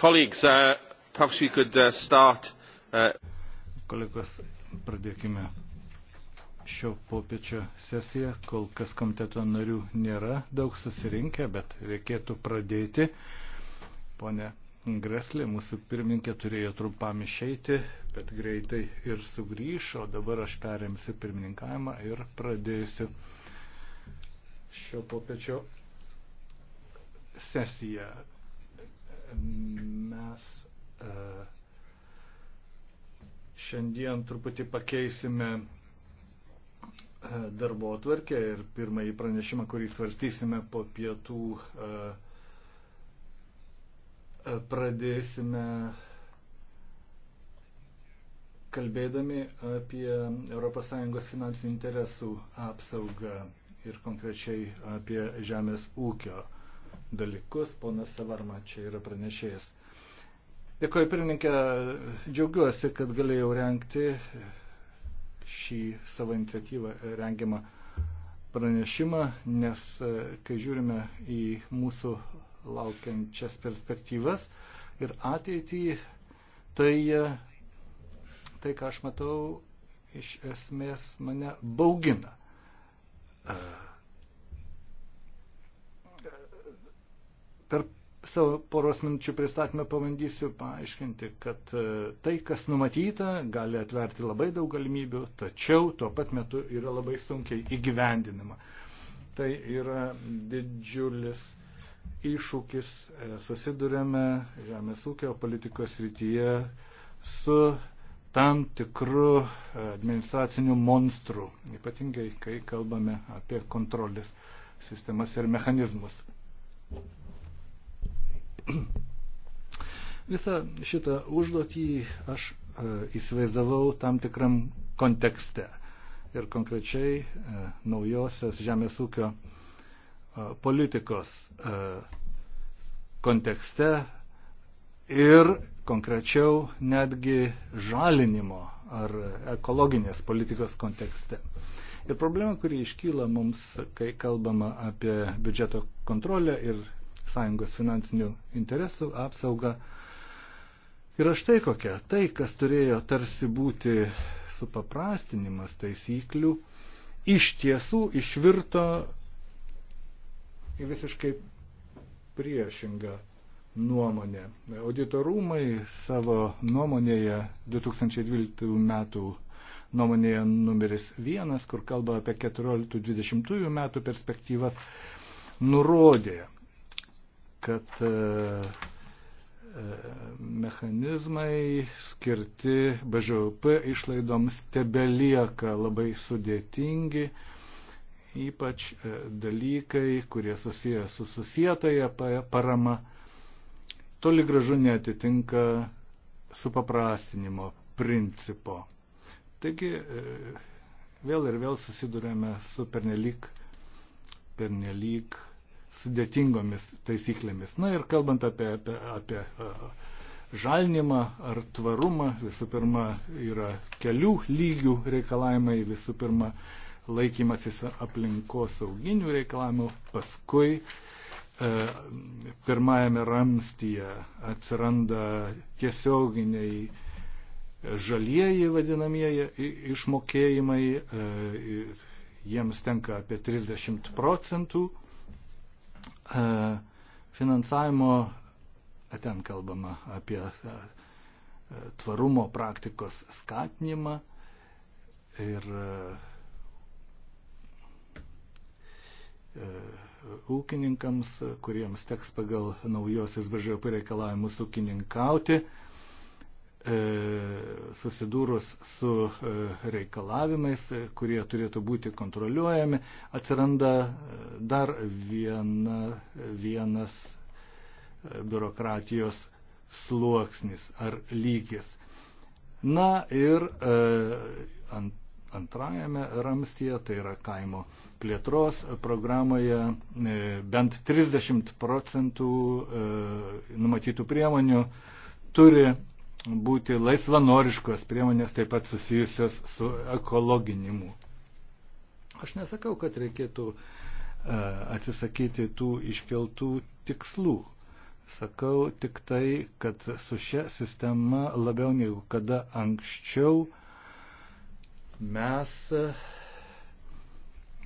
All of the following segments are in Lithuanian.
Colleagues, uh, perhaps we could uh, start. Uh... Kolegos, pradėkime šio popiečio sesiją. Kol kas komiteto narių nėra daug susirinkę, bet reikėtų pradėti. Pone Greslė, mūsų pirmininkė turėjo trumpam išeiti, bet greitai ir sugrįš, o dabar aš perimsiu pirmininkavimą ir pradėsiu šio popiečio sesiją mes e, šiandien truputį pakeisime e, darbo atvarkę ir pirmąjį pranešimą, kurį svarstysime po pietų, e, pradėsime kalbėdami apie ES finansinių interesų apsaugą ir konkrečiai apie žemės ūkio dalykus. Ponas Savarma čia yra pranešėjas. Dėkoju, pirmininkė, džiaugiuosi, kad galėjau renkti šį savo iniciatyvą rengiamą pranešimą, nes e, kai žiūrime į mūsų laukiančias perspektyvas ir ateitį, tai e, tai, ką aš matau, iš esmės mane baugina. Uh Per savo poros minučių pristatymą pabandysiu paaiškinti, kad e, tai, kas numatyta, gali atverti labai daug galimybių, tačiau tuo pat metu yra labai sunkiai įgyvendinama. Tai yra didžiulis iššūkis, e, susidurėme žemės ūkio politikos rytyje su tam tikru e, administraciniu monstru, ypatingai kai kalbame apie kontrolės sistemas ir mechanizmus. Thank you. Visą šitą užduotį aš e, įsivaizdavau tam tikram kontekste ir konkrečiai e, naujosios žemės ūkio e, politikos kontekste ir konkrečiau netgi žalinimo ar ekologinės politikos kontekste. Ir problema, kuri iškyla mums, kai kalbama apie biudžeto kontrolę ir sąjungos finansinių interesų apsaugą. Yra štai kokia, tai, kas turėjo tarsi būti supaprastinimas taisyklių, iš tiesų išvirto į visiškai priešingą nuomonę. Auditorumai savo nuomonėje 2012 metų nuomonėje numeris vienas, kur kalba apie 14-20 metų perspektyvas, nurodė, kad e, e, mechanizmai skirti BŽUP išlaidoms tebelieka labai sudėtingi, ypač e, dalykai, kurie susiję su susietaja parama, toli gražu netitinka supaprastinimo principo. Taigi vėl ir vėl susidurėme su pernelyg, pernelyg sudėtingomis taisyklėmis. Na ir kalbant apie, apie, apie žalinimą ar tvarumą, visų pirma, yra kelių lygių reikalavimai, visų pirma, laikymasis aplinkos sauginių reikalavimų, paskui e, pirmajame ramstyje atsiranda tiesioginiai žalieji vadinamieji išmokėjimai, e, jiems tenka apie 30 procentų E, finansavimo, e, ten kalbama apie e, tvarumo praktikos skatinimą ir ūkininkams, kuriems teks pagal naujosios BŽP reikalavimus ūkininkauti, E, susidūrus su e, reikalavimais, e, kurie turėtų būti kontroliuojami, atsiranda dar viena, vienas biurokratijos sluoksnis ar lygis. Na ir ant, antrajame ramstyje, tai yra kaimo plėtros programoje, bent 30 procentų numatytų priemonių turi būti laisvanoriškos priemonės taip pat susijusios su ekologinimu. Aš nesakau, kad reikėtų e, atsisakyti tų iškeltų tikslų. Sakau tik tai, kad su šia sistema labiau negu kada anksčiau mes e,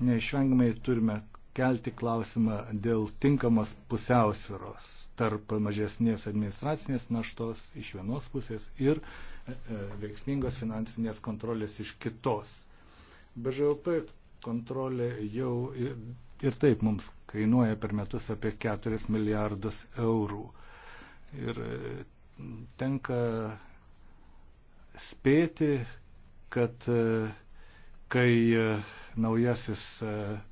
neišvengiamai turime kelti klausimą dėl tinkamos pusiausviros tarp mažesnės administracinės naštos iš vienos pusės ir e, e, veiksmingos finansinės kontrolės iš kitos. BŽOP kontrolė jau ir taip mums kainuoja per metus apie 4 milijardus eurų. Ir e, tenka spėti, kad kai naujasis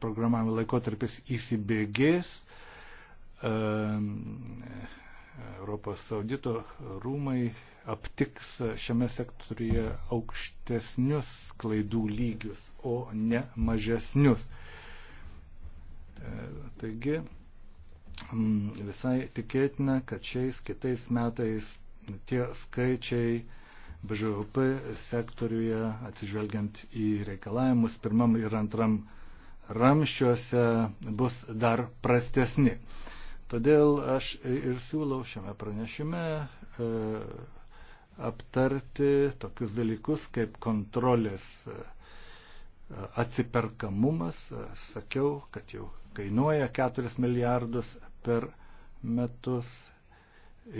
programavimo laikotarpis įsibėgės, Europos audito rūmai aptiks šiame sektoriuje aukštesnius klaidų lygius, o ne mažesnius. Taigi, visai tikėtina, kad šiais kitais metais tie skaičiai BŽUP sektoriuje, atsižvelgiant į reikalavimus pirmam ir antram ramščiuose, bus dar prastesni. Todėl aš ir siūlau šiame pranešime e, aptarti tokius dalykus kaip kontrolės e, atsiperkamumas. E, sakiau, kad jau kainuoja 4 milijardus per metus.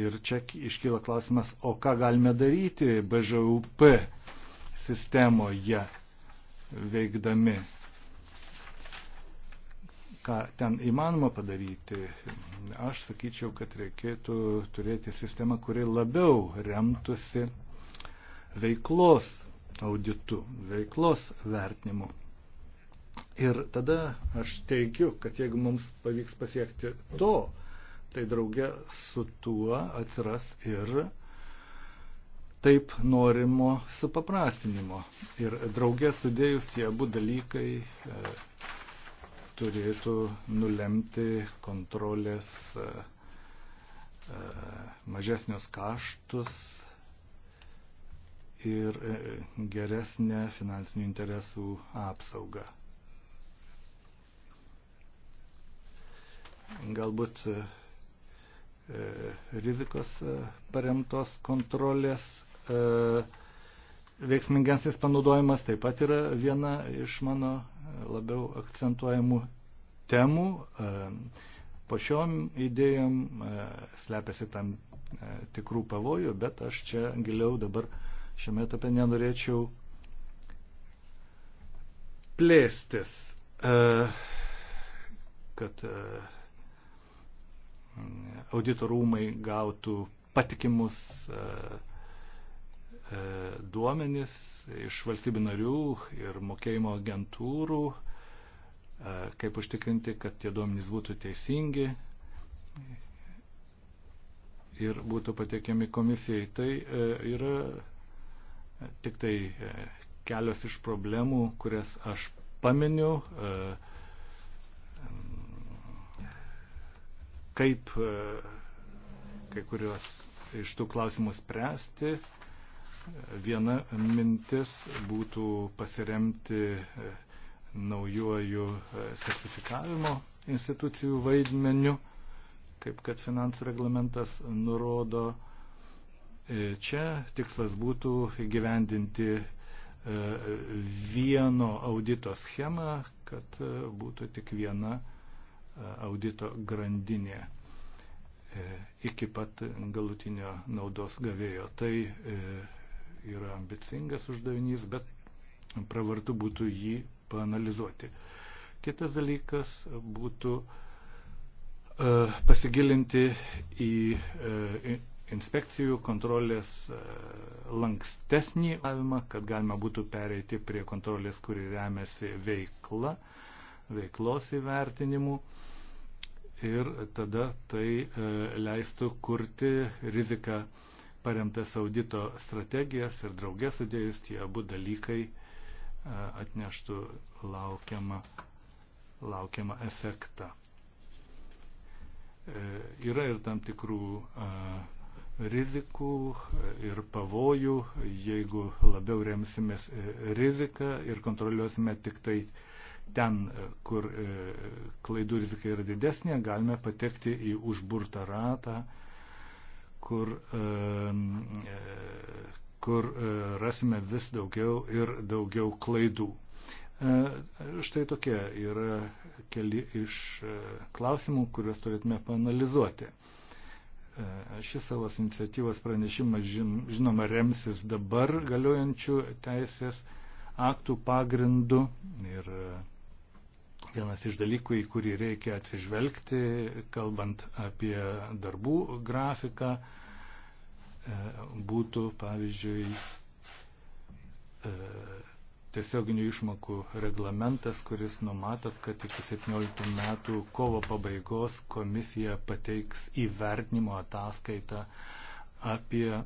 Ir čia iškyla klausimas, o ką galime daryti BŽUP sistemoje veikdami ką ten įmanoma padaryti. Aš sakyčiau, kad reikėtų turėti sistemą, kuri labiau remtųsi veiklos auditu, veiklos vertinimu. Ir tada aš teigiu, kad jeigu mums pavyks pasiekti to, tai drauge su tuo atsiras ir taip norimo supaprastinimo. Ir draugė sudėjus tie abu dalykai e, turėtų nulemti kontrolės e, e, mažesnius kaštus ir e, geresnę finansinių interesų apsaugą. Galbūt rizikos paremtos kontrolės veiksmingesnis panaudojimas taip pat yra viena iš mano labiau akcentuojamų temų. E, po šiom idėjom e, slepiasi tam e, tikrų pavojų, bet aš čia giliau dabar šiame etape nenorėčiau plėstis, kad auditorumai gautų patikimus uh, E, duomenis iš valstybių narių ir mokėjimo agentūrų, e, kaip užtikrinti, kad tie duomenys būtų teisingi ir būtų patiekiami komisijai. Tai e, yra tik tai kelios iš problemų, kurias aš paminiu, kaip kai kuriuos iš tų klausimų spręsti. Viena mintis būtų pasiremti e, naujuoju e, sertifikavimo institucijų vaidmeniu, kaip kad finansų reglamentas nurodo. E, čia tikslas būtų gyvendinti vieno audito schemą, kad būtų tik viena audito grandinė iki pat galutinio naudos gavėjo. Tai yra ambicingas uždavinys, bet pravartu būtų jį panalizuoti. Kitas dalykas būtų e, pasigilinti į e, inspekcijų kontrolės e, lankstesnį avimą, kad galima būtų pereiti prie kontrolės, kuri remiasi veikla, veiklos įvertinimu. Ir tada tai leistų kurti riziką paremtas audito strategijas ir draugės sudėjus tie abu dalykai e, atneštų laukiamą, laukiamą efektą. E, yra ir tam tikrų e, rizikų ir pavojų, jeigu labiau remsimės riziką ir kontroliuosime tik tai ten, kur klaidų rizika yra didesnė, galime patekti į užburtą ratą kur, e, kur e, rasime vis daugiau ir daugiau klaidų. E, štai tokie yra keli iš klausimų, kuriuos turėtume panalizuoti. Šis savos iniciatyvos pranešimas žinoma remsis dabar galiojančių teisės aktų pagrindų ir vienas iš dalykų, į kurį reikia atsižvelgti, kalbant apie darbų grafiką, E, būtų, pavyzdžiui, e, tiesioginių išmokų reglamentas, kuris numato, kad iki 17 metų kovo pabaigos komisija pateiks įvertinimo ataskaitą apie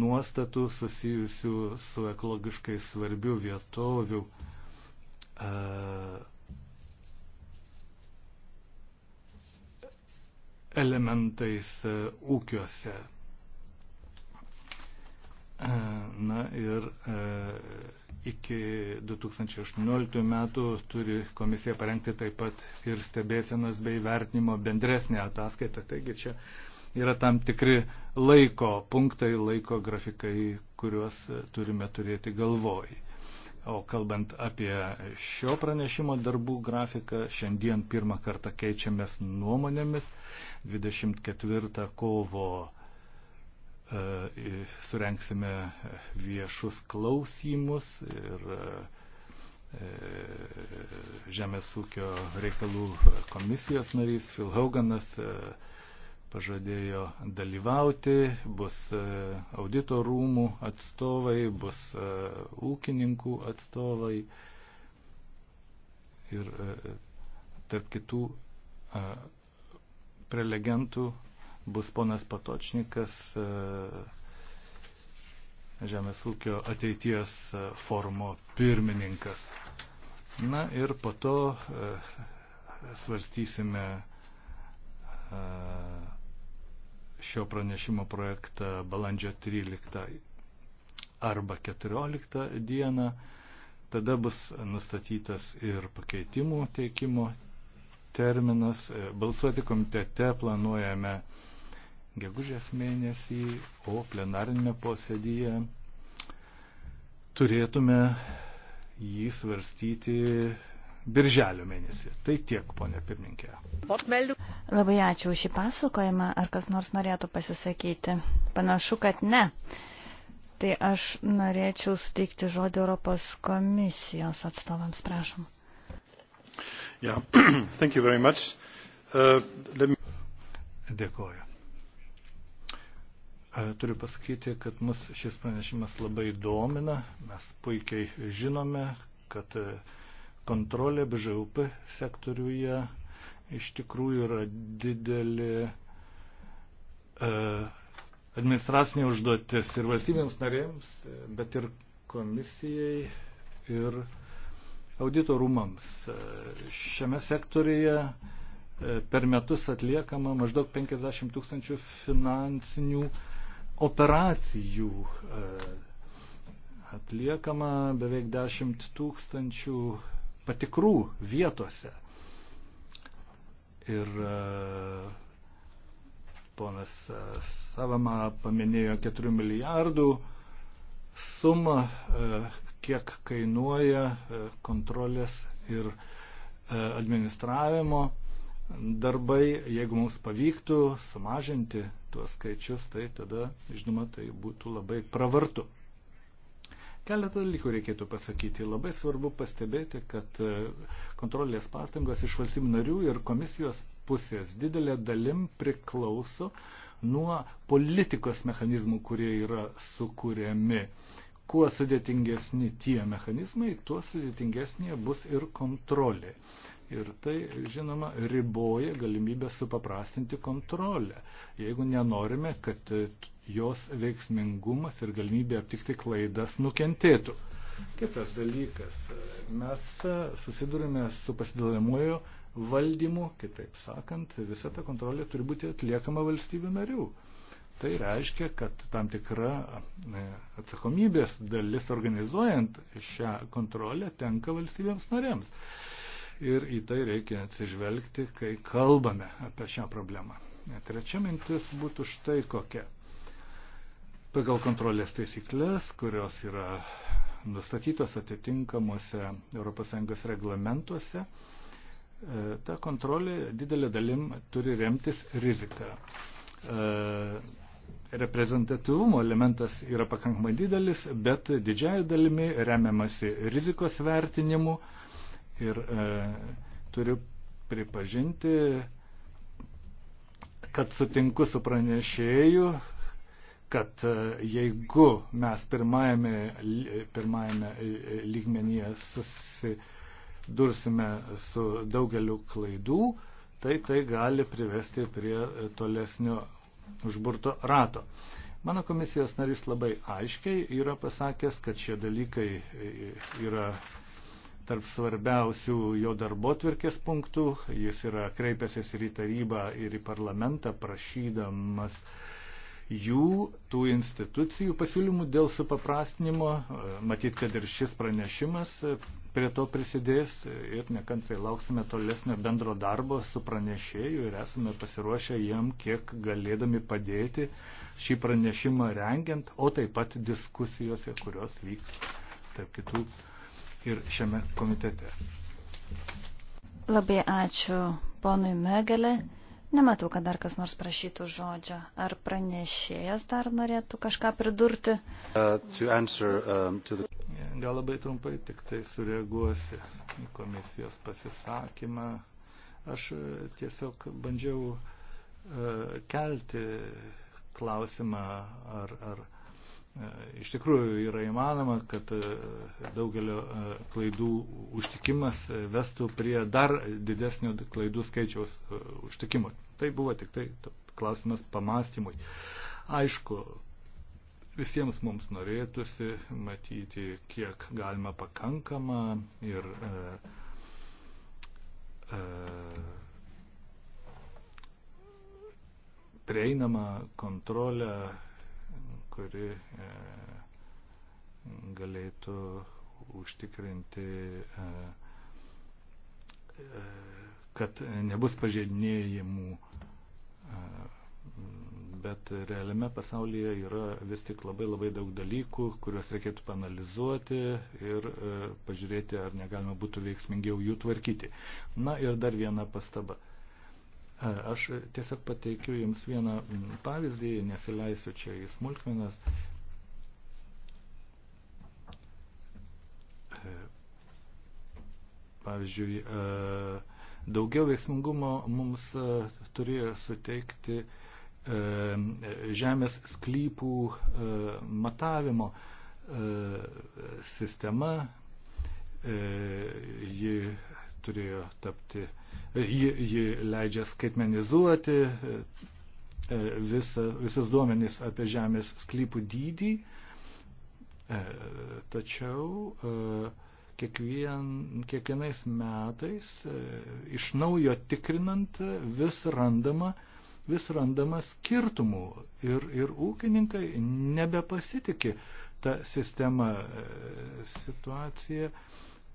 nuostatų susijusių su ekologiškai svarbių vietovių e, elementais ūkiuose. Na ir e, iki 2018 metų turi komisija parengti taip pat ir stebėsenos bei vertinimo bendresnė ataskaita. Taigi čia yra tam tikri laiko punktai, laiko grafikai, kuriuos turime turėti galvoj. O kalbant apie šio pranešimo darbų grafiką, šiandien pirmą kartą keičiamės nuomonėmis. 24 kovo E, surenksime viešus klausimus ir e, e, Žemės ūkio reikalų komisijos narys Phil Hoganas pažadėjo dalyvauti, bus audito rūmų atstovai, bus ūkininkų atstovai ir tarp kitų prelegentų bus ponas Patočnikas, e, Žemės ūkio ateities e, forumo pirmininkas. Na ir po to e, svarstysime šio pranešimo projektą balandžio 13 arba 14 dieną. Tada bus nustatytas ir pakeitimų teikimo terminas. Balsuoti komitete planuojame gegužės mėnesį, o plenarinėme posėdyje turėtume jį svarstyti birželio mėnesį. Tai tiek, ponė pirminkė. Labai ačiū už šį pasakojimą. Ar kas nors norėtų pasisakyti? Panašu, kad ne. Tai aš norėčiau suteikti žodį Europos komisijos atstovams, prašom. Yeah. Thank you very much. Uh, let me... Dėkuoju. E, turiu pasakyti, kad mus šis pranešimas labai domina. Mes puikiai žinome, kad e, kontrolė BŽUP sektoriuje iš tikrųjų yra didelė e, administracinė užduotis ir valstybėms narėms, bet ir komisijai ir auditorumams. Šiame sektorija per metus atliekama maždaug 50 tūkstančių finansinių uh, operacijų e, atliekama beveik 10 tūkstančių patikrų vietose. Ir e, ponas e, Savama paminėjo 4 milijardų sumą, kiek kainuoja kontrolės ir administravimo darbai, jeigu mums pavyktų sumažinti tuos skaičius, tai tada, žinoma, tai būtų labai pravartu. Keletą dalykų reikėtų pasakyti. Labai svarbu pastebėti, kad e, kontrolės pastangos iš valstybių narių ir komisijos pusės didelė dalim priklauso nuo politikos mechanizmų, kurie yra sukūriami. Kuo sudėtingesni tie mechanizmai, tuo sudėtingesnė bus ir kontrolė. Uh, Ir tai, žinoma, riboja galimybę supaprastinti kontrolę. Jeigu nenorime, kad jos veiksmingumas ir galimybė aptikti klaidas nukentėtų. Kitas dalykas, mes susidurime su pasidalimuoju valdymu, kitaip sakant, visa ta kontrolė turi būti atliekama valstybių narių. Tai reiškia, kad tam tikra e, atsakomybės dalis organizuojant šią kontrolę tenka valstybėms narėms ir į tai reikia atsižvelgti, kai kalbame apie šią problemą. Trečia mintis būtų štai kokia. Pagal kontrolės taisyklės, kurios yra nustatytos atitinkamuose ES reglamentuose, e, ta kontrolė didelė dalim turi remtis riziką. E, reprezentatyvumo elementas yra pakankamai didelis, bet didžiai dalimi remiamasi rizikos vertinimu, Ir e, turiu pripažinti, kad sutinku su pranešėju, kad e, jeigu mes pirmajame, pirmajame e, e, lygmenyje susidursime su daugeliu klaidų, tai tai gali privesti prie tolesnio užburto rato. Mano komisijos narys labai aiškiai yra pasakęs, kad šie dalykai yra tarp svarbiausių jo darbo tvirkės punktų. Jis yra kreipęsis ir į tarybą, ir į parlamentą, prašydamas jų, tų institucijų pasiūlymų dėl supaprastinimo. Matyt, kad ir šis pranešimas prie to prisidės ir nekantrai lauksime tolesnio bendro darbo su pranešėju ir esame pasiruošę jam, kiek galėdami padėti šį pranešimą rengiant, o taip pat diskusijose, kurios vyks tarp kitų ir šiame komitete. Labai ačiū ponui Megelė. Nematau, kad dar kas nors prašytų žodžio. Ar pranešėjas dar norėtų kažką pridurti? Uh, answer, um, the... Gal labai trumpai tik tai sureaguosi į komisijos pasisakymą. Aš uh, tiesiog bandžiau uh, kelti klausimą, ar, ar uh, E, iš tikrųjų yra įmanoma, kad e, daugelio e, klaidų užtikimas vestų prie dar didesnio klaidų skaičiaus užtikimui. Tai buvo tik tai klausimas pamastymui. Aišku, visiems mums norėtųsi matyti, kiek galima pakankamą ir e, e, prieinamą kontrolę kuri e, galėtų užtikrinti, e, e, kad nebus pažeidinėjimų, bet realiame pasaulyje yra vis tik labai labai daug dalykų, kuriuos reikėtų panalizuoti ir pažiūrėti, ar negalima būtų veiksmingiau jų tvarkyti. Na ir dar viena pastaba. Aš tiesiog pateikiu Jums vieną mm, pavyzdį, nesileisiu čia į smulkmenas. Pavyzdžiui, daugiau veiksmingumo mums turėjo suteikti žemės sklypų matavimo sistema, ji turėjo tapti, ji, ji leidžia skaitmenizuoti e, visa, visas duomenys apie žemės sklypų dydį, e, tačiau e, kiekvien, kiekvienais metais iš naujo tikrinant vis randama, vis randama skirtumų ir, ir ūkininkai nebepasitikė tą sistemą situaciją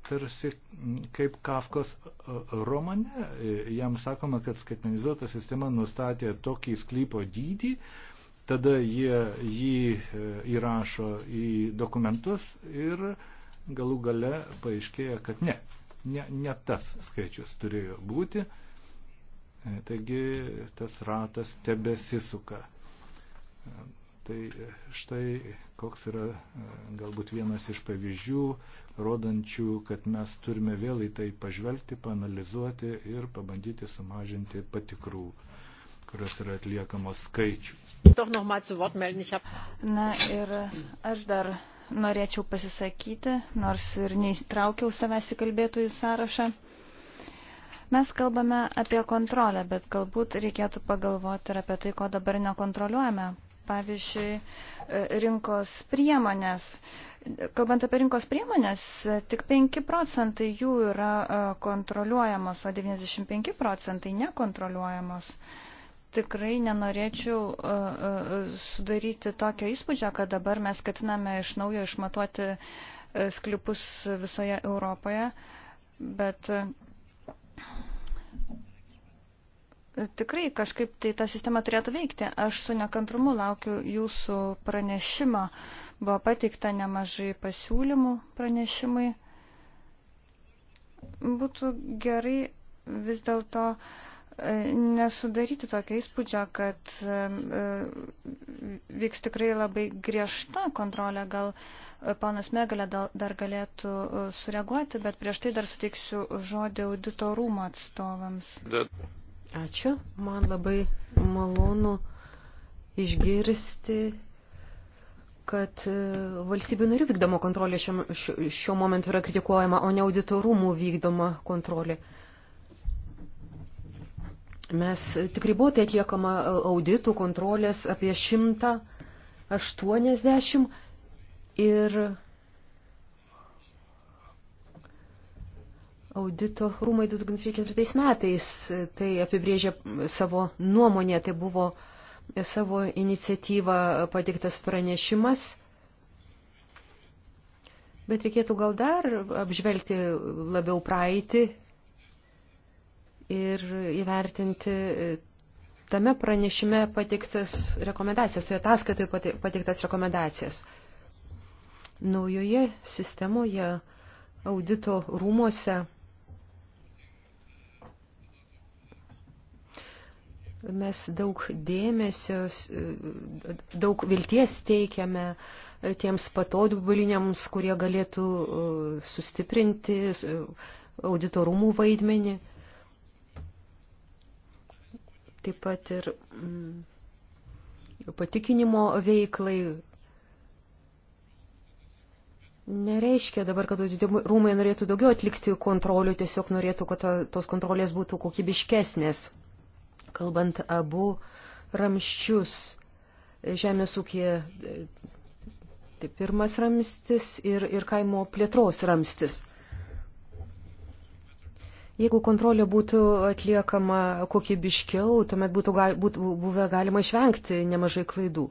tarsi kaip Kafkos romane. Jam sakoma, kad skaitmenizuota sistema nustatė tokį sklypo dydį, tada jie jį e, įrašo į dokumentus ir galų gale paaiškėja, kad ne, ne, ne tas skaičius turėjo būti. E, taigi tas ratas tebesisuka. Tai štai koks yra e, galbūt vienas iš pavyzdžių, rodančių, kad mes turime vėl į tai pažvelgti, panalizuoti ir pabandyti sumažinti patikrų kurios yra atliekamos skaičių. Na ir aš dar norėčiau pasisakyti, nors ir neįsitraukiau savęs į kalbėtojų sąrašą. Mes kalbame apie kontrolę, bet galbūt reikėtų pagalvoti ir apie tai, ko dabar nekontroliuojame pavyzdžiui, e, rinkos priemonės. Kalbant apie rinkos priemonės, tik 5 procentai jų yra e, kontroliuojamos, o 95 procentai nekontroliuojamos. Tikrai nenorėčiau e, sudaryti tokio įspūdžio, kad dabar mes ketiname iš naujo išmatuoti sklipus visoje Europoje, bet tikrai kažkaip tai ta sistema turėtų veikti. Aš su nekantrumu laukiu jūsų pranešimo. Buvo pateikta nemažai pasiūlymų pranešimui. Būtų gerai vis dėlto e, nesudaryti tokio įspūdžio, kad e, e, vyks tikrai labai griežta kontrolė. Gal panas Megalė dar galėtų sureaguoti, bet prieš tai dar suteiksiu žodį auditorumo atstovams. That... Ačiū. Man labai malonu išgirsti, kad e, valstybių narių vykdomo kontrolė šiuo, šiuo momentu yra kritikuojama, o ne auditorumų vykdoma kontrolė. Mes e, tikrai buvo tai atliekama e, auditų kontrolės apie 180 ir Audito rūmai 2004 metais e, tai apibrėžė savo nuomonę, tai buvo savo iniciatyva patiktas pranešimas. Bet reikėtų gal dar apžvelgti labiau praeitį ir įvertinti e, tame pranešime patiktas rekomendacijas, toje ataskaitoje patiktas rekomendacijas. Naujoje sistemoje audito rūmose Mes daug dėmesio, daug vilties teikiame e, tiems patodubuliniams, kurie galėtų e, sustiprinti e, auditorumų vaidmenį. Taip pat ir mm, patikinimo veiklai. Nereiškia dabar, kad rūmai norėtų daugiau atlikti kontrolių, tiesiog norėtų, kad tos kontrolės būtų kokybiškesnės kalbant abu ramščius žemės ūkija, tai pirmas ramstis ir, ir kaimo plėtros ramstis. Jeigu kontrolė būtų atliekama kokybiškiau, tuomet būtų, būtų buvę galima išvengti nemažai klaidų.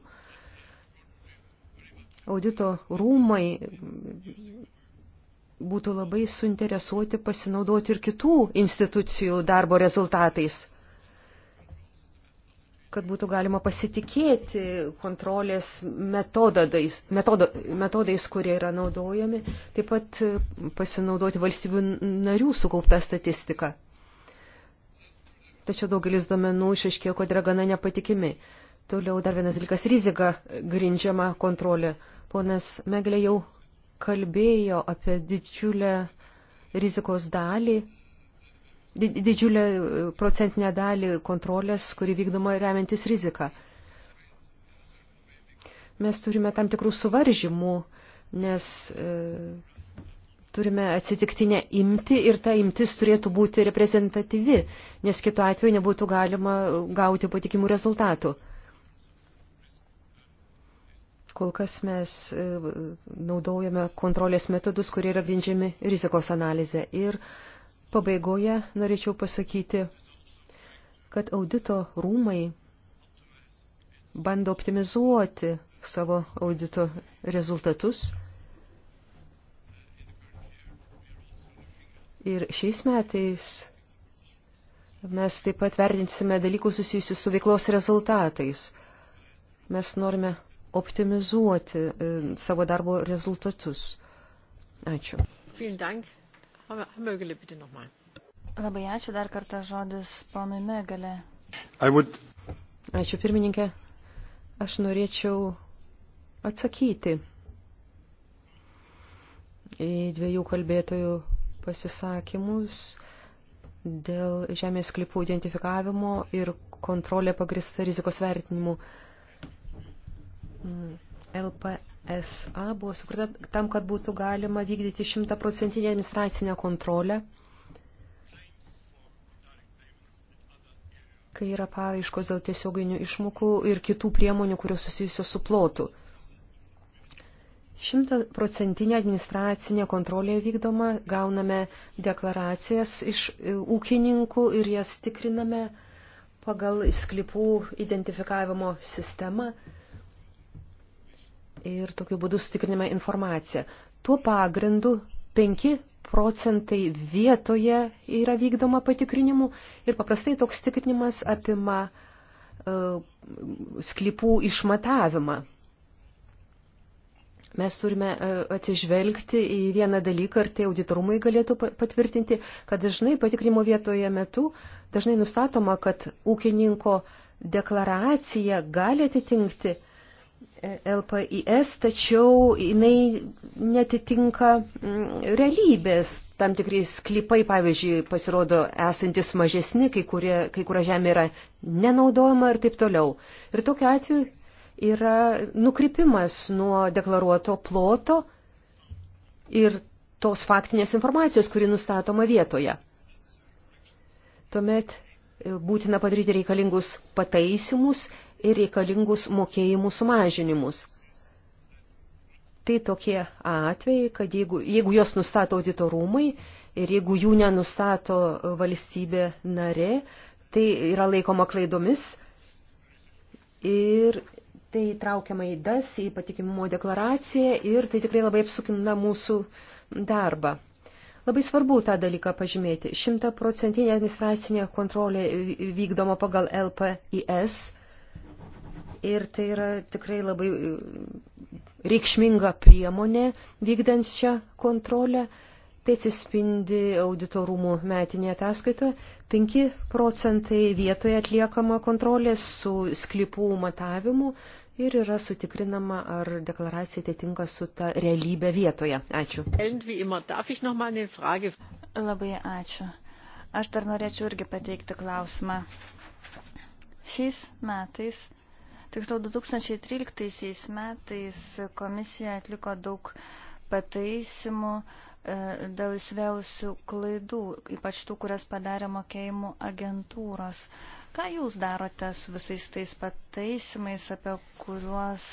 Audito rūmai būtų labai suinteresuoti pasinaudoti ir kitų institucijų darbo rezultatais kad būtų galima pasitikėti kontrolės metodais, metodo, metodais, kurie yra naudojami, taip pat e, pasinaudoti valstybių narių sukauptą statistiką. Tačiau daugelis duomenų išaiškėjo, kad yra gana nepatikimi. Toliau dar vienas dalykas - rizika grindžiama kontrolė. Ponas Meglė jau kalbėjo apie didžiulę rizikos dalį didžiulę e, procentinę dalį kontrolės, kuri vykdoma remiantis riziką. Mes turime tam tikrų suvaržymų, nes e, turime atsitiktinę imti ir ta imtis turėtų būti reprezentatyvi, nes kitu atveju nebūtų galima e, gauti patikimų rezultatų. Kol kas mes e, naudojame kontrolės metodus, kurie yra grindžiami rizikos analizė ir e, Pabaigoje norėčiau pasakyti, kad audito rūmai bando optimizuoti savo audito rezultatus. Ir šiais metais mes taip pat vertinsime dalykus susijusius su veiklos rezultatais. Mes norime optimizuoti e, savo darbo rezultatus. Ačiū. Vielen Dank. Mögelė, bitte nochmal. Labai ačiū dar kartą žodis ponui Mögelė. Would... Ačiū pirmininkė. Aš norėčiau atsakyti į dviejų kalbėtojų pasisakymus dėl žemės klipų identifikavimo ir kontrolė pagrįsta rizikos vertinimu. Mm, LP, SA buvo sukurta tam, kad būtų galima vykdyti šimtaprocentinę administracinę kontrolę, kai yra paraiškos dėl tiesioginių išmokų ir kitų priemonių, kurios susijusios su plotu. Šimtaprocentinė administracinė kontrolė vykdoma, gauname deklaracijas iš e, ūkininkų ir jas tikriname pagal sklipų identifikavimo sistemą ir tokiu būdu sustikriname informaciją. Tuo pagrindu 5 procentai vietoje yra vykdoma patikrinimų ir paprastai toks tikrinimas apima uh, e, sklipų išmatavimą. Mes turime uh, atsižvelgti į vieną dalyką, ar tai auditorumai galėtų patvirtinti, kad dažnai patikrinimo vietoje metu dažnai nustatoma, kad ūkininko deklaracija gali atitinkti uh, LPIS, tačiau jinai netitinka mm, realybės. Tam tikrai sklypai, pavyzdžiui, pasirodo esantis mažesni, kai, kurie, kai kurio žemė yra nenaudojama ir taip toliau. Ir tokiu atveju yra nukrypimas nuo deklaruoto ploto ir tos faktinės informacijos, kuri nustatoma vietoje. Tuomet E, būtina padaryti reikalingus pataisimus ir reikalingus mokėjimų sumažinimus. Tai tokie atvejai, kad jeigu, jeigu jos nustato auditorumai ir jeigu jų nenustato valstybė narė, tai yra laikoma klaidomis ir tai traukiama į DAS, į patikimumo deklaraciją ir tai tikrai labai apsukina mūsų darbą. Labai svarbu tą dalyką pažymėti. Šimtaprocentinė administracinė kontrolė vykdoma pagal LPIS ir tai yra tikrai labai e, reikšminga priemonė vykdant šią kontrolę. Tai atsispindi auditorumų metinėje ataskaitoje. 5 procentai vietoje atliekama kontrolė su sklipų matavimu, ir yra sutikrinama, ar deklaracija atitinka su ta realybė vietoje. Ačiū. Labai ačiū. Aš dar norėčiau irgi pateikti klausimą. Šiais metais, tiksliau 2013 metais, komisija atliko daug pataisimų e, dėl įsvėlusių klaidų, ypač tų, kurias padarė mokėjimų agentūros. Ką jūs darote su visais tais pataisimais, apie kuriuos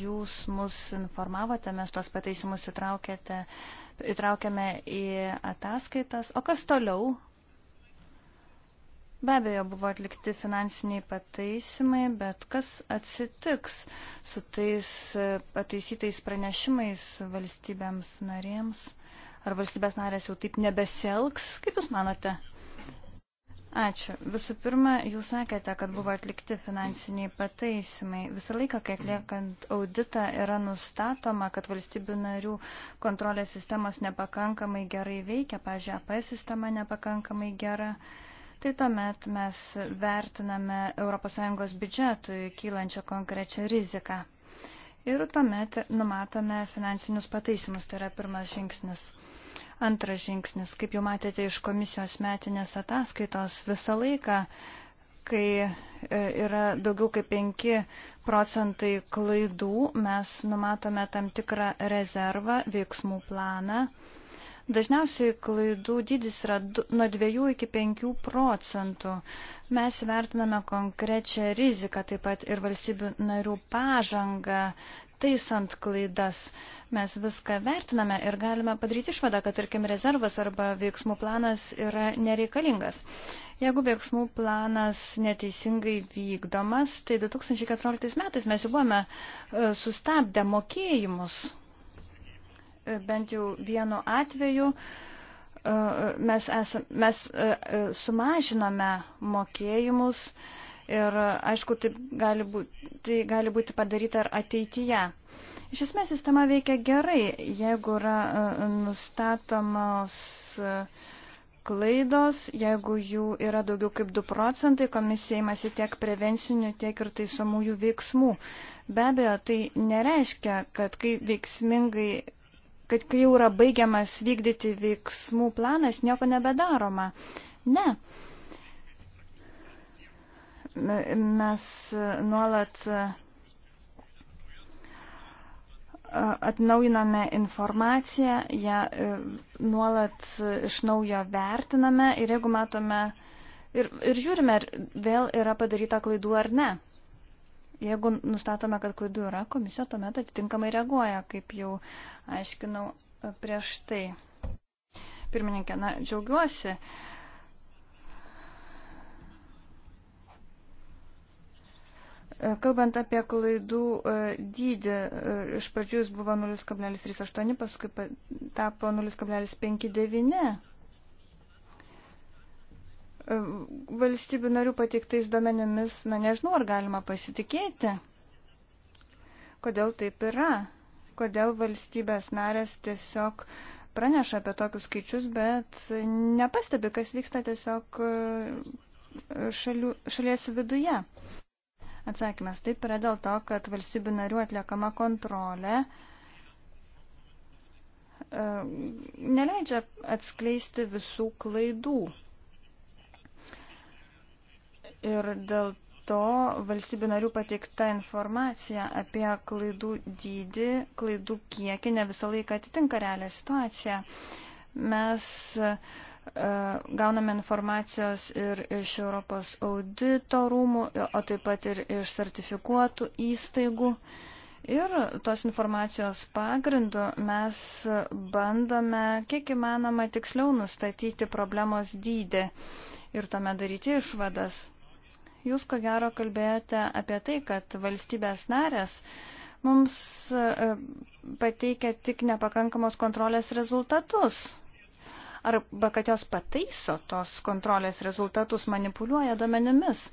jūs mus informavote, mes tuos pataisimus įtraukėme į ataskaitas, o kas toliau? Be abejo, buvo atlikti finansiniai pataisimai, bet kas atsitiks su tais pataisytais pranešimais valstybėms narėms? Ar valstybės narės jau taip nebesielgs? Kaip Jūs manote? Ačiū. Visų pirma, jūs sakėte, kad buvo atlikti finansiniai pataisimai. Visą laiką, kai atliekant auditą, yra nustatoma, kad valstybių narių kontrolės sistemos nepakankamai gerai veikia, pažiūrėjau, APS sistema nepakankamai gera. Tai tuomet mes vertiname ES biudžetui kylančią konkrečią riziką. Ir tuomet numatome finansinius pataisimus, tai yra pirmas žingsnis. Antras žingsnis, kaip jau matėte iš komisijos metinės ataskaitos, visą laiką, kai e, yra daugiau kaip 5 procentai klaidų, mes numatome tam tikrą rezervą, veiksmų planą. Dažniausiai klaidų dydis yra nuo 2 iki 5 procentų. Mes vertiname konkrečią riziką, taip pat ir valstybių narių pažangą, taisant klaidas. Mes viską vertiname ir galime padaryti išvadą, kad, tarkim, rezervas arba veiksmų planas yra nereikalingas. Jeigu veiksmų planas neteisingai vykdomas, tai 2014 metais mes jau buvome e, sustabdę mokėjimus bent jau vienu atveju e, mes, esam, mes e, e, sumažinome mokėjimus ir, aišku, tai gali būti, tai gali būti padaryta ir ateityje. Iš esmės sistema veikia gerai, jeigu yra nustatomos klaidos, jeigu jų yra daugiau kaip 2 procentai, komisija įmasi tiek prevencinių, tiek ir taisomųjų veiksmų. Be abejo, tai nereiškia, kad kai veiksmingai kad kai jau yra baigiamas vykdyti veiksmų planas, nieko nebedaroma. Ne. Mes nuolat atnaujiname informaciją, ją e, nuolat iš naujo vertiname ir jeigu matome ir, ir žiūrime, ar vėl yra padaryta klaidų ar ne. Jeigu nustatome, kad klaidų yra, komisija tuomet atitinkamai reaguoja, kaip jau aiškinau e, prieš tai. Pirmininkė, na, džiaugiuosi. E, kalbant apie klaidų e, dydį, iš pradžių jis buvo 0,38, paskui tapo 0,59 valstybių narių pateiktais duomenimis, na nežinau, ar galima pasitikėti. Kodėl taip yra? Kodėl valstybės narės tiesiog praneša apie tokius skaičius, bet nepastebi, kas vyksta tiesiog e, šalių, šalies viduje. Atsakymas taip yra dėl to, kad valstybių narių atliekama kontrolė e, neleidžia atskleisti visų klaidų ir dėl to valstybių narių pateikta informacija apie klaidų dydį, klaidų kiekį ne visą laiką atitinka realią situaciją. Mes uh, gauname informacijos ir iš Europos audito rūmų, o taip pat ir iš sertifikuotų įstaigų. Ir tos informacijos pagrindu mes bandome kiek įmanoma tiksliau nustatyti problemos dydį ir tame daryti išvadas. Jūs ko gero kalbėjote apie tai, kad valstybės narės mums e, pateikia tik nepakankamos kontrolės rezultatus. Arba kad jos pataiso tos kontrolės rezultatus, manipuliuoja domenimis.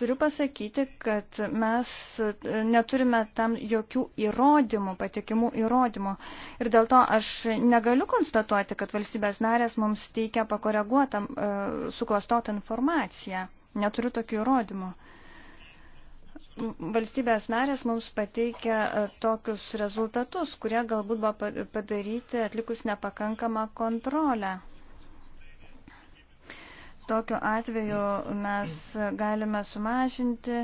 Turiu pasakyti, kad mes e, neturime tam jokių įrodymų, patikimų įrodymų. Ir dėl to aš negaliu konstatuoti, kad valstybės narės mums teikia pakoreguotą, e, suklastotą informaciją. Neturiu tokių įrodymų. Valstybės narės mums pateikia e, tokius rezultatus, kurie galbūt buvo padaryti atlikus nepakankamą kontrolę. Tokiu atveju mes galime sumažinti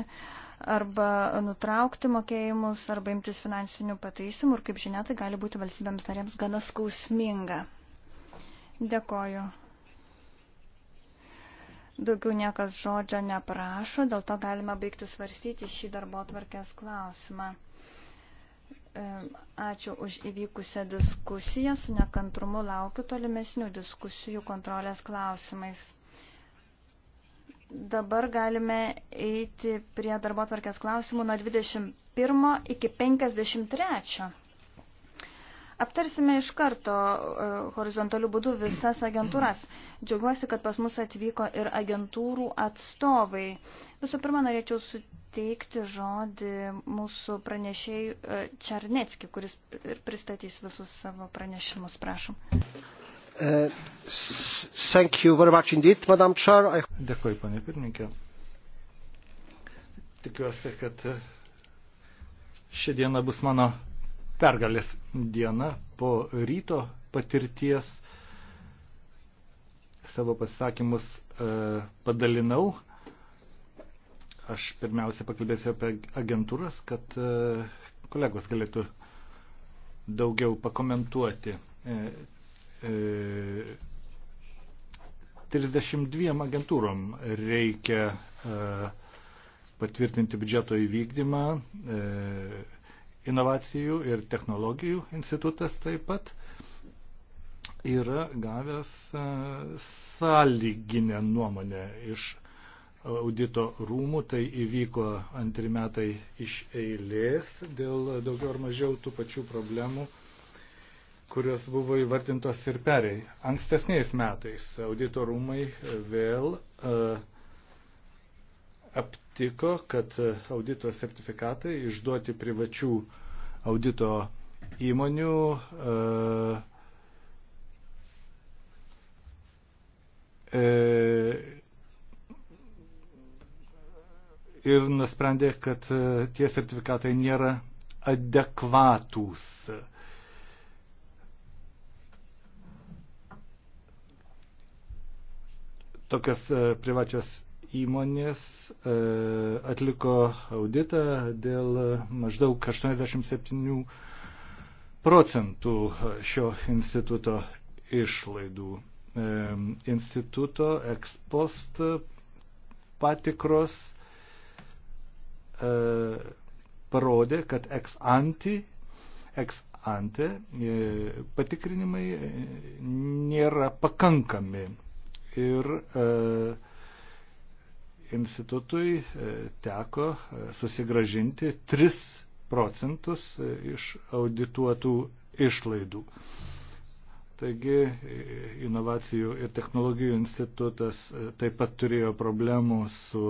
arba nutraukti mokėjimus, arba imtis finansinių pataisimų ir, kaip žinia, tai gali būti valstybėms narėms gana skausminga. Dėkoju. Daugiau niekas žodžio neprašo, dėl to galime baigti svarstyti šį darbo tvarkės klausimą. E, ačiū už įvykusią diskusiją, su nekantrumu laukiu tolimesnių diskusijų kontrolės klausimais. Dabar galime eiti prie darbo tvarkės klausimų nuo 21 iki 53. Aptarsime iš karto e, horizontaliu būdu visas agentūras. Džiaugiuosi, kad pas mus atvyko ir agentūrų atstovai. Visų pirma, norėčiau suteikti žodį mūsų pranešėjai e, Čarnecki, kuris ir pristatys visus savo pranešimus. Prašom. E, Dėkui, panė pirmininkė. Tikiuosi, kad ši diena bus mano pergalės diena po ryto patirties savo pasisakymus e, padalinau. Aš pirmiausia pakalbėsiu apie agentūras, kad e, kolegos galėtų daugiau pakomentuoti. E, e, 32 agentūrom reikia e, patvirtinti biudžeto įvykdymą. E, inovacijų ir technologijų institutas taip pat yra gavęs e, sąlyginę nuomonę iš audito rūmų. Tai įvyko antri metai iš eilės dėl daugiau ar mažiau tų pačių problemų kurios buvo įvardintos ir periai. Ankstesniais metais auditorumai vėl uh, aptiko, kad audito sertifikatai išduoti privačių audito įmonių e, e ir nusprendė, kad e, tie sertifikatai nėra adekvatūs. Tokios e, privačios įmonės e, atliko auditą dėl maždaug 87 procentų šio instituto išlaidų. E, instituto ekspost patikros e, parodė, kad ex anti, ex ante patikrinimai nėra pakankami ir uh, institutui e, teko e, susigražinti 3 procentus e, iš audituotų išlaidų. Taigi inovacijų ir technologijų institutas taip pat turėjo problemų su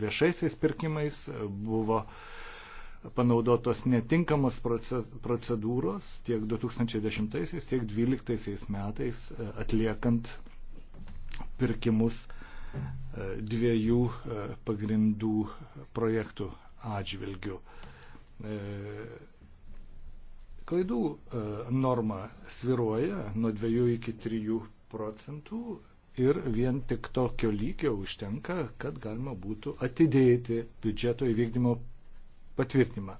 viešaisiais pirkimais, buvo panaudotos netinkamos procedūros tiek 2010, tiek 2012 metais atliekant pirkimus dviejų e, pagrindų projektų atžvilgių. E, klaidų e, norma sviruoja nuo 2 iki 3 procentų ir vien tik tokio lygio užtenka, kad galima būtų atidėti biudžeto įvykdymo patvirtinimą.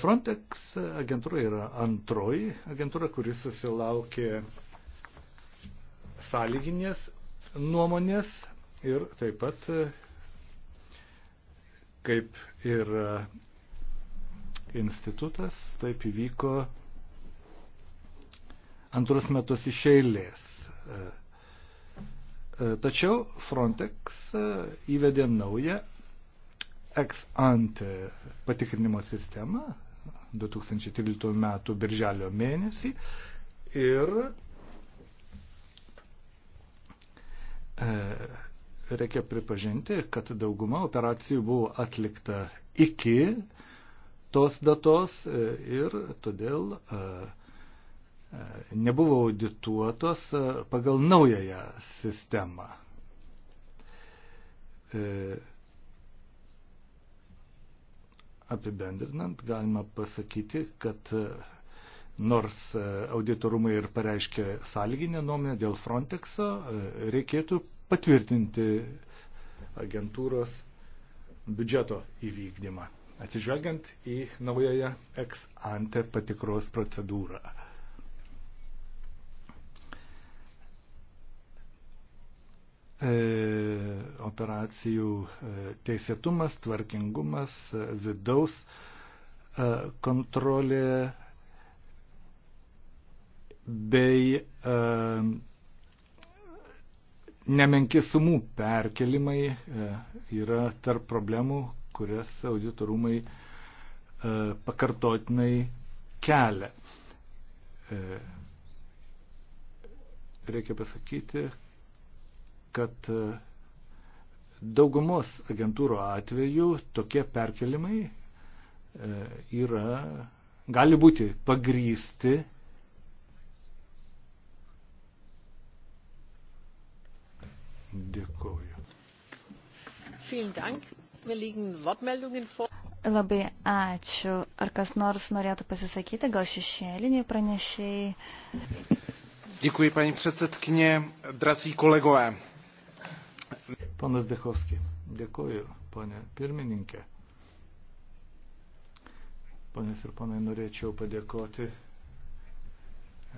Frontex agentūra yra antroji agentūra, kuris susilaukė sąlyginės nuomonės ir taip pat kaip ir institutas, taip įvyko antrus metus iš eilės. Tačiau Frontex įvedė naują ex ante patikrinimo sistemą 2013 m. birželio mėnesį ir E, reikia pripažinti, kad dauguma operacijų buvo atlikta iki tos datos e, ir todėl e, nebuvo audituotos pagal naująją sistemą. Apibendrinant, galima pasakyti, kad nors e, auditorumai ir pareiškė sąlyginę nuomonę dėl Frontexo, e, reikėtų patvirtinti agentūros biudžeto įvykdymą, atsižvelgiant į naująją ex ante patikros procedūrą. E, operacijų teisėtumas, tvarkingumas, vidaus kontrolė bei e, nemenki sumų perkelimai e, yra tarp problemų, kurias auditorumai e, pakartotinai kelia. E, reikia pasakyti, kad e, daugumos agentūrų atveju tokie perkelimai e, yra, gali būti pagrysti Dėkoju. Labai ačiū. Ar kas nors norėtų pasisakyti, gal šešėliniai pranešėjai? Děkuji, paní předsedkyně, drazí kolegové. Panas Dechovský, dėkoju, ponė pirmininkė. Ponės ir ponai, norėčiau padėkoti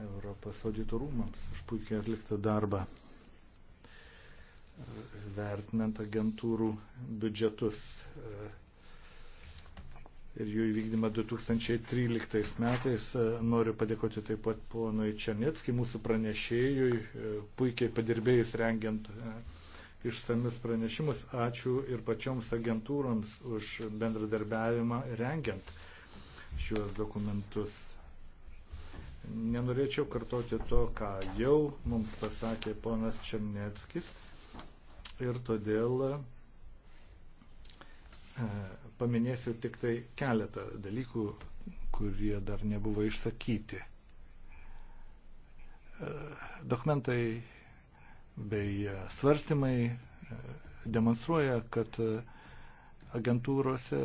Europos auditorumams už puikiai atliktą darbą vertinant agentūrų biudžetus e, ir jų įvykdymą 2013 metais. E, noriu padėkoti taip pat ponui Černetskijui, mūsų pranešėjui, e, puikiai padirbėjus rengiant išsamius pranešimus. Ačiū ir pačioms agentūroms už bendradarbiavimą rengiant šiuos dokumentus. Nenorėčiau kartoti to, ką jau mums pasakė ponas Černeckis ir todėl e, paminėsiu tik tai keletą dalykų, kurie dar nebuvo išsakyti. E, dokumentai bei svarstymai e, demonstruoja, kad agentūrose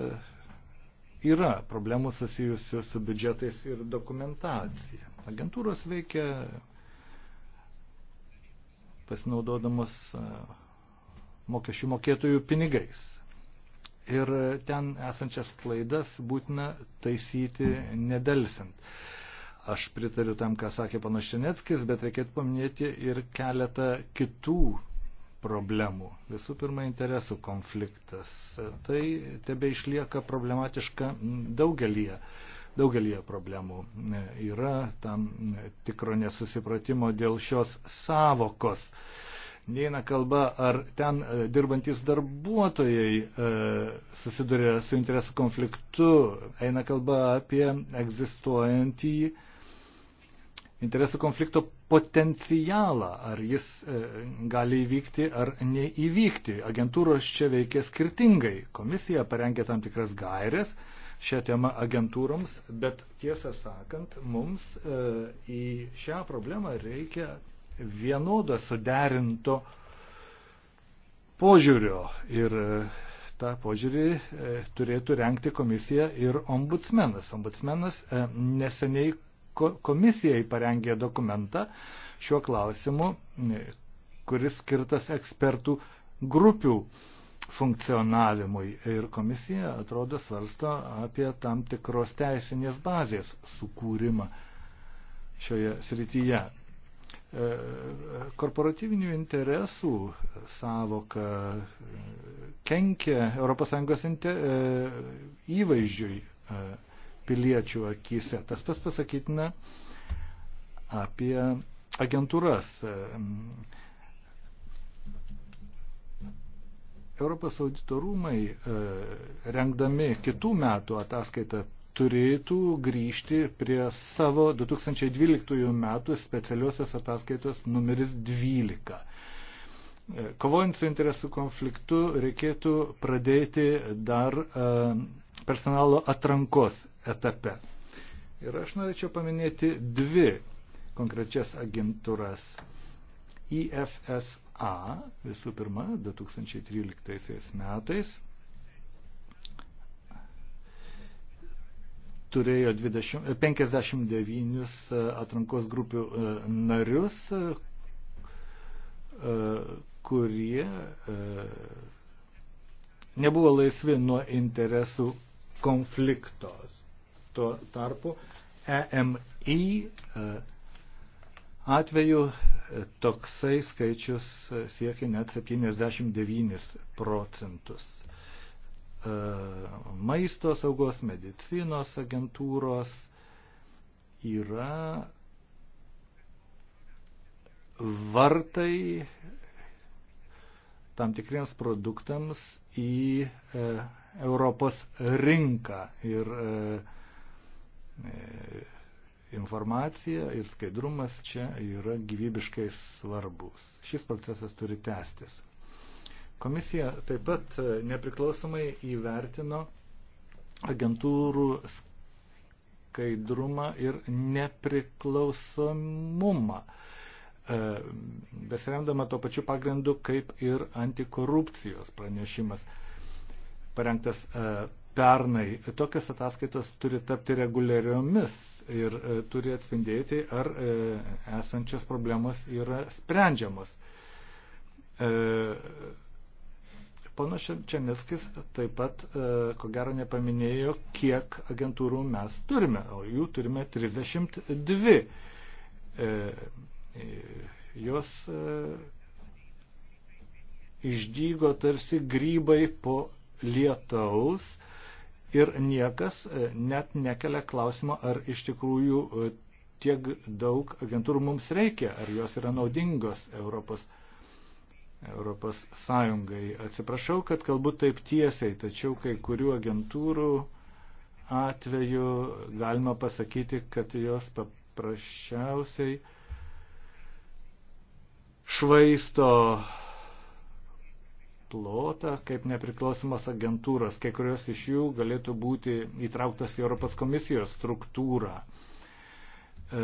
yra problemų susijusių su biudžetais ir dokumentacija. Agentūros veikia pasinaudodamos mokesčių mokėtojų pinigais. Ir ten esančias klaidas būtina taisyti nedelsint. Aš pritariu tam, ką sakė panaščianeckis, bet reikėtų paminėti ir keletą kitų problemų. Visų pirma, interesų konfliktas. Tai tebe išlieka problematiška daugelie, daugelie problemų. Yra tam tikro nesusipratimo dėl šios savokos neina kalba, ar ten e, dirbantis darbuotojai e, susiduria su interesų konfliktu, eina kalba apie egzistuojantį interesų konflikto potencialą, ar jis e, gali įvykti ar neįvykti. Agentūros čia veikia skirtingai. Komisija parengė tam tikras gairės šią temą agentūroms, bet tiesą sakant, mums į šią problemą reikia vienodo suderinto požiūrio ir e, tą požiūrį e, turėtų renkti komisija ir ombudsmenas. Ombudsmenas e, neseniai komisijai parengė dokumentą šiuo klausimu, kuris skirtas ekspertų grupių funkcionavimui. Ir komisija, atrodo, svarsto apie tam tikros teisinės bazės sukūrimą šioje srityje. E, korporatyvinių interesų savoka e, kenkia ES e, įvaizdžiui piliečių akise. Tas pas pasakytina apie agentūras. Europos auditorumai, rengdami kitų metų ataskaitą turėtų grįžti prie savo 2012 metų specialiosios ataskaitos numeris 12. E, kovojant su interesų konfliktu reikėtų pradėti dar e, personalo atrankos etape. Ir aš norėčiau paminėti dvi konkrečias agentūras. IFSA visų pirma 2013 metais turėjo 20, 59 e, e, atrankos grupių e, narius, kurie nebuvo laisvi nuo interesų konflikto. Tuo tarpu EMI atveju toksai skaičius siekia net 79 procentus. E, maisto saugos medicinos agentūros yra vartai tam tikriems produktams į e, Europos rinką. Ir e, e informacija ir skaidrumas čia yra gyvybiškai svarbus. Šis procesas turi tęstis. Komisija taip pat e, nepriklausomai įvertino agentūrų skaidrumą ir nepriklausomumą, e, besiremdama tuo pačiu pagrindu kaip ir antikorupcijos pranešimas parengtas e, pernai. Tokios ataskaitos turi tapti reguliariomis ir turi atspindėti, ar esančios problemos yra sprendžiamos. Pono Černievskis taip pat, e, ko gero, nepaminėjo, kiek agentūrų mes turime, o jų turime 32. E, e, jos išdygo tarsi grybai po lietaus ir niekas net nekelia klausimo, ar iš tikrųjų tiek daug agentūrų mums reikia, ar jos yra naudingos Europos Sąjungos Europos Sąjungai. Atsiprašau, kad kalbu taip tiesiai, tačiau kai kurių agentūrų atveju galima pasakyti, kad jos paprasčiausiai švaisto plotą kaip nepriklausomos agentūros. Kai kurios iš jų galėtų būti įtrauktos į Europos komisijos struktūrą. E,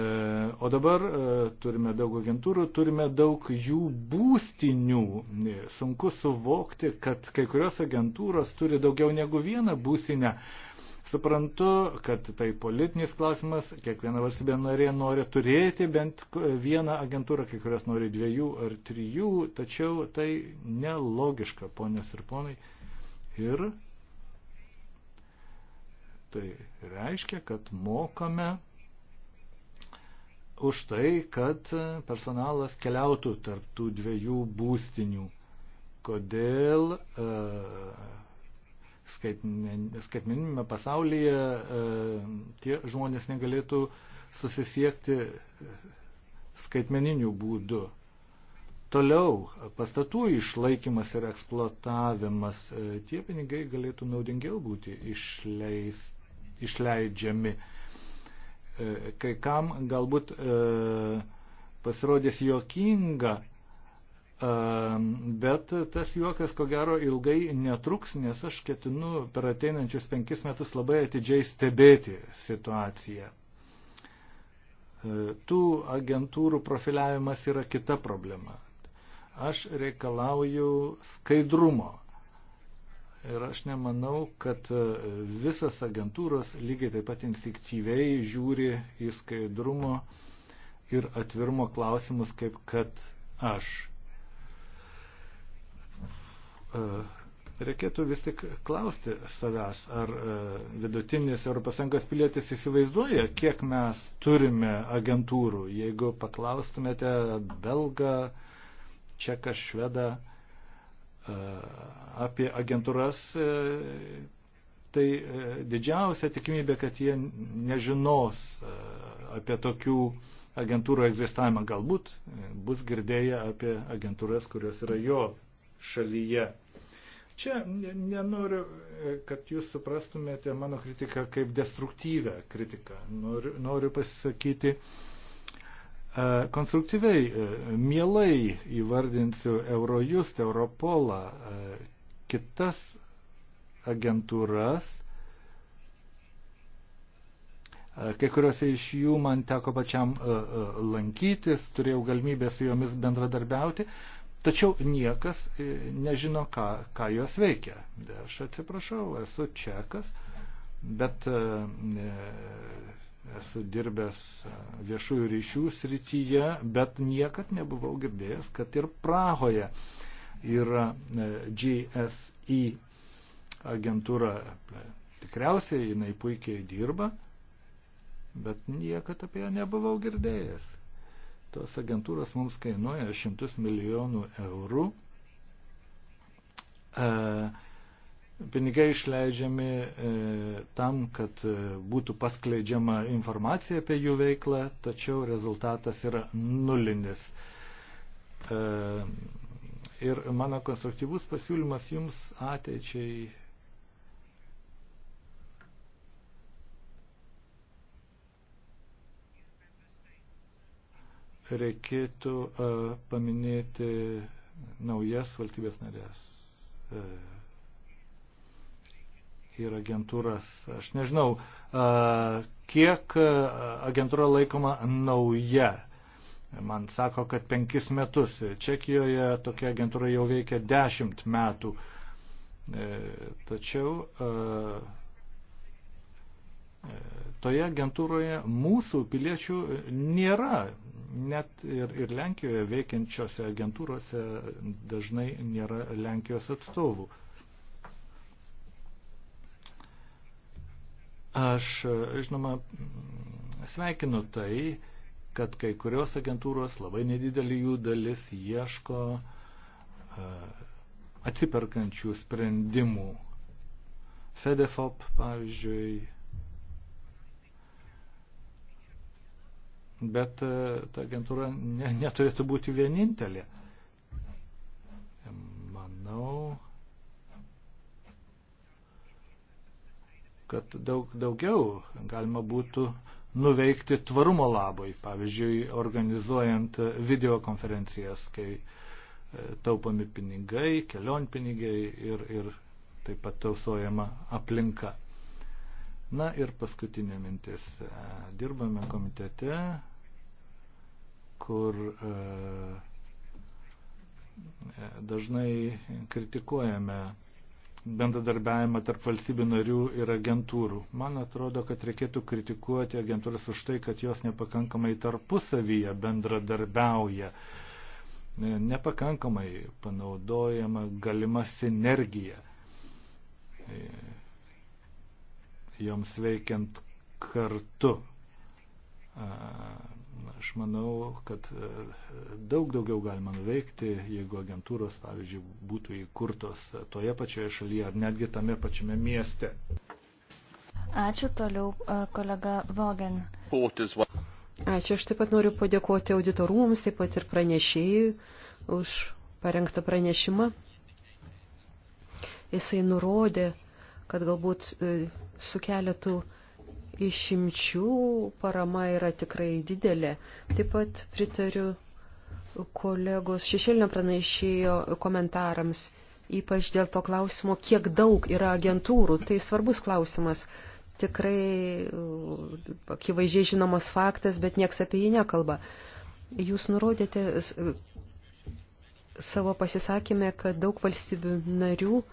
o dabar e, turime daug agentūrų, turime daug jų būstinių. E, sunku suvokti, kad kai kurios agentūros turi daugiau negu vieną būstinę. Suprantu, kad tai politinis klausimas, kiekviena valstybė narė nori turėti bent vieną agentūrą, kai kurios nori dviejų ar trijų, tačiau tai nelogiška, ponios ir ponai. Ir tai reiškia, kad mokame už tai, kad personalas keliautų tarptų dviejų būstinių. Kodėl e, skaitmeninėme pasaulyje e, tie žmonės negalėtų susisiekti skaitmeniniu būdu. Toliau pastatų išlaikymas ir eksploatavimas, e, tie pinigai galėtų naudingiau būti išleis, išleidžiami. E, kai kam galbūt e, pasirodys juokinga, e, bet tas juokas ko gero ilgai netruks, nes aš ketinu per ateinančius penkis metus labai atidžiai stebėti situaciją. Tų agentūrų profiliavimas yra kita problema. Aš reikalauju skaidrumo Ir aš nemanau, kad e, visas agentūros lygiai taip pat instinktyviai žiūri į skaidrumo ir atvirumo klausimus, kaip kad aš. E, reikėtų vis tik klausti savęs, ar e, vidutinis ES pilietis įsivaizduoja, kiek mes turime agentūrų. Jeigu paklaustumėte belgą, čeką, švedą, apie agentūras, e, tai e, didžiausia tikimybė, kad jie nežinos e, apie tokių agentūrų egzistavimą. Galbūt bus girdėję apie agentūras, kurios yra jo šalyje. Čia nenoriu, kad jūs suprastumėte mano kritiką kaip destruktyvę kritiką. Noriu, noriu pasisakyti uh, E, konstruktyviai, e, mielai įvardinsiu Eurojust, Europolą, e, kitas agentūras. Kai kuriuose iš jų man teko pačiam lankytis, turėjau galimybę su jomis bendradarbiauti, tačiau niekas nežino, ką, ką jos veikia. Aš atsiprašau, esu čekas, bet esu dirbęs e, viešųjų ryšių srityje, bet niekad nebuvau girdėjęs, kad ir Prahoje yra e, GSI agentūra. Tikriausiai jinai puikiai dirba, bet niekad apie ją nebuvau girdėjęs. Tos agentūros mums kainuoja šimtus milijonų eurų. E, pinigai išleidžiami e, tam, kad e, būtų paskleidžiama informacija apie jų veiklą, tačiau rezultatas yra nulinis. E, ir mano konstruktyvus pasiūlymas jums ateičiai reikėtų paminėti naujas valstybės narės ir agentūras. Aš nežinau, kiek agentūra laikoma nauja. Man sako, kad penkis metus. Čekijoje tokia agentūra jau veikia dešimt metų. E, tačiau e, toje agentūroje mūsų piliečių nėra. Net ir, ir Lenkijoje veikiančiose agentūrose dažnai nėra Lenkijos atstovų. E, Aš, žinoma, sveikinu tai, kad kai kurios agentūros, labai nedidelį jų dalis, ieško e, atsiperkančių sprendimų. FEDEFOP, pavyzdžiui, Bet e, ta agentūra ne, neturėtų būti vienintelė. Manau, kad daug daugiau galima būtų nuveikti tvarumo labui, pavyzdžiui, organizuojant videokonferencijas, kai e, taupami pinigai, kelionpinigiai ir, ir taip pat tausojama aplinka. Na ir paskutinė mintis. E, dirbame komitete, kur e, dažnai kritikuojame bendradarbiavimą tarp valstybių narių ir agentūrų. Man atrodo, kad reikėtų kritikuoti agentūras už tai, kad jos nepakankamai tarpusavyje bendradarbiauja. Nepakankamai panaudojama galima sinergija. Joms veikiant kartu. Aš manau, kad e, daug daugiau galima nuveikti, jeigu agentūros, pavyzdžiui, būtų įkurtos toje pačioje šalyje ar netgi tame pačiame mieste. Ačiū toliau, e, kolega Vogen. Ačiū, aš taip pat noriu padėkoti auditorumams, taip pat ir pranešėjai už parengtą pranešimą. Jisai nurodė, kad galbūt e, su keletu uh, išimčių parama yra tikrai didelė. Taip pat pritariu kolegos šešėlinio pranešėjo komentarams, ypač dėl to klausimo, kiek daug yra agentūrų. Tai svarbus klausimas. Tikrai uh, akivaizdžiai žinomas faktas, bet nieks apie jį nekalba. Jūs nurodėte savo pasisakymę, kad daug valstybių narių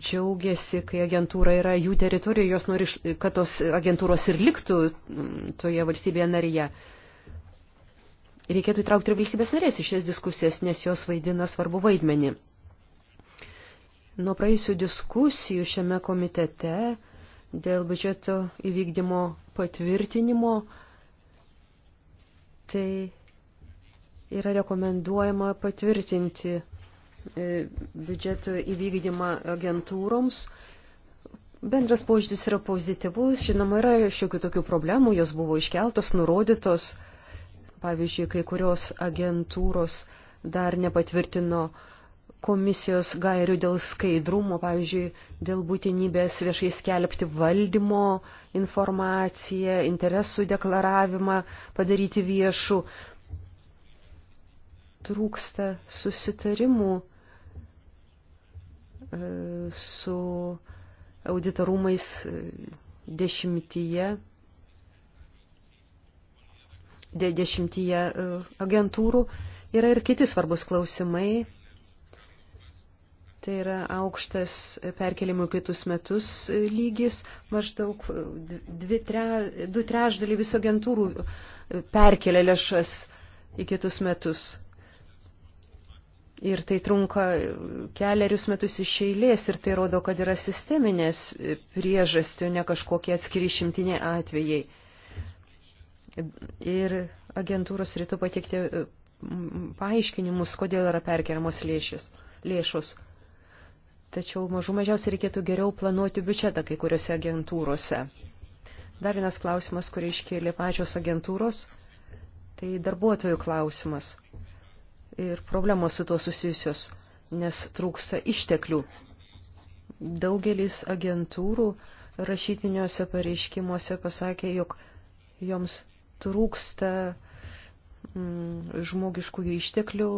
džiaugiasi, kai agentūra yra jų teritorija, jos nori, kad tos agentūros ir liktų mm, toje valstybėje narėje. Reikėtų įtraukti ir valstybės narės į šias diskusijas, nes jos vaidina svarbu vaidmenį. Nuo praėjusių diskusijų šiame komitete dėl biudžeto įvykdymo patvirtinimo, tai yra rekomenduojama patvirtinti E, biudžeto įvykdymą agentūroms. Bendras požiūris yra pozityvus, žinoma, yra šiokių tokių problemų, jos buvo iškeltos, nurodytos. Pavyzdžiui, kai kurios agentūros dar nepatvirtino komisijos gairių dėl skaidrumo, pavyzdžiui, dėl būtinybės viešai skelbti valdymo informaciją, interesų deklaravimą, padaryti viešų. Trūksta susitarimų su auditorumais dešimtyje, de, dešimtyje e, agentūrų. Yra ir kiti svarbus klausimai. Tai yra aukštas perkelimų kitus metus e, lygis, maždaug e, dvi, tre, du trešdalį viso agentūrų perkelia lėšas į kitus metus. Ir tai trunka keliarius metus iš eilės ir tai rodo, kad yra sisteminės priežastį, ne kažkokie atskiri šimtiniai atvejai. Ir agentūros rytų patikti paaiškinimus, kodėl yra perkeliamos lėšis, lėšos. Tačiau mažų mažiausiai reikėtų geriau planuoti biudžetą kai kuriuose agentūrose. Dar vienas klausimas, kurį iškėlė pačios agentūros, tai darbuotojų klausimas ir problemos su tuo susijusios, nes trūksta išteklių. Daugelis agentūrų rašytiniuose pareiškimuose pasakė, jog joms trūksta mm, žmogiškųjų išteklių,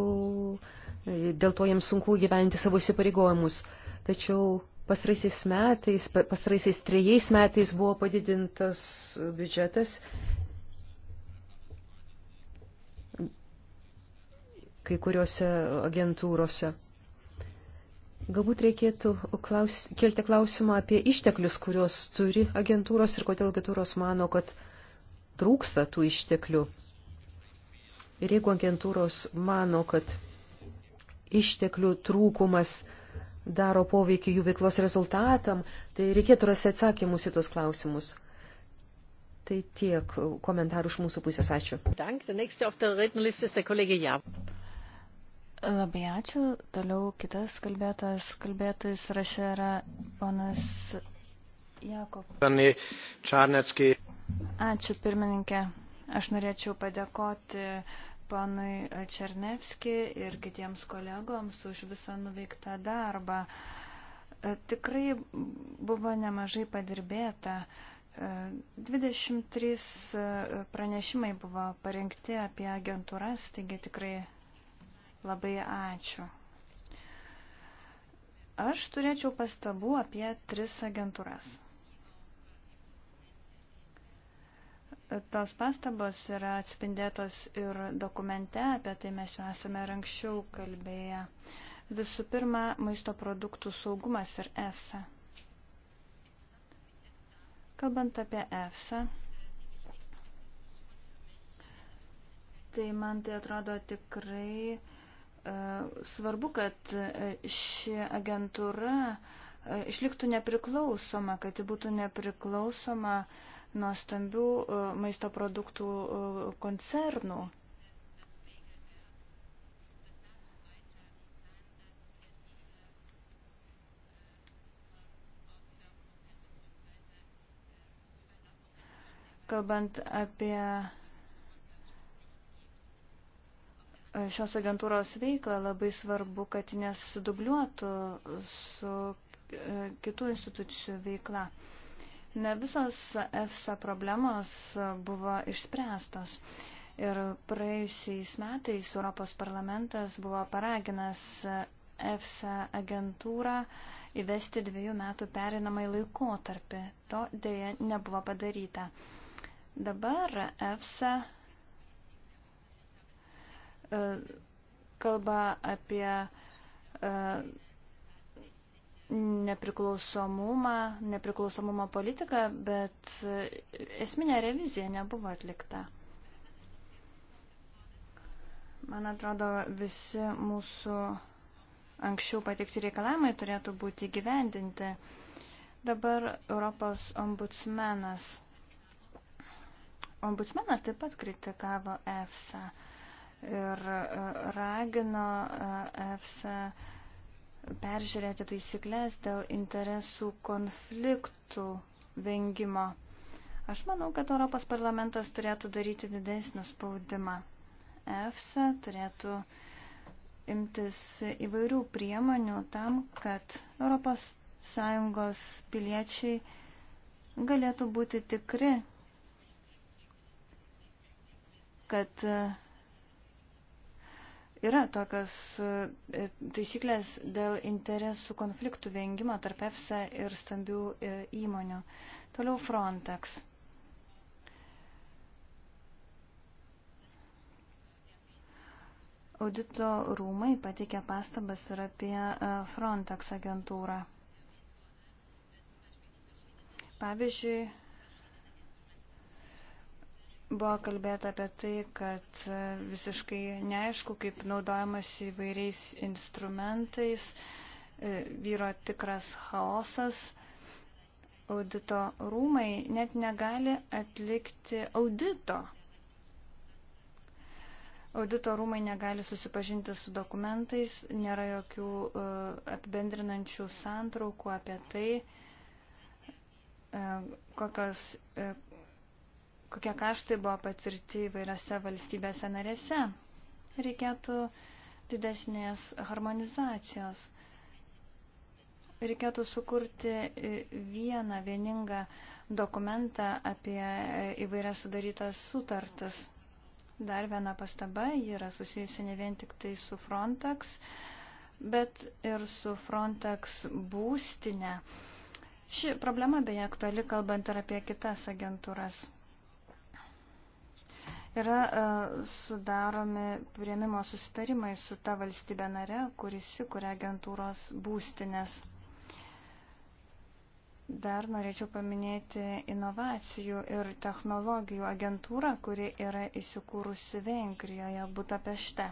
dėl to jiems sunku gyventi savo įsipareigojimus. Tačiau pasraisiais metais, pasraisiais trejais metais buvo padidintas biudžetas kai kuriuose agentūrose. Galbūt reikėtų klaus, kelti klausimą apie išteklius, kuriuos turi agentūros ir kodėl agentūros mano, kad trūksta tų išteklių. Ir jeigu agentūros mano, kad išteklių trūkumas daro poveikį jų veiklos rezultatam, tai reikėtų rasti atsakymus į tos klausimus. Tai tiek komentarų iš mūsų pusės. Ačiū. Dank, Labai ačiū. Toliau kitas kalbėtojas, kalbėtojas rašė yra ponas Jakob. Ačiū pirmininkė. Aš norėčiau padėkoti panui Černevski ir kitiems kolegoms už visą nuveiktą darbą. Tikrai buvo nemažai padirbėta. 23 pranešimai buvo parengti apie agentūras, taigi tikrai Labai ačiū. Aš turėčiau pastabų apie tris agentūras. Tos pastabos yra atspindėtos ir dokumente, apie tai mes jau esame ir anksčiau kalbėję. Visų pirma, maisto produktų saugumas ir EFSA. Kalbant apie EFSA, tai man tai atrodo tikrai uh, E, svarbu, kad e, ši agentūra e, išliktų nepriklausoma, kad ji būtų nepriklausoma nuo stambių maisto produktų koncernų. Kalbant apie šios agentūros veiklą, labai svarbu, kad nesidubliuotų su e, kitų institucijų veikla. Ne visos EFSA problemos buvo išspręstos. Ir praėjusiais metais Europos parlamentas buvo paraginas EFSA agentūrą įvesti dviejų metų perinamai laikotarpį. To dėja nebuvo padaryta. Dabar EFSA E, kalba apie e, nepriklausomumą, nepriklausomumo politiką, bet esminė revizija nebuvo atlikta. Man atrodo, visi mūsų anksčiau pateikti reikalavimai turėtų būti gyvendinti. Dabar Europos ombudsmenas. Ombudsmenas taip pat kritikavo EFSA ir e, ragino e, EFSA peržiūrėti taisyklės dėl interesų konfliktų vengimo. Aš manau, kad Europos parlamentas turėtų daryti didesnį spaudimą. EFSA turėtų imtis įvairių priemonių tam, kad ES piliečiai galėtų būti tikri, kad Yra tokios e, taisyklės dėl interesų konfliktų vengimo tarp EFSA ir stambių e, įmonių. Toliau Frontex. Audito rūmai pateikė pastabas ir apie e, Frontex agentūrą. Pavyzdžiui, Buvo kalbėta apie tai, kad visiškai neaišku, kaip naudojamas įvairiais instrumentais, e, vyro tikras chaosas. Audito rūmai net negali atlikti audito. Audito rūmai negali susipažinti su dokumentais, nėra jokių e, apibendrinančių santraukų apie tai, e, kokios kokie kaštai buvo patirti įvairiose valstybėse narėse. Reikėtų didesnės harmonizacijos. Reikėtų sukurti vieną vieningą dokumentą apie įvairias sudarytas sutartas. Dar viena pastaba, ji yra susijusi ne vien tik tai su Frontex, bet ir su Frontex būstinė. Ši problema beje aktuali kalbant ir apie kitas agentūras yra e, sudaromi prieimimo susitarimai su ta valstybė nare, kuris įkuria agentūros būstinės. Dar norėčiau paminėti inovacijų ir technologijų agentūrą, kuri yra įsikūrusi Vengrijoje, Budapešte.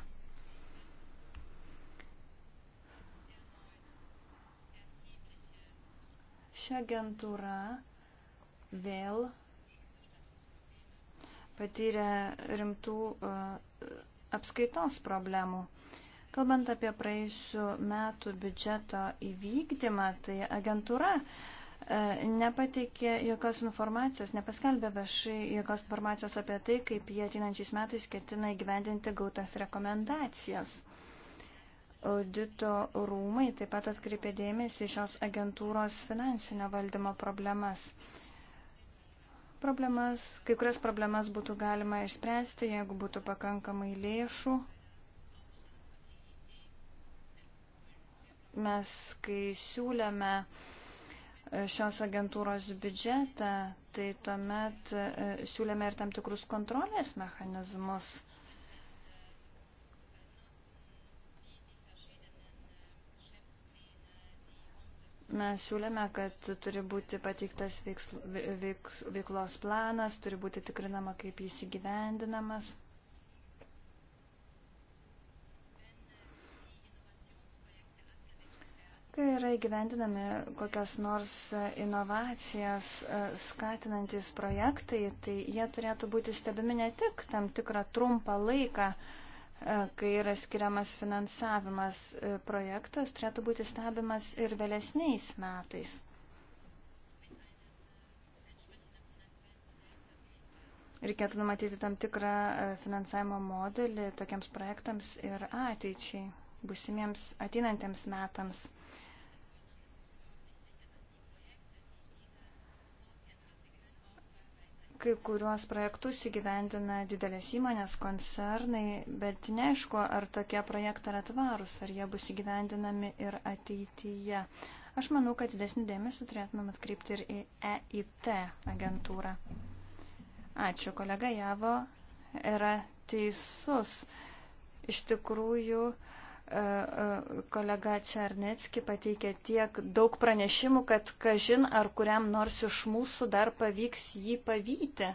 Ši agentūra vėl patyrė rimtų e, apskaitos problemų. Kalbant apie praėjusių metų biudžeto įvykdymą, tai agentūra e, nepateikė jokios informacijos, nepaskelbė viešai jokios informacijos apie tai, kaip jie atinančiais metais ketina įgyvendinti gautas rekomendacijas. Audito rūmai taip pat atkreipė dėmesį šios agentūros finansinio valdymo problemas problemas, kai kurias problemas būtų galima išspręsti, jeigu būtų pakankamai lėšų. Mes, kai siūlėme e, šios agentūros biudžetą, tai tuomet e, siūlėme ir tam tikrus kontrolės mechanizmus. Mes siūlėme, kad turi būti pateiktas veiks, veiks, veiklos planas, turi būti tikrinama, kaip jis įgyvendinamas. Kai yra įgyvendinami kokias nors inovacijas e, skatinantis projektai, tai jie turėtų būti stebimi ne tik tam tikrą trumpą laiką, E, kai yra skiriamas finansavimas, e, projektas turėtų būti stebimas ir vėlesniais metais. Reikėtų numatyti tam tikrą e, finansavimo modelį tokiems projektams ir ateičiai, busimiems ateinantiems metams. kai kuriuos projektus įgyvendina didelės įmonės, koncernai, bet neaišku, ar tokie projektai yra tvarus, ar jie bus įgyvendinami ir ateityje. Aš manau, kad didesnį dėmesį turėtumėm atkreipti ir į EIT agentūrą. Ačiū, kolega Javo yra teisus. Iš tikrųjų, E, e, kolega Černecki pateikė tiek daug pranešimų, kad kažin ar kuriam nors iš mūsų dar pavyks jį pavyti.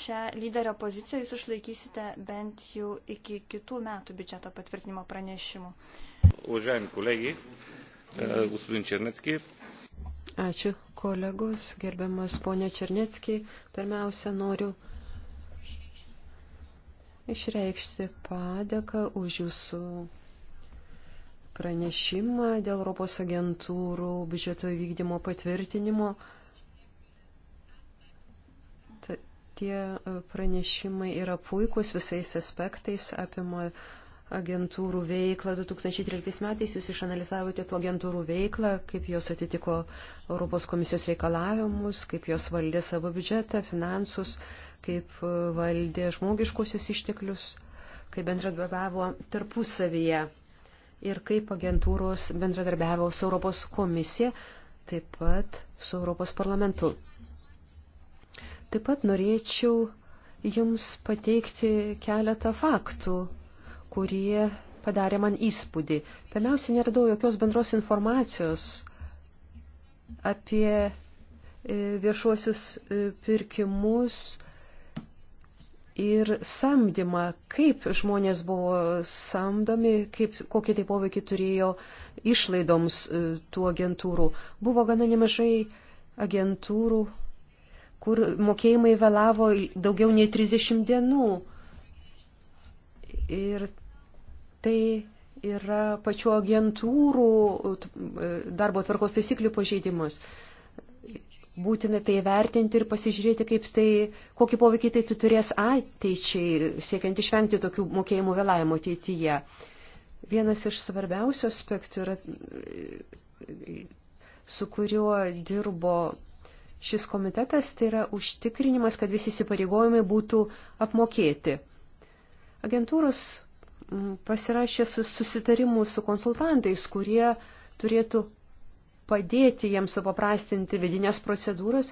Šią lyderio poziciją jūs išlaikysite bent jau iki kitų metų biudžeto patvirtinimo pranešimų. Užėjim kolegį, gospodin Černecki. Ačiū kolegos, gerbiamas ponė Černecki. Pirmiausia, noriu išreikšti padėką už jūsų pranešimą dėl Europos agentūrų biudžeto įvykdymo patvirtinimo. Ta, tie e, pranešimai yra puikus visais aspektais, apima agentūrų veiklą. 2013 metais jūs išanalizavote tų agentūrų veiklą, kaip jos atitiko Europos komisijos reikalavimus, kaip jos valdė savo biudžetą, finansus kaip valdė žmogiškosius išteklius, kaip bendradarbiavo tarpusavyje ir kaip agentūros bendradarbiavo su Europos komisija, taip pat su Europos parlamentu. Taip pat norėčiau Jums pateikti keletą faktų, kurie padarė man įspūdį. Pirmiausia, neradau jokios bendros informacijos apie e, viešuosius e, pirkimus ir samdymą, kaip žmonės buvo samdomi, kaip, kokie tai poveikį turėjo išlaidoms e, tų agentūrų. Buvo gana nemažai agentūrų, kur mokėjimai vėlavo daugiau nei 30 dienų. Ir tai yra pačių agentūrų e, darbo tvarkos taisyklių pažeidimas būtina tai vertinti ir pasižiūrėti, kaip tai, kokį poveikį tai turės ateičiai, siekiant išvengti tokių mokėjimų vėlavimo ateityje. Vienas iš svarbiausių aspektų yra, su kuriuo dirbo šis komitetas, tai yra užtikrinimas, kad visi įsipareigojimai būtų apmokėti. Agentūros pasirašė su susitarimu su konsultantais, kurie turėtų padėti jiems supaprastinti vidinės procedūras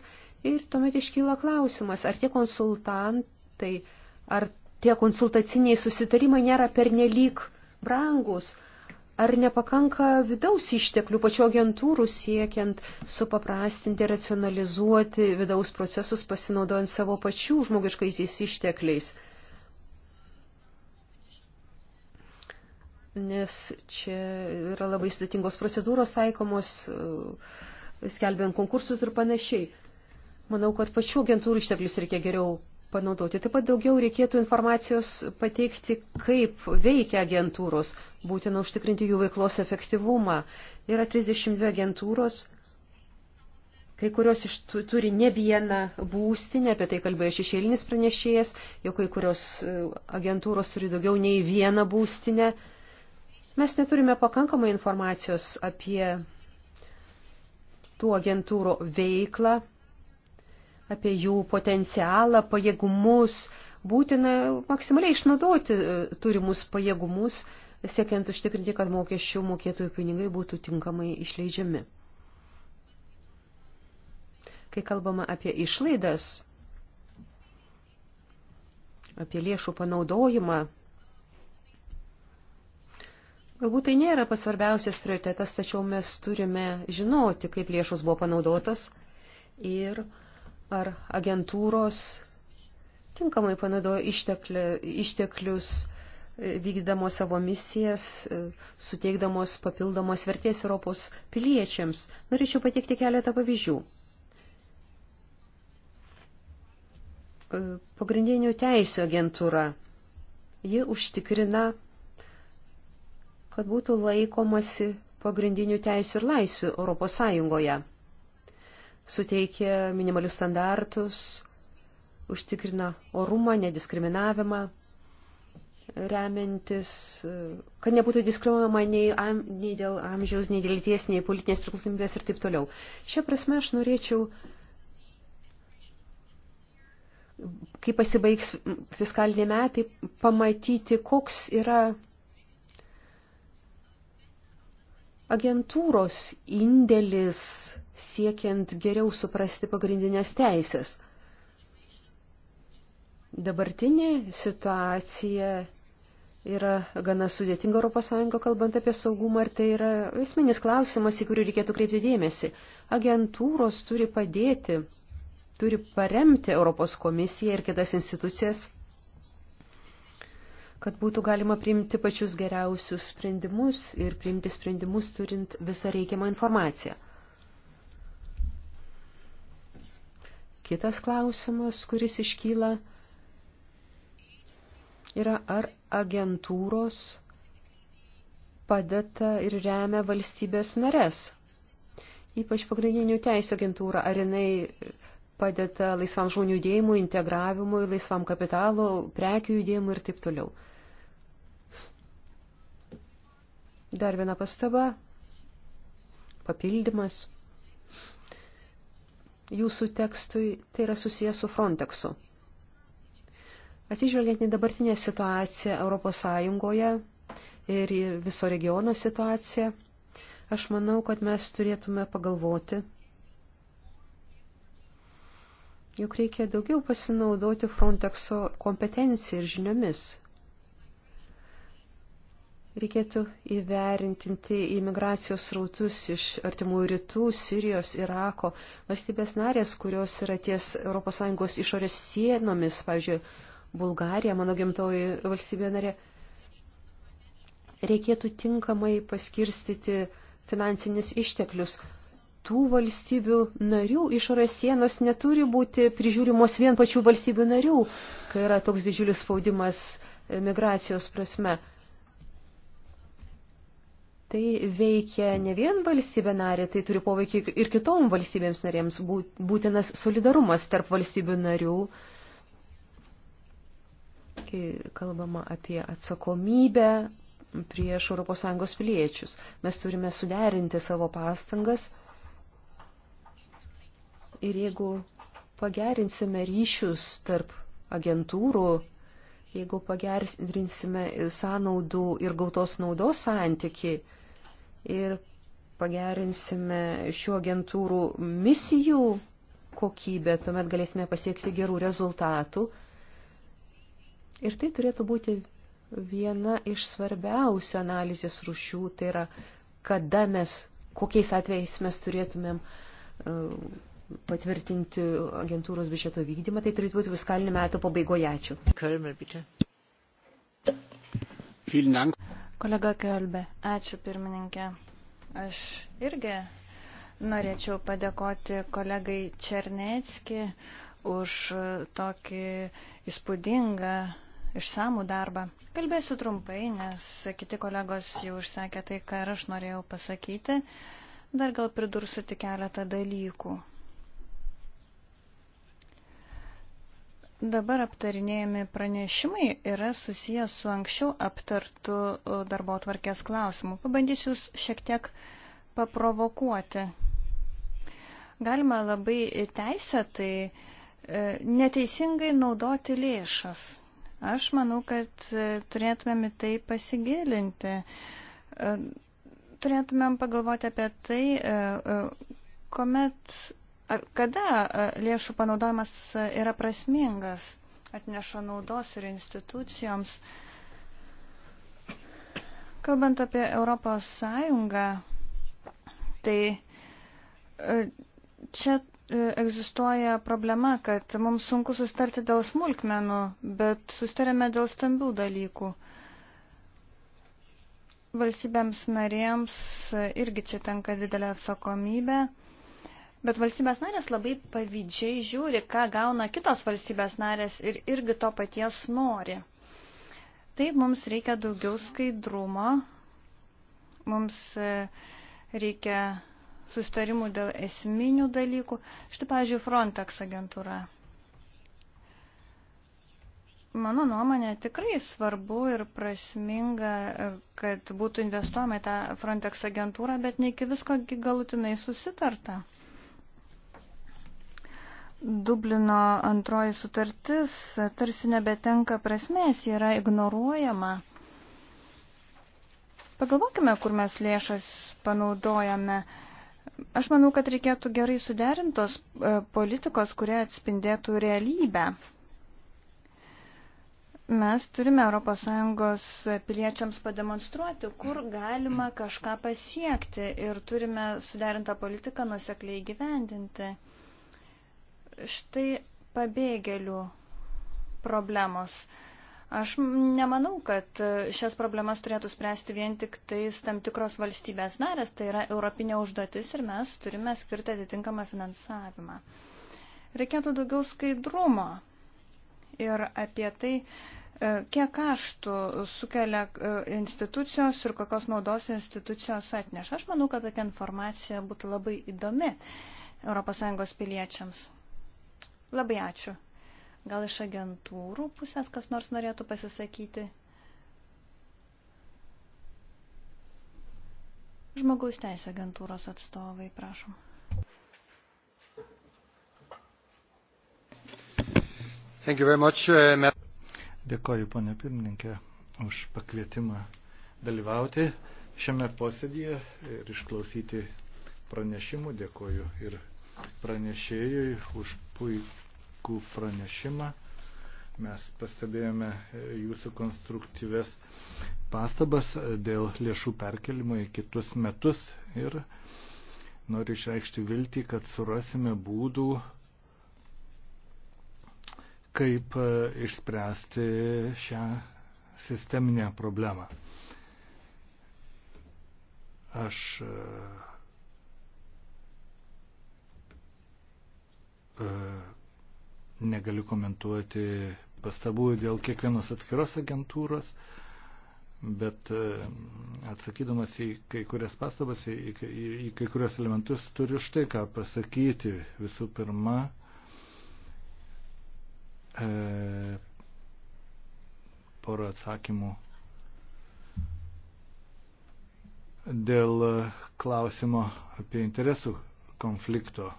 ir tuomet iškyla klausimas, ar tie konsultantai, ar tie konsultaciniai susitarimai nėra pernelyg brangus, ar nepakanka vidaus išteklių pačių agentūrų siekiant supaprastinti, racionalizuoti vidaus procesus pasinaudojant savo pačių žmogiškaisiais ištekliais. nes čia yra labai sudėtingos procedūros taikomos, skelbiant konkursus ir panašiai. Manau, kad pačių agentūrų išteklius reikia geriau panaudoti. Taip pat daugiau reikėtų informacijos pateikti, kaip veikia agentūros, būtina užtikrinti jų veiklos efektyvumą. Yra 32 agentūros, kai kurios iš tų turi ne vieną būstinę, apie tai kalbėjo šešėlinis pranešėjas, jau kai kurios e, agentūros turi daugiau nei vieną būstinę. Mes neturime pakankamai informacijos apie tų agentūrų veiklą, apie jų potencialą, pajėgumus. Būtina maksimaliai išnaudoti e, turimus pajėgumus, siekiant užtikrinti, kad mokesčių mokėtojų pinigai būtų tinkamai išleidžiami. Kai kalbama apie išlaidas, apie lėšų panaudojimą, Galbūt tai nėra pats svarbiausias prioritetas, tačiau mes turime žinoti, kaip lėšos buvo panaudotos ir ar agentūros tinkamai panaudojo išteklius e, vykdamos savo misijas, e, suteikdamos papildomos vertės Europos piliečiams. Norėčiau pateikti keletą pavyzdžių. E, pagrindinių teisų agentūra. Ji užtikrina kad būtų laikomasi pagrindinių teisų ir laisvių Europos Sąjungoje. Suteikė minimalius standartus, užtikrina orumą, nediskriminavimą, remiantis, kad nebūtų diskriminuojama nei, am, nei dėl amžiaus, nei dėl lyties, nei politinės priklausomybės ir taip toliau. Šią prasme aš norėčiau, kai pasibaigs fiskaliniai metai, pamatyti, koks yra agentūros indėlis siekiant geriau suprasti pagrindinės teisės. Dabartinė situacija yra gana sudėtinga ES, kalbant apie saugumą, ir tai yra esminis klausimas, į kurį reikėtų kreipti dėmesį. Agentūros turi padėti, turi paremti Europos komisiją ir kitas institucijas kad būtų galima priimti pačius geriausius sprendimus ir priimti sprendimus turint visą reikiamą informaciją. Kitas klausimas, kuris iškyla, yra ar agentūros padeda ir remia valstybės narės, ypač pagrindinių teisų agentūra, ar jinai padeda laisvam žmonių judėjimui, integravimui, laisvam kapitalo, prekių judėjimui ir taip toliau. Dar viena pastaba, papildymas. Jūsų tekstui tai yra susijęs su Frontexu. Atsižvelgiant į dabartinę situaciją Europos Sąjungoje ir viso regiono situaciją, aš manau, kad mes turėtume pagalvoti, juk reikia daugiau pasinaudoti Frontexo kompetenciją ir žiniomis, Reikėtų įverintinti imigracijos rautus iš artimų rytų, Sirijos, Irako, valstybės narės, kurios yra ties ES išorės sienomis, pavyzdžiui, Bulgarija, mano gimtoji valstybė narė. Reikėtų tinkamai paskirstyti finansinis išteklius. Tų valstybių narių išorės sienos neturi būti prižiūrimos vien pačių valstybių narių, kai yra toks didžiulis spaudimas migracijos prasme Tai veikia ne vien valstybė narė, tai turi poveikį ir kitom valstybėms narėms. Būtinas solidarumas tarp valstybių narių, kai kalbama apie atsakomybę prieš ES piliečius. Mes turime suderinti savo pastangas ir jeigu pagerinsime ryšius tarp agentūrų, jeigu pagerinsime sąnaudų ir gautos naudos santyki, ir pagerinsime šių agentūrų misijų kokybę, tuomet galėsime pasiekti gerų rezultatų. Ir tai turėtų būti viena iš svarbiausių analizės rušių, tai yra, kada mes, kokiais atvejais mes turėtumėm e, patvirtinti agentūros biudžeto vykdymą, tai turėtų būti viskalinį metų pabaigoje. Ačiū. Kölmel, bitte. Vielen Dank. Kolega Kelbė, ačiū pirmininkė. Aš irgi norėčiau padėkoti kolegai Černecki už tokį įspūdingą išsamų darbą. Kalbėsiu trumpai, nes kiti kolegos jau išsakė tai, ką ir aš norėjau pasakyti. Dar gal pridursiu tik keletą dalykų. Dabar aptarinėjami pranešimai yra susijęs su anksčiau aptartu darbo tvarkės klausimu. Pabandysiu jūs šiek tiek paprovokuoti. Galima labai teisėtai e, neteisingai naudoti lėšas. Aš manau, kad e, turėtumėm į tai pasigilinti. E, turėtumėm pagalvoti apie tai, kuomet Kada e, lėšų panaudojimas e, yra prasmingas, atneša naudos ir institucijoms? Kalbant apie Europos Sąjungą, tai e, čia egzistuoja problema, kad mums sunku sustarti dėl smulkmenų, bet sustarėme dėl stambių dalykų. Valstybėms narėms irgi čia tenka didelė atsakomybė. Bet valstybės narės labai pavydžiai žiūri, ką gauna kitos valstybės narės ir irgi to paties nori. Taip mums reikia daugiau skaidrumo, mums e, reikia sustarimų dėl esminių dalykų. Štai, pavyzdžiui, Frontex agentūra. Mano nuomonė tikrai svarbu ir prasminga, e, kad būtų investuojama į tą Frontex agentūrą, bet ne iki visko galutinai susitarta. Dublino antroji sutartis tarsi nebetenka prasmės, yra ignoruojama. Pagalvokime, kur mes lėšas panaudojame. Aš manau, kad reikėtų gerai suderintos e, politikos, kurie atspindėtų realybę. Mes turime ES piliečiams pademonstruoti, kur galima kažką pasiekti ir turime suderintą politiką nusekliai gyvendinti. Štai pabėgėlių problemos. Aš nemanau, kad šias problemas turėtų spręsti vien tik tais tam tikros valstybės narės, tai yra europinė užduotis ir mes turime skirti atitinkamą finansavimą. Reikėtų daugiau skaidrumo ir apie tai, e, kiek kaštų sukelia e, institucijos ir kokios naudos institucijos atneša. Aš manau, kad tokia informacija būtų labai įdomi ES piliečiams. Labai ačiū. Gal iš agentūrų pusės kas nors norėtų pasisakyti? Žmogaus teisė agentūros atstovai, prašom. Thank you very much. Uh, Dėkoju, ponė pirmininkė, už pakvietimą dalyvauti šiame posėdėje ir išklausyti pranešimų. Dėkoju ir pranešėjui už puikų pranešimą. Mes pastebėjome e, jūsų konstruktyves pastabas e, dėl lėšų perkelimo į kitus metus ir noriu išreikšti viltį, kad surasime būdų, kaip e, išspręsti šią sisteminę problemą. Aš uh, E, negaliu komentuoti pastabų dėl kiekvienos atskiros agentūros, bet e, atsakydamas į kai kurias pastabas, į, į, į kai kurios elementus turiu štai ką pasakyti. Visų pirma, e, porą atsakymų dėl klausimo apie interesų konflikto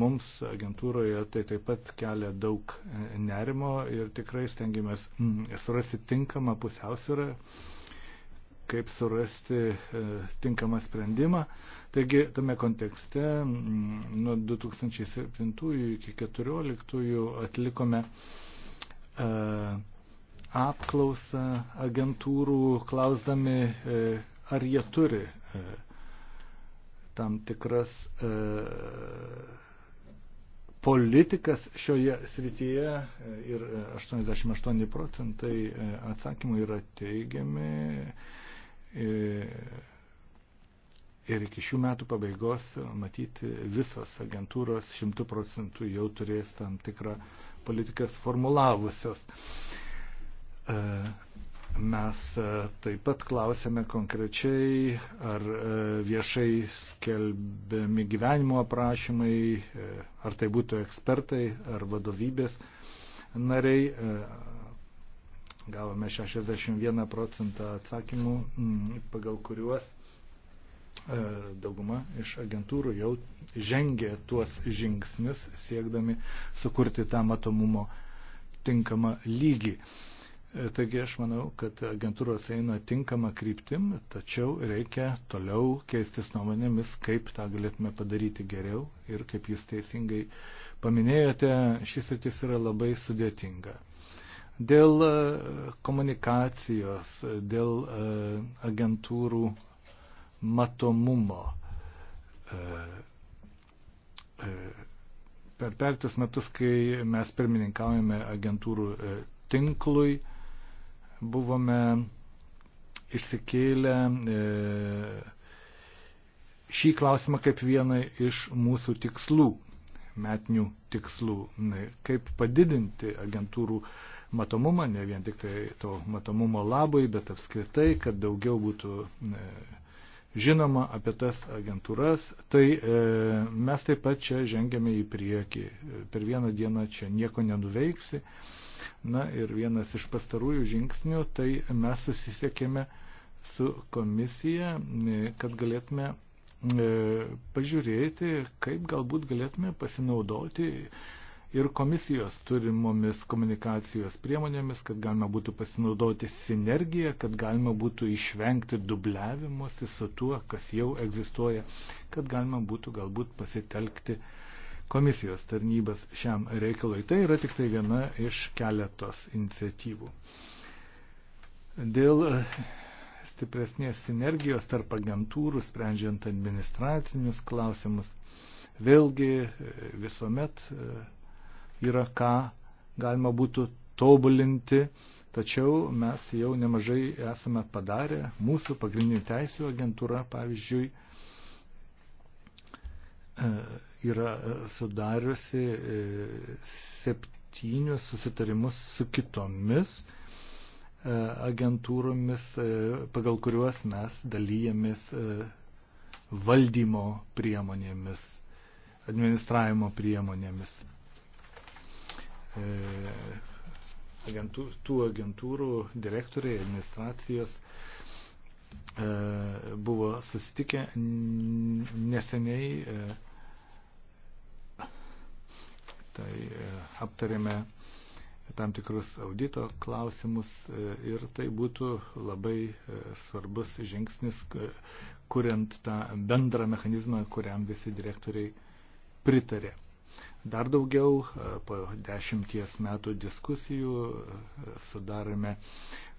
Mums agentūroje tai taip pat kelia daug e, nerimo ir tikrai stengiamės mm, surasti tinkamą pusiausvyrą, kaip surasti e, tinkamą sprendimą. Taigi tame kontekste mm, nuo 2007 iki 2014 atlikome e, apklausą agentūrų, klausdami, ar jie turi tam tikras e, politikas šioje srityje e, ir 88 e, procentai e, atsakymų yra teigiami. Ir iki šių metų pabaigos, matyti, visos agentūros šimtų procentų jau turės tam tikrą politikas formulavusios. Mes e, taip pat klausėme konkrečiai, ar e, viešai skelbiami gyvenimo aprašymai, e, ar tai būtų ekspertai ar vadovybės nariai. Gavome 61 procentą atsakymų, pagal kuriuos dauguma iš agentūrų jau žengė tuos žingsnius siekdami sukurti tą matomumo tinkamą lygį. Taigi aš manau, kad agentūros eina tinkama kryptim, tačiau reikia toliau keistis nuomonėmis, kaip tą galėtume padaryti geriau ir kaip jūs teisingai paminėjote, šis rytis yra labai sudėtinga. Dėl e, komunikacijos, dėl e, agentūrų matomumo e, per pertus metus, kai mes pirmininkaujame agentūrų tinklui, buvome išsikėlę e, šį klausimą kaip vieną iš mūsų tikslų, metinių tikslų, kaip padidinti agentūrų matomumą, ne vien tik tai to matomumo labai, bet apskritai, kad daugiau būtų e, žinoma apie tas agentūras, tai e, mes taip pat čia žengėme į priekį. Per vieną dieną čia nieko nenuveiksi. E, Na ir vienas iš pastarųjų žingsnių, tai mes susisiekėme su komisija, e, kad galėtume e, pažiūrėti, kaip galbūt galėtume pasinaudoti ir komisijos turimomis komunikacijos priemonėmis, kad galima būtų pasinaudoti sinergiją, kad galima būtų išvengti dubliavimuose su tuo, kas jau egzistuoja, kad galima būtų galbūt pasitelkti uh, komisijos tarnybas šiam reikalui. Tai yra tik tai viena iš keletos iniciatyvų. Dėl e, stipresnės sinergijos tarp agentūrų, sprendžiant administracinius klausimus, vėlgi e, visuomet e, yra ką galima būtų tobulinti, tačiau mes jau nemažai esame padarę, mūsų pagrindinių teisų agentūra, pavyzdžiui, yra sudariusi e, septynius susitarimus su kitomis e, agentūromis, e, pagal kuriuos mes dalyjamės valdymo priemonėmis, administravimo priemonėmis. Agentų, tų agentūrų direktoriai, administracijos buvo susitikę neseniai tai e, aptarėme tam tikrus audito klausimus e, ir tai būtų labai e, svarbus žingsnis, kuriant tą bendrą mechanizmą, kuriam visi direktoriai pritarė. Dar daugiau, po dešimties metų diskusijų sudarėme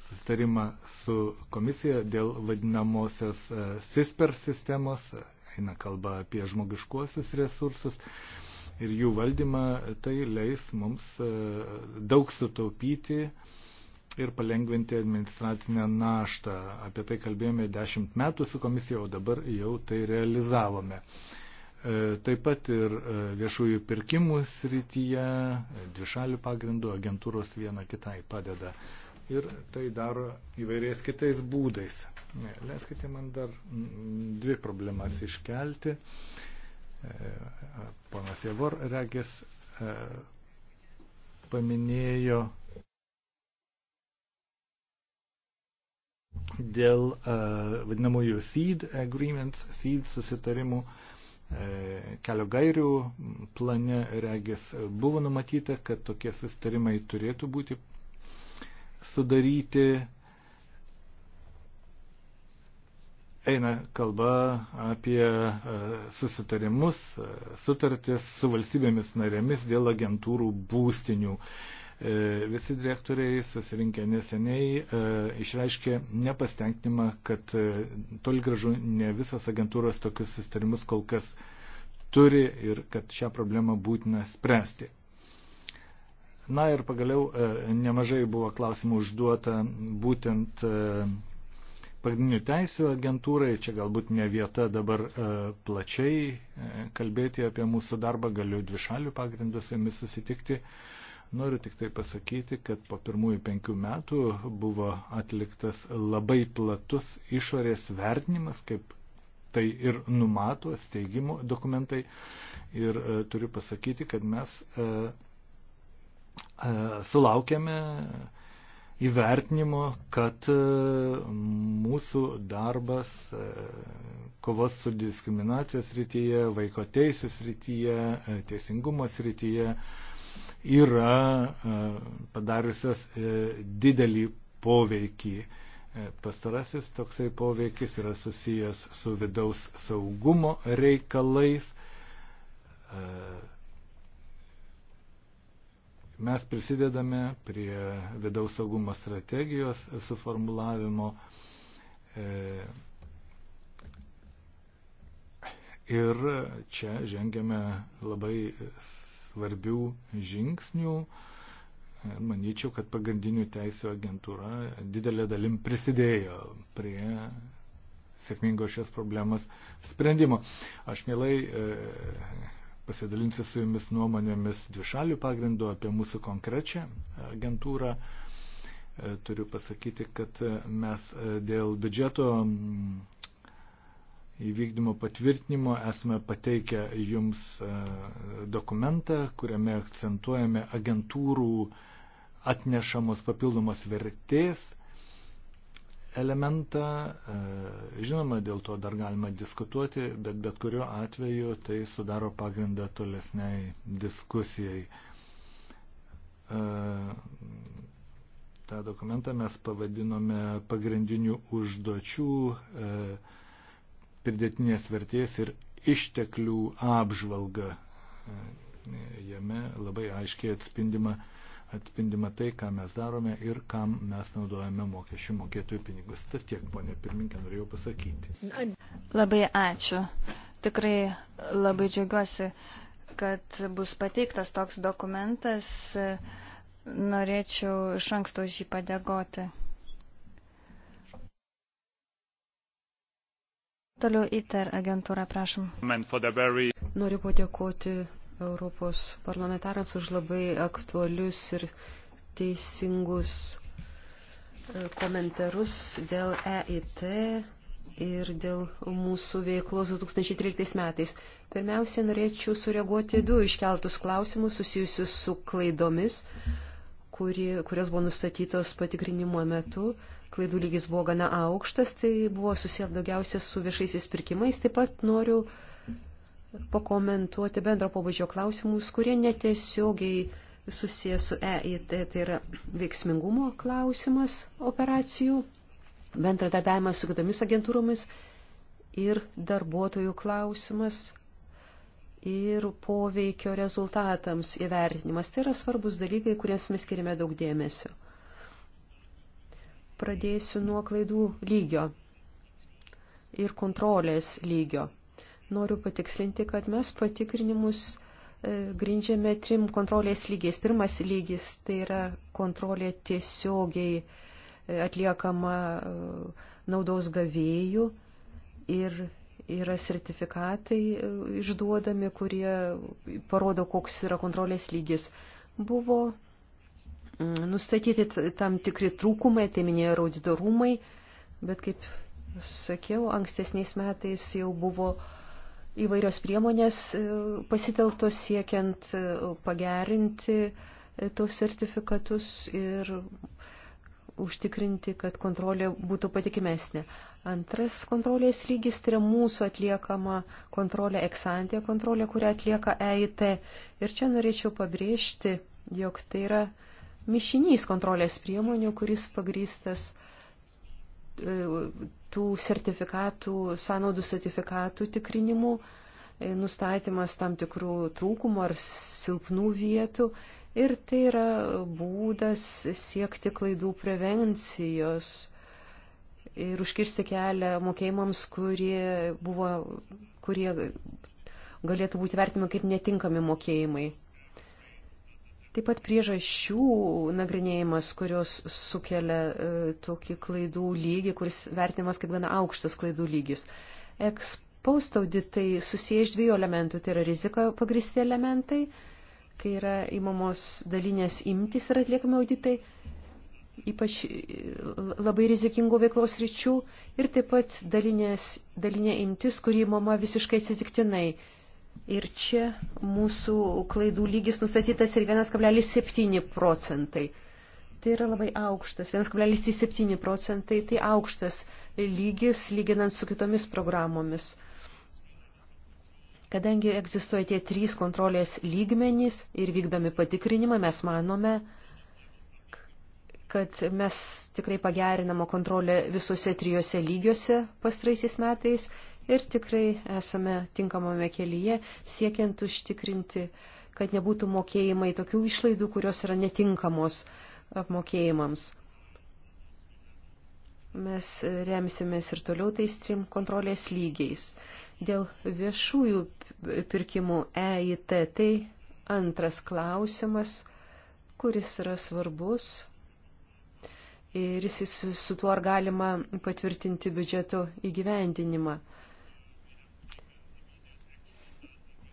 sustarimą su komisija dėl vadinamosios CISPER sistemos, eina kalba apie žmogiškuosius resursus ir jų valdymą, tai leis mums e, daug sutaupyti ir palengventi administracinę naštą. Apie tai kalbėjome dešimt metų su komisija, o dabar jau tai realizavome. E, taip pat ir e, viešųjų pirkimų srityje, dvišalių pagrindų agentūros viena kitai padeda. Ir tai daro įvairiais kitais būdais. Leiskite man dar dvi problemas iškelti. Mm E, ponas Javor Regis e, paminėjo dėl e, vadinamųjų seed agreements, seed susitarimų kelio gairių plane regis buvo numatyta, kad tokie susitarimai turėtų būti sudaryti eina kalba apie e, susitarimus, e, sutartis su valstybėmis narėmis dėl agentūrų būstinių. E, visi direktoriai susirinkę neseniai išreiškė nepastenkinimą, kad toli gražu ne visas agentūros tokius susitarimus kol kas turi ir kad šią problemą būtina spręsti. Na ir pagaliau nemažai buvo klausimų užduota būtent pagrindinių teisų agentūrai, čia galbūt ne vieta dabar e, plačiai e, kalbėti apie mūsų darbą, galiu dvišalių pagrindų su jomis susitikti. Noriu tik tai pasakyti, kad po pirmųjų penkių metų buvo atliktas labai platus išorės vertinimas, kaip tai ir numato steigimo dokumentai. Ir e, turiu pasakyti, kad mes e, e, sulaukėme e, įvertinimo, kad e, mūsų darbas e, kovos su diskriminacijos rytyje, vaiko teisės rytyje, teisingumos rytyje yra e, padariusios didelį poveikį. Pastarasis toksai poveikis yra susijęs su vidaus saugumo reikalais Mes prisidedame prie vidaus saugumo strategijos suformulavimo e, ir čia žengiame labai svarbių žingsnių. E, manyčiau, kad pagrindinių teisų agentūra didelė dalim prisidėjo prie sėkmingo šios problemos sprendimo. Aš mielai e, pasidalinsiu su jumis nuomonėmis dvišalių pagrindų apie mūsų konkrečią agentūrą. E, turiu pasakyti, kad mes e, dėl biudžeto įvykdymo patvirtinimo esame pateikę jums e, dokumentą, kuriame akcentuojame agentūrų atnešamos papildomos vertės elementą. E, žinoma, dėl to dar galima diskutuoti, bet bet kuriuo atveju tai sudaro pagrindą tolesniai diskusijai. E, Ta dokumentą mes pavadinome pagrindinių užduočių e, pridėtinės vertės ir išteklių apžvalga. Jame labai aiškiai atspindima atspindima tai, ką mes darome ir kam mes naudojame mokesčių mokėtojų pinigus. Tad tiek, ponė pirminkė, norėjau pasakyti. Labai ačiū. Tikrai labai džiaugiuosi, kad bus pateiktas toks dokumentas. Norėčiau iš anksto už jį padėkoti. Toliau ITER agentūra, prašom. Noriu padėkoti Europos parlamentarams už labai aktualius ir teisingus e, komentarus dėl EIT ir dėl mūsų veiklos 2013 metais. Pirmiausia, norėčiau sureaguoti du iškeltus klausimus susijusius su klaidomis, kuri, kurios buvo nustatytos patikrinimo metu. Klaidų lygis buvo gana aukštas, tai buvo susijęs daugiausia su viešaisiais pirkimais. Taip pat noriu uh, pakomentuoti bendro pobūdžio klausimus, kurie netiesiogiai susijęs su EIT, tai yra veiksmingumo klausimas operacijų, bendradarbiavimas su kitomis agentūromis ir darbuotojų klausimas ir poveikio rezultatams įvertinimas. Tai yra svarbus dalykai, kuriems mes skirime daug dėmesio. Pradėsiu nuo klaidų lygio ir kontrolės lygio. Noriu patikslinti, kad mes patikrinimus e, grindžiame trim kontrolės lygiais. Pirmas lygis tai yra kontrolė tiesiogiai e, atliekama e, naudos gavėjų ir yra sertifikatai išduodami, kurie parodo, koks yra kontrolės lygis. Buvo mm, nustatyti tam tikri trūkumai, tai minėjo auditorumai, bet kaip sakiau, ankstesniais metais jau buvo uh, įvairios priemonės e, pasitelktos siekiant e, pagerinti e, tos sertifikatus ir užtikrinti, kad kontrolė būtų patikimesnė. Antras kontrolės lygis tai yra mūsų atliekama kontrolė eksantė kontrolė, kurią atlieka EIT. Ir čia norėčiau pabrėžti, jog tai yra mišinys kontrolės priemonių, kuris pagrystas tų sertifikatų, sąnaudų sertifikatų tikrinimų, e, nustatymas tam tikrų trūkumų ar silpnų vietų. Ir tai yra būdas siekti klaidų prevencijos ir užkirsti kelią mokėjimams, kurie, buvo, kurie galėtų būti vertimi kaip netinkami mokėjimai. Taip pat priežasčių nagrinėjimas, kurios sukelia e, tokį klaidų lygį, kuris vertinimas kaip gana aukštas klaidų lygis. Ekspost auditai susiję iš dviejų elementų, tai yra rizika pagristi elementai, kai yra įmamos dalinės imtis ir atliekami auditai, ypač e, labai rizikingų veiklos ryčių ir taip pat dalinės, dalinė imtis, kurį įmama visiškai atsitiktinai Ir čia mūsų klaidų lygis nustatytas ir 1,7 procentai. Tai yra labai aukštas, 1,7 procentai, tai aukštas lygis lyginant su kitomis programomis. Kadangi egzistuoja tie trys kontrolės lygmenys ir vykdami patikrinimą, mes manome, kad mes tikrai pagerinamo kontrolę visose trijose lygiuose pastraisiais metais ir tikrai esame tinkamame kelyje siekiant užtikrinti, kad nebūtų mokėjimai tokių išlaidų, kurios yra netinkamos apmokėjimams. Mes remsimės ir toliau tais trim kontrolės lygiais. Dėl viešųjų pirkimų EIT tai antras klausimas, kuris yra svarbus ir jis su, su tuo ar galima patvirtinti biudžeto įgyvendinimą.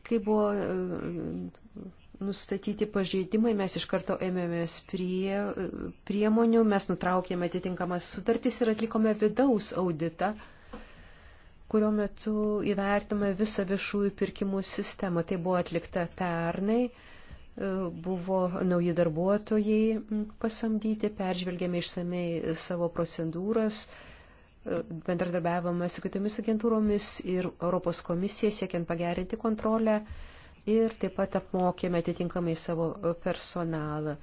Kai buvo e, nustatyti pažeidimai, mes iš karto ėmėmės prie, priemonių, mes nutraukėme atitinkamas sutartys ir atlikome vidaus auditą, kurio metu įvertame visą viešųjų pirkimų sistemą. Tai buvo atlikta pernai, e, buvo nauji darbuotojai pasamdyti, peržvelgėme išsamei savo procedūras bendradarbiavome su kitomis agentūromis ir Europos komisija siekiant pagerinti kontrolę ir taip pat apmokėme atitinkamai savo personalą.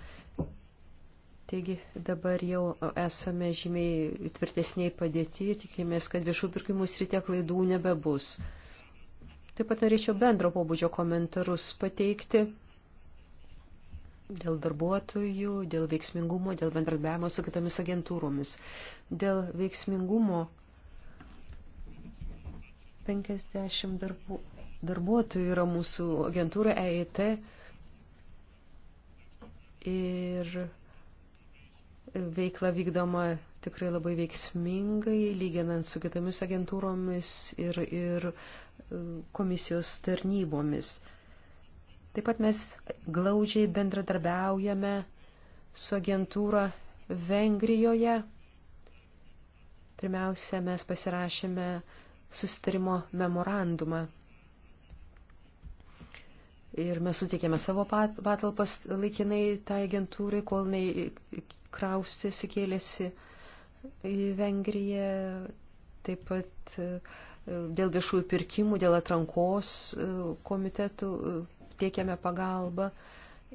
Taigi dabar jau esame žymiai tvirtesniai padėti ir tikimės, kad viešų pirkimų srityje klaidų nebebus. Taip pat norėčiau bendro pobūdžio komentarus pateikti dėl darbuotojų, dėl veiksmingumo, dėl bendradarbiavimo su kitomis agentūromis. Dėl veiksmingumo 50 darbu, darbuotojų yra mūsų agentūra EIT ir veikla vykdoma tikrai labai veiksmingai, lyginant su kitomis agentūromis ir, ir e, komisijos tarnybomis. Taip pat mes glaudžiai bendradarbiaujame su agentūra Vengrijoje. Pirmiausia, mes pasirašėme susitarimo memorandumą. Ir mes suteikėme savo patalpas laikinai tai agentūrai, kol nei kraustėsi, kėlėsi į Vengriją. Taip pat e, dėl viešųjų pirkimų, dėl atrankos e, komitetų e, tiekiame pagalbą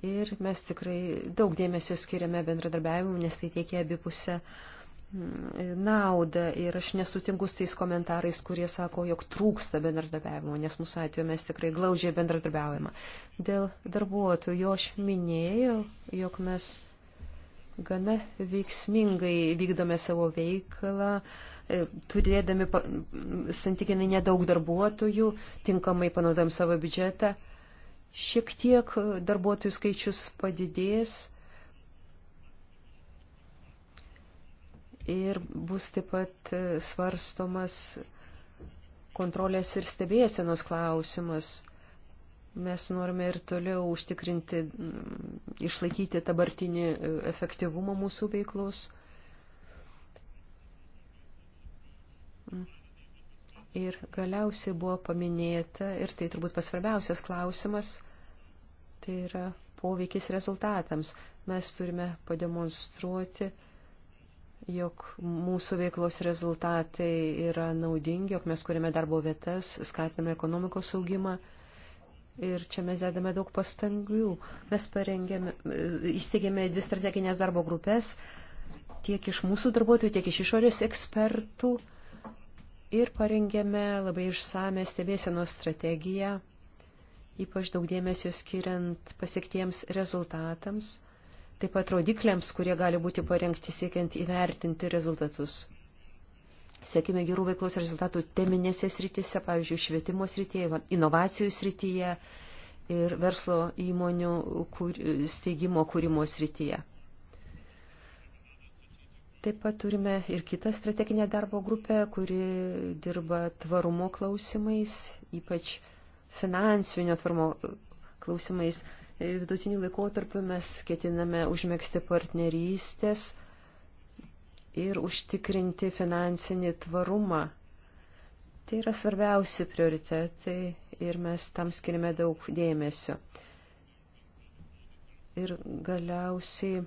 ir mes tikrai daug dėmesio skiriame bendradarbiavimui, nes tai tiekia abipusę mm, naudą ir aš nesutinku su tais komentarais, kurie sako, jog trūksta bendradarbiavimo, nes mūsų atveju mes tikrai glaudžiai bendradarbiaujame. Dėl darbuotojų, jo aš minėjau, jog mes gana veiksmingai vykdome savo veiklą, e, turėdami santykinai nedaug darbuotojų, tinkamai panaudojam savo biudžetą Šiek tiek e, darbuotojų skaičius padidės ir bus taip pat e, svarstomas kontrolės ir stebėsenos klausimas. Mes norime ir toliau užtikrinti, išlaikyti dabartinį e, efektyvumą mūsų veiklos. Ir galiausiai buvo paminėta, ir tai turbūt pasvarbiausias klausimas, Tai yra poveikis rezultatams. Mes turime pademonstruoti, jog mūsų veiklos rezultatai yra naudingi, jog mes kuriame darbo vietas, skatiname ekonomikos augimą. Ir čia mes dedame daug pastangių. Mes parengėme, įsteigėme dvi strateginės darbo grupės, tiek iš mūsų darbuotojų, tiek iš išorės ekspertų. Ir parengėme labai išsame stebėsenos strategiją ypač daug dėmesio skiriant pasiektiems rezultatams, taip pat rodikliams, kurie gali būti parengti siekiant įvertinti rezultatus. Siekime gerų veiklos rezultatų teminėse srityse, pavyzdžiui, švietimo srityje, inovacijų srityje ir verslo įmonių kur, steigimo kūrimo srityje. Taip pat turime ir kitą strateginę darbo grupę, kuri dirba tvarumo klausimais, ypač finansinio tvarumo klausimais. Vidutinių laikotarpių mes ketiname užmėgsti partnerystės ir užtikrinti finansinį tvarumą. Tai yra svarbiausi prioritetai ir mes tam skirime daug dėmesio. Ir galiausiai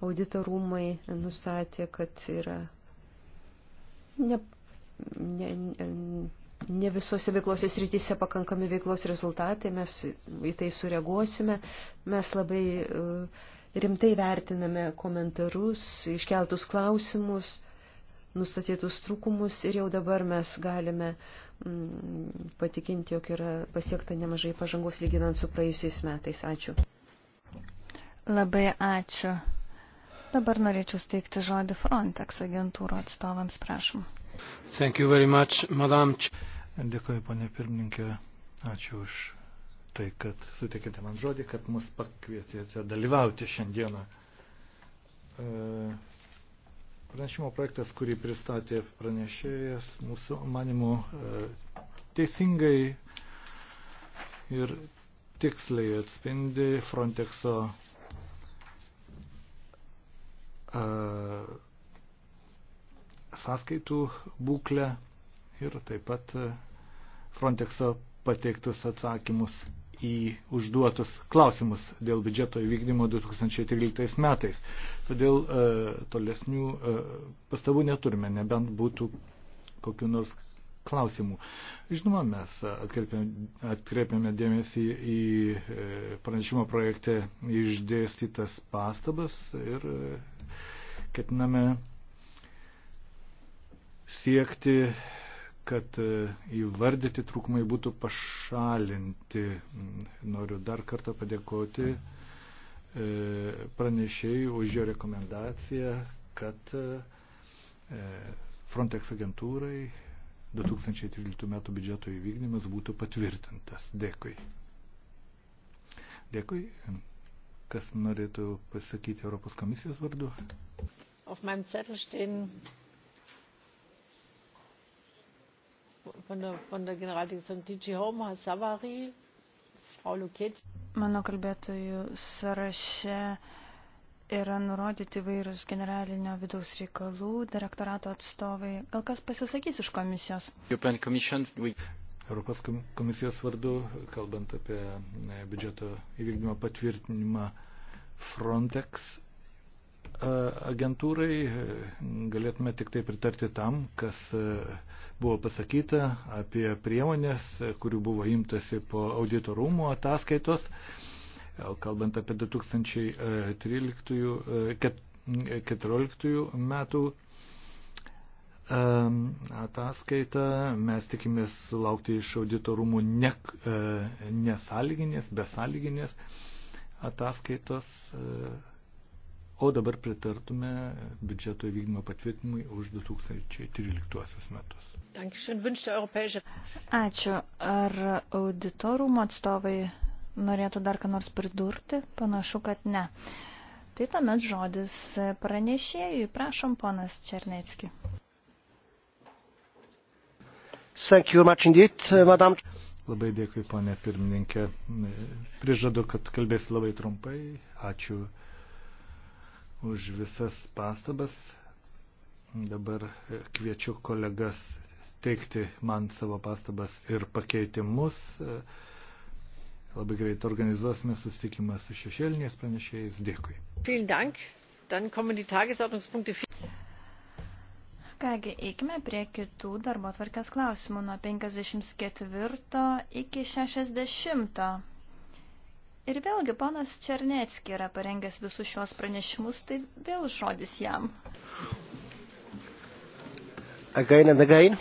auditorumai nustatė, kad yra ne, ne, ne visose veiklose srityse pakankami veiklos rezultatai, mes į tai sureaguosime, mes labai e, rimtai vertiname komentarus, iškeltus klausimus, nustatytus trūkumus ir jau dabar mes galime mm, patikinti, jog yra pasiekta nemažai pažangos lyginant su praėjusiais metais. Ačiū. Labai ačiū. Dabar norėčiau steigti žodį Frontex agentūro atstovams, prašom. Much, madam. Dėkuoju, ponė pirmininkė. Ačiū už tai, kad sutikėte man žodį, kad mus pakvietėte dalyvauti šiandieną. E, pranešimo projektas, kurį pristatė pranešėjas, mūsų manimų e, teisingai ir tiksliai atspindi Frontexo e, sąskaitų būklę ir taip pat e, Frontexo pateiktus atsakymus į užduotus klausimus dėl biudžeto įvykdymo 2013 metais. Todėl e, tolesnių e, pastabų neturime, nebent būtų kokiu nors klausimų. Žinoma, mes atkreipiame, atkreipiame dėmesį į e, pranešimo projekte išdėstytas pastabas ir e, ketiname siekti, kad e, įvardyti trūkumai būtų pašalinti. Noriu dar kartą padėkoti e, pranešėjai už jo rekomendaciją, kad e, Frontex agentūrai 2013 metų biudžeto įvykdymas būtų patvirtintas. Dėkui. Dėkui. Kas norėtų pasakyti Europos komisijos vardu? Auf meinem Zettel stehen von der, von der Generaldirektion DG Home, Hasavari, Frau Luketti. Mano kalbėtojų sąraše yra nurodyti vairūs generalinio vidaus reikalų direktorato atstovai. Gal kas pasisakys iš komisijos? Europos komisijos vardu, kalbant apie e, biudžeto įvykdymo patvirtinimą Frontex agentūrai galėtume tik tai pritarti tam, kas buvo pasakyta apie priemonės, kurių buvo imtasi po auditorumo ataskaitos. Kalbant apie 2013 metų ataskaitą, mes tikimės sulaukti iš auditorumų ne, nesąlyginės, besąlyginės ataskaitos. E, O dabar pritartume biudžeto įvykdymo patvirtinimui už 2013 metus. Ačiū. Ar auditorumo atstovai norėtų dar ką nors pridurti? Panašu, kad ne. Tai tuomet žodis pranešėjui. Prašom, ponas Černecki. Indeed, uh, labai dėkui, ponė pirmininkė. Prižadu, kad kalbės labai trumpai. Ačiū už visas pastabas. Dabar kviečiu kolegas teikti man savo pastabas ir pakeitimus. Labai greit organizuosime susitikimą su šešėliniais pranešėjais. Dėkui. Kągi, eikime prie kitų darbo tvarkės klausimų nuo 54 iki 60. Ir vėlgi, ponas Černecki yra parengęs visus šios pranešimus, tai vėl žodis jam. Again and again.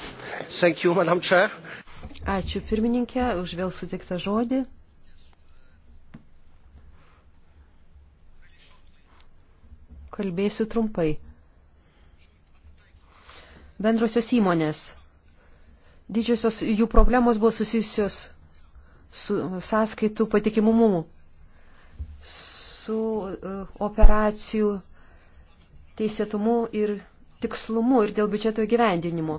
Thank you, Madam Chair. Ačiū pirmininkė už vėl sutiktą žodį. Kalbėsiu trumpai. Bendrosios įmonės. Didžiosios jų problemos buvo susijusios su sąskaitų patikimumu su e, operacijų teisėtumu ir tikslumu ir dėl biudžeto įgyvendinimo.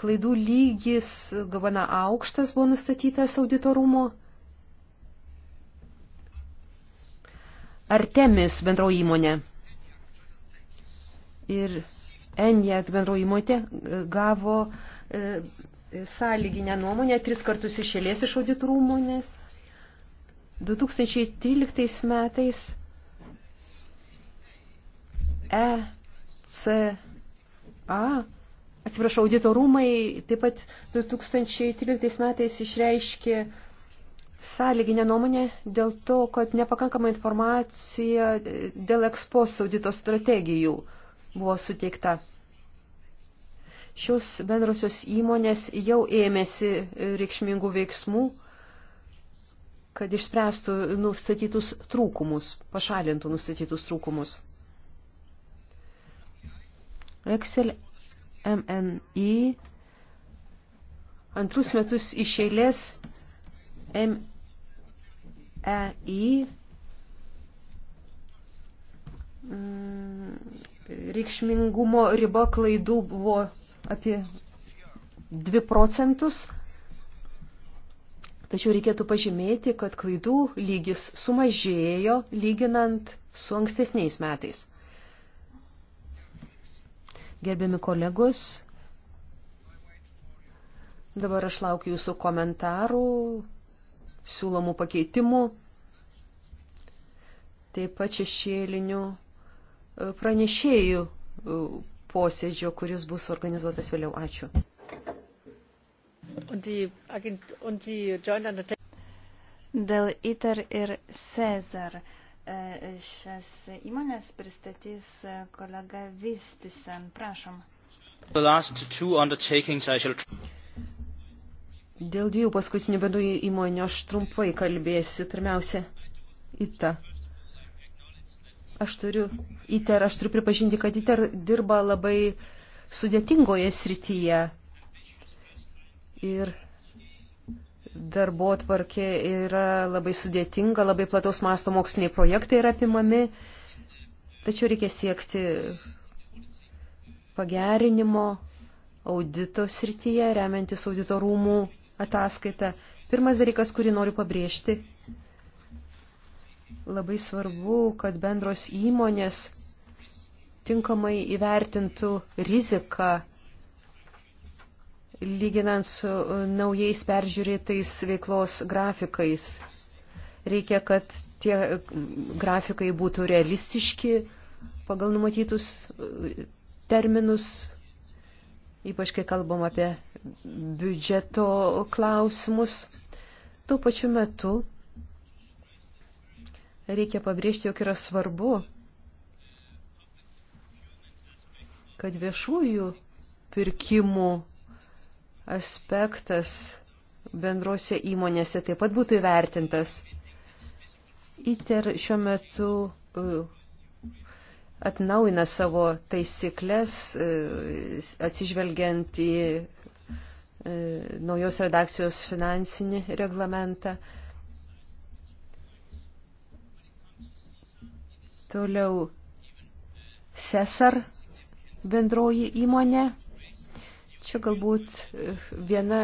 Klaidų lygis gana aukštas buvo nustatytas auditorumo. Artemis bendro įmonė ir Enjat bendro įmonė gavo e, sąlyginę nuomonę tris kartus išėlės iš auditorumonės 2013 metais ECA, atsiprašau, auditorumai taip pat 2013 metais išreiškė sąlyginę nuomonę dėl to, kad nepakankama informacija dėl ekspos audito strategijų buvo suteikta. Šios bendrosios įmonės jau ėmėsi reikšmingų veiksmų kad išspręstų nustatytus trūkumus, pašalintų nustatytus trūkumus. Excel MNI antrus metus iš eilės MEI mm, reikšmingumo riba klaidų buvo apie 2 procentus, Tačiau reikėtų pažymėti, kad klaidų lygis sumažėjo lyginant su ankstesniais metais. Gerbiami kolegos, dabar aš laukiu jūsų komentarų, siūlomų pakeitimų, taip pat šešėlinių e, pranešėjų e, posėdžio, kuris bus organizuotas vėliau. Ačiū. Dėl ITER ir CESAR e, šias įmonės pristatys e, kolega Vistisen. Prašom. Dėl dviejų paskutinių bendrų įmonių aš trumpai kalbėsiu. Pirmiausia, ITA. Aš turiu, ITER, aš turiu pripažinti, kad ITER dirba labai sudėtingoje srityje. Ir darbo tvarkė yra labai sudėtinga, labai plataus masto moksliniai projektai yra apimami, tačiau reikia siekti pagerinimo audito srityje, remiantis audito rūmų ataskaitą. Pirmas dalykas, kurį noriu pabrėžti, labai svarbu, kad bendros įmonės tinkamai įvertintų riziką lyginant su e, naujais peržiūrėtais veiklos grafikais. Reikia, kad tie e, grafikai būtų realistiški pagal numatytus e, terminus, ypač kai kalbam apie biudžeto klausimus. Tuo pačiu metu reikia pabrėžti, jog yra svarbu, kad viešųjų pirkimų aspektas bendrose įmonėse taip pat būtų įvertintas. ITER šiuo metu e, atnauina savo taisyklės, e, atsižvelgiant į e, naujos redakcijos finansinį reglamentą. Toliau Cesar bendroji įmonė Čia galbūt e, viena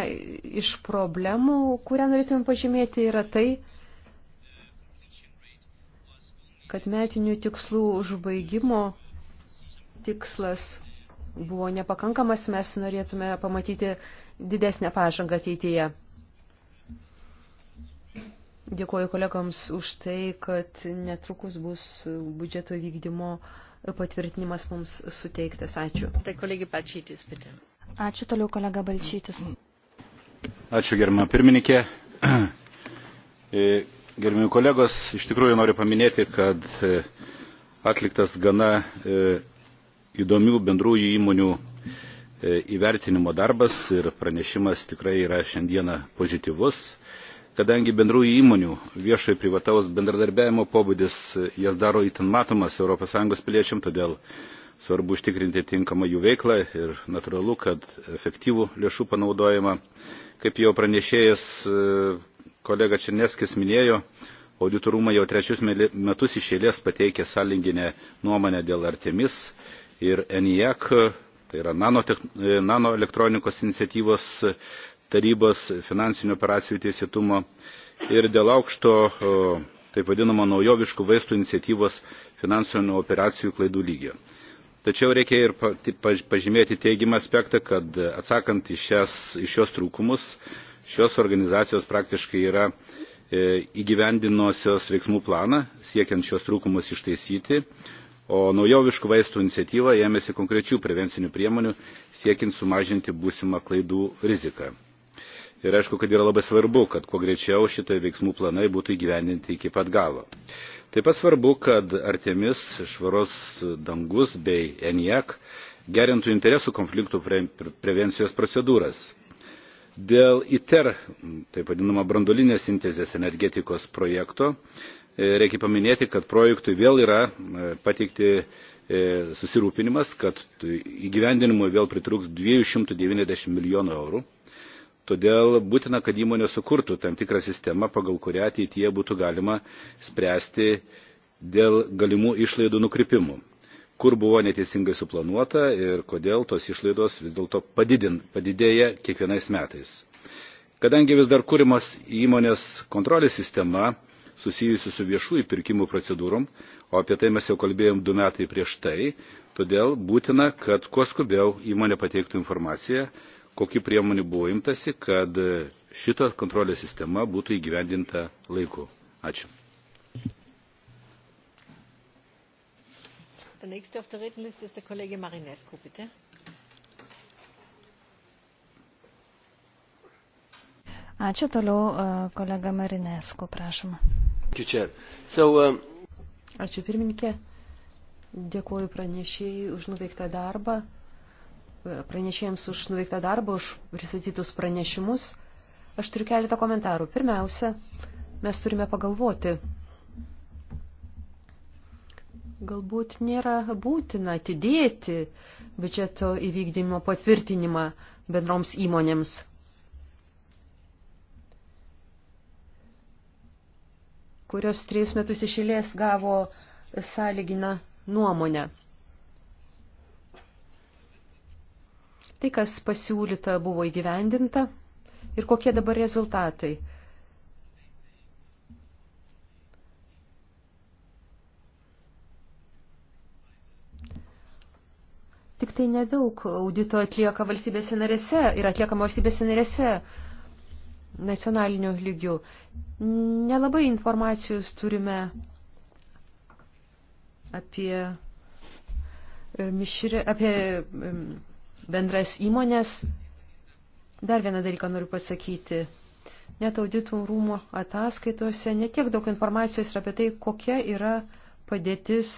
iš problemų, kurią norėtume pažymėti, yra tai, kad metinių tikslų užbaigimo tikslas buvo nepakankamas, mes norėtume pamatyti didesnę pažangą ateityje. Dėkuoju kolegoms už tai, kad netrukus bus biudžeto vykdymo patvirtinimas mums suteiktas. Ačiū. Tai kolegė Pačytis, pitė. Ačiū toliau kolega Balčytis. Ačiū germa pirmininkė. E, Gerbimi kolegos, iš tikrųjų noriu paminėti, kad e, atliktas gana e, įdomių bendrųjų įmonių įvertinimo darbas ir pranešimas tikrai yra šiandieną pozityvus, kadangi bendrųjų įmonių viešo ir privataus bendradarbiavimo pobūdis jas daro įtin matomas ES piliečiam, todėl svarbu užtikrinti tinkamą jų veiklą ir natūralu kad efektyvų lėšų panaudojimą kaip jau pranešėjas e, kolega černeskis minėjo auditorumai jau trečius metus iš eilės pateikė sąlyginę nuomonę dėl artemis ir eniac tai yra e, nanoelektronikos iniciatyvos tarybos finansinių operacijų teisėtumo ir dėl aukšto taip vadinamo naujoviškų vaistų iniciatyvos finansinių operacijų klaidų lygio tačiau reikia ir pažymėti teigiamą aspektą kad e, atsakant į šiuos trūkumus šios organizacijos praktiškai yra e, įgyvendinosios veiksmų planą siekiant šiuos trūkumus ištaisyti o naujoviškų vaistų iniciatyva ėmėsi konkrečių prevencinių priemonių siekiant sumažinti būsimą klaidų riziką. Ir aišku, kad yra labai svarbu, kad kuo greičiau šitai veiksmų planai būtų įgyvendinti iki pat galo. Taip pat svarbu, kad Artemis, Švaros dangus bei ENIAC gerintų interesų konfliktų prevencijos procedūras. Dėl ITER, taip vadinama brandolinės sintezės energetikos projekto, e, reikia paminėti, kad projektui vėl yra e, pateikti e, susirūpinimas, kad įgyvendinimui vėl pritrūks 290 milijonų eurų Todėl būtina, kad įmonė sukurtų tam tikrą sistemą, pagal kurią ateityje būtų galima spręsti dėl galimų išlaidų nukrypimų kur buvo neteisingai suplanuota ir kodėl tos išlaidos vis dėlto padidėja kiekvienais metais. Kadangi vis dar kūrimas įmonės kontrolės sistema susijusi su viešųjų pirkimų procedūrom, o apie tai mes jau kalbėjom du metai prieš tai, todėl būtina, kad kuo skubiau įmonė pateiktų informaciją kokiu priemonių buvo imtasi, kad šito kontrolės sistema būtų įgyvendinta laiku. Ačiū. Der nächste auf der Rednerliste ist der Kollege Marinescu, bitte. Ačiū toliau, e, kolega Marinesku, prašom. Um, Ačiū pirmininkė. Dėkuoju pranešėjai už nuveiktą darbą pranešėjams už nuveiktą darbą, už pristatytus pranešimus. Aš turiu keletą komentarų. Pirmiausia, mes turime pagalvoti. Galbūt nėra būtina atidėti biudžeto įvykdymo patvirtinimą bendroms įmonėms. kurios trejus metus išėlės gavo sąlyginą nuomonę. tai, kas pasiūlyta, buvo įgyvendinta ir kokie dabar rezultatai. Tik tai nedaug audito atlieka valstybėse narėse ir atliekama valstybėse narėse nacionaliniu lygiu. Nelabai informacijos turime apie e, mišri, apie bendras įmonės. Dar vieną dalyką noriu pasakyti. Net auditų rūmų ataskaitose netiek daug informacijos yra apie tai, kokia yra padėtis,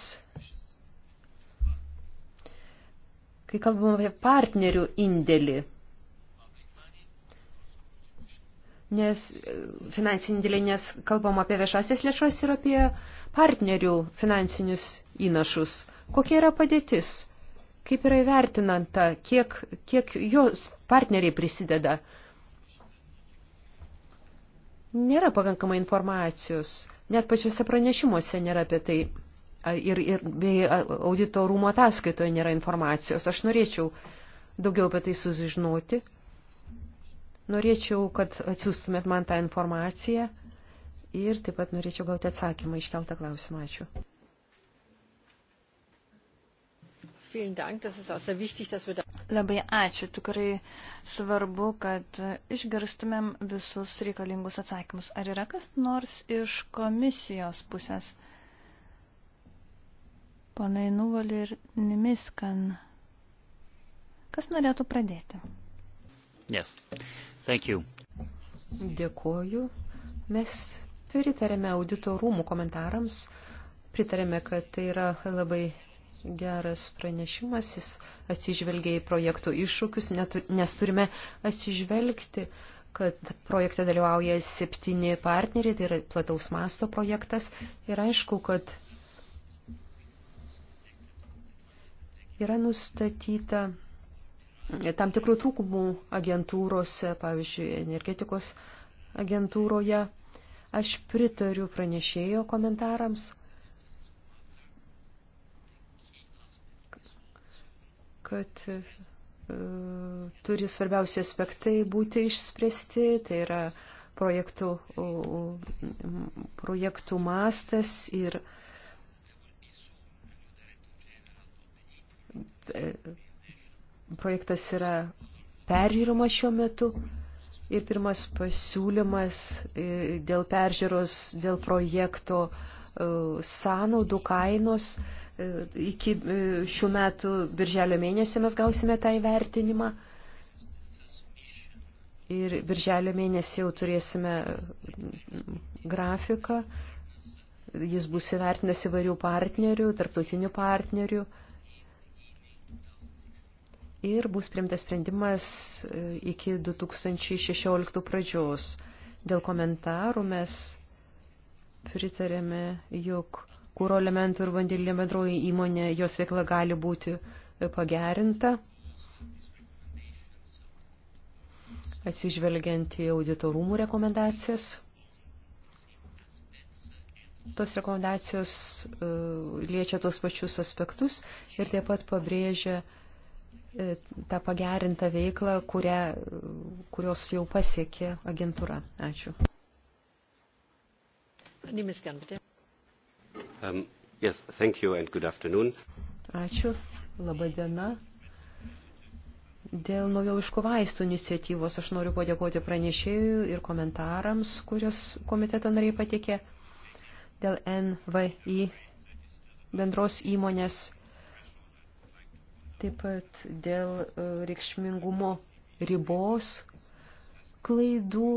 kai kalbam apie partnerių indėlį. nes finansinį dėlį, nes kalbam apie viešasias lėšas ir apie partnerių finansinius įnašus. Kokia yra padėtis? Kaip yra įvertinanta, kiek, kiek jos partneriai prisideda? Nėra pakankamai informacijos, net pačiuose pranešimuose nėra apie tai ir, ir bei audito rūmo ataskaitoje nėra informacijos. Aš norėčiau daugiau apie tai sužinoti. Norėčiau, kad atsiųstumėt man tą informaciją ir taip pat norėčiau gauti atsakymą iškeltą klausimą. Ačiū. Labai ačiū, tikrai svarbu, kad išgirstumėm visus reikalingus atsakymus. Ar yra kas nors iš komisijos pusės? Panai Nuvalį ir Nimiskan. Kas norėtų pradėti? Yes. Thank you. Dėkoju. Mes pritarėme audito rūmų komentarams, pritarėme, kad tai yra labai geras pranešimas, jis atsižvelgia į projektų iššūkius, nes turime atsižvelgti, kad projekte dalyvauja septyni partneriai, tai yra plataus masto projektas ir aišku, kad yra nustatyta tam tikrų trūkumų agentūrose, pavyzdžiui, energetikos agentūroje. Aš pritariu pranešėjo komentarams kad e, turi svarbiausi aspektai būti išspręsti, tai yra projektų, projektų mastas ir e, projektas yra peržiūrimas šiuo metu ir pirmas pasiūlymas e, dėl peržiūros, dėl projekto e, sąnaudų kainos Iki e, šių metų birželio mėnesio mes gausime tą įvertinimą. Ir birželio mėnesį jau turėsime mm, grafiką. Jis bus įvertinęs įvairių partnerių, tarptautinių partnerių. Ir bus primtas sprendimas e, iki 2016 pradžios. Dėl komentarų mes pritarėme, jog kūro elementų ir vandeninė bendroji įmonė, jos veikla gali būti e, pagerinta, atsižvelgiant į auditorumų rekomendacijas. Tos rekomendacijos e, liečia tos pačius aspektus ir taip pat pabrėžia e, tą pagerintą veiklą, kurią, kurios jau pasiekė agentūra. Ačiū. Nimis Gan, bitte. Um, yes, thank you and good afternoon. Ačiū, laba diena. Dėl naujoviškų vaistų iniciatyvos aš noriu padėkoti pranešėjų ir komentarams, kurios komiteto nariai patikė dėl NVI bendros įmonės, taip pat dėl e, reikšmingumo ribos klaidų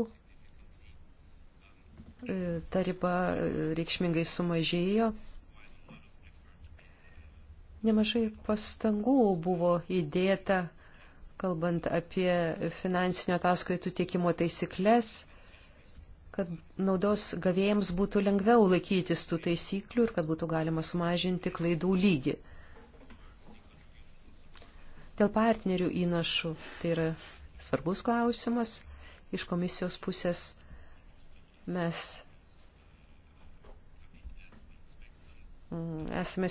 E, ta riba e, reikšmingai sumažėjo. Nemažai pastangų buvo įdėta, kalbant apie finansinio ataskaitų tiekimo taisyklės, kad naudos gavėjams būtų lengviau laikytis tų taisyklių ir kad būtų galima sumažinti klaidų lygį. Dėl partnerių įnašų tai yra svarbus klausimas. Iš komisijos pusės Mes mm, esame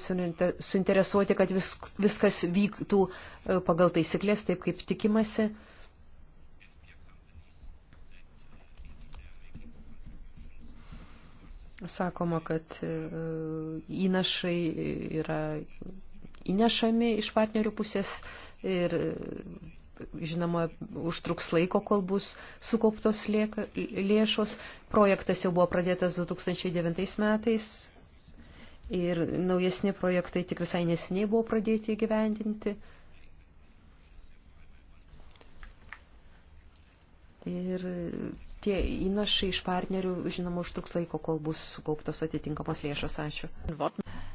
suinteresuoti, kad vis, viskas vyktų e, pagal taisyklės, taip kaip tikimasi. Sakoma, kad e, įnašai yra įnešami iš partnerių pusės ir žinoma, užtruks laiko, kol bus sukauptos lėšos. Projektas jau buvo pradėtas 2009 metais ir naujesni projektai tik visai nesiniai buvo pradėti įgyvendinti. Ir tie įnašai iš partnerių, žinoma, užtruks laiko, kol bus sukauptos atitinkamos lėšos. Ačiū.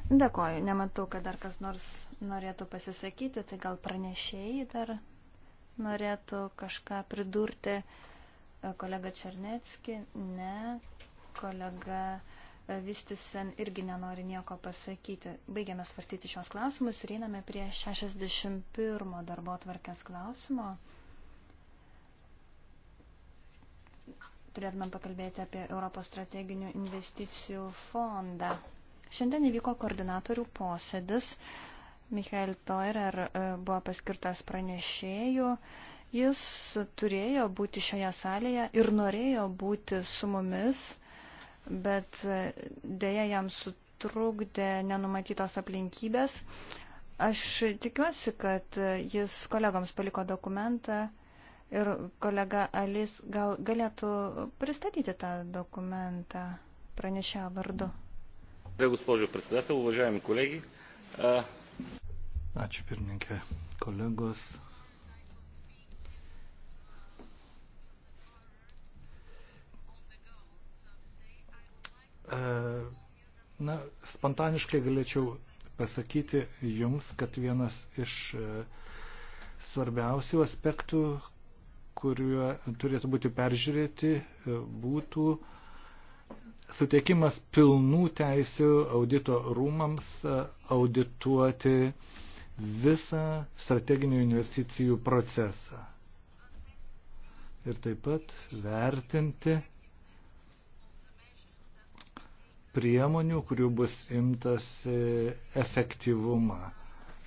Dėkoju, nematau, kad dar kas nors norėtų pasisakyti, tai gal pranešėjai dar norėtų kažką pridurti. E, kolega Černecki, ne. Kolega e, Vistisen irgi nenori nieko pasakyti. Baigiame svarstyti šios klausimus ir einame prie 61 darbo tvarkės klausimo. Turėtume pakalbėti apie Europos strateginių investicijų fondą. Šiandien įvyko koordinatorių posėdis. Michael Toirer e, buvo paskirtas pranešėjų. Jis turėjo būti šioje salėje ir norėjo būti su mumis, bet e, dėja jam sutrukdė nenumatytos aplinkybės. Aš tikiuosi, kad e, jis kolegoms paliko dokumentą ir kolega Alis gal galėtų pristatyti tą dokumentą pranešę vardu. Благодаря, госпожо председател. Уважаеми колеги, Ačiū pirmininkė, kolegos. E, na, spontaniškai galėčiau pasakyti jums, kad vienas iš e, svarbiausių aspektų, kuriuo turėtų būti peržiūrėti, e, būtų suteikimas pilnų teisių audito rūmams audituoti uh, visą strateginių investicijų procesą. Ir taip pat vertinti priemonių, kurių bus imtas efektyvumą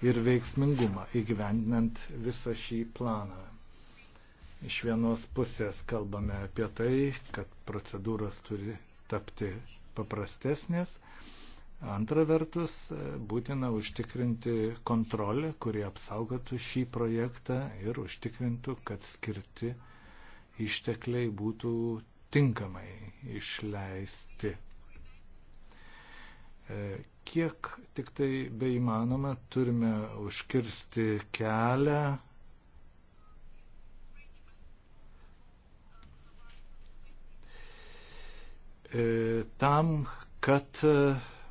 ir veiksmingumą įgyvendinant visą šį planą. Iš vienos pusės kalbame apie tai, kad procedūros turi tapti paprastesnės, Antra vertus, būtina užtikrinti kontrolę, kuri apsaugotų šį projektą ir užtikrintų, kad skirti ištekliai būtų tinkamai išleisti. E, kiek tik tai beįmanoma, turime užkirsti kelią e, tam, kad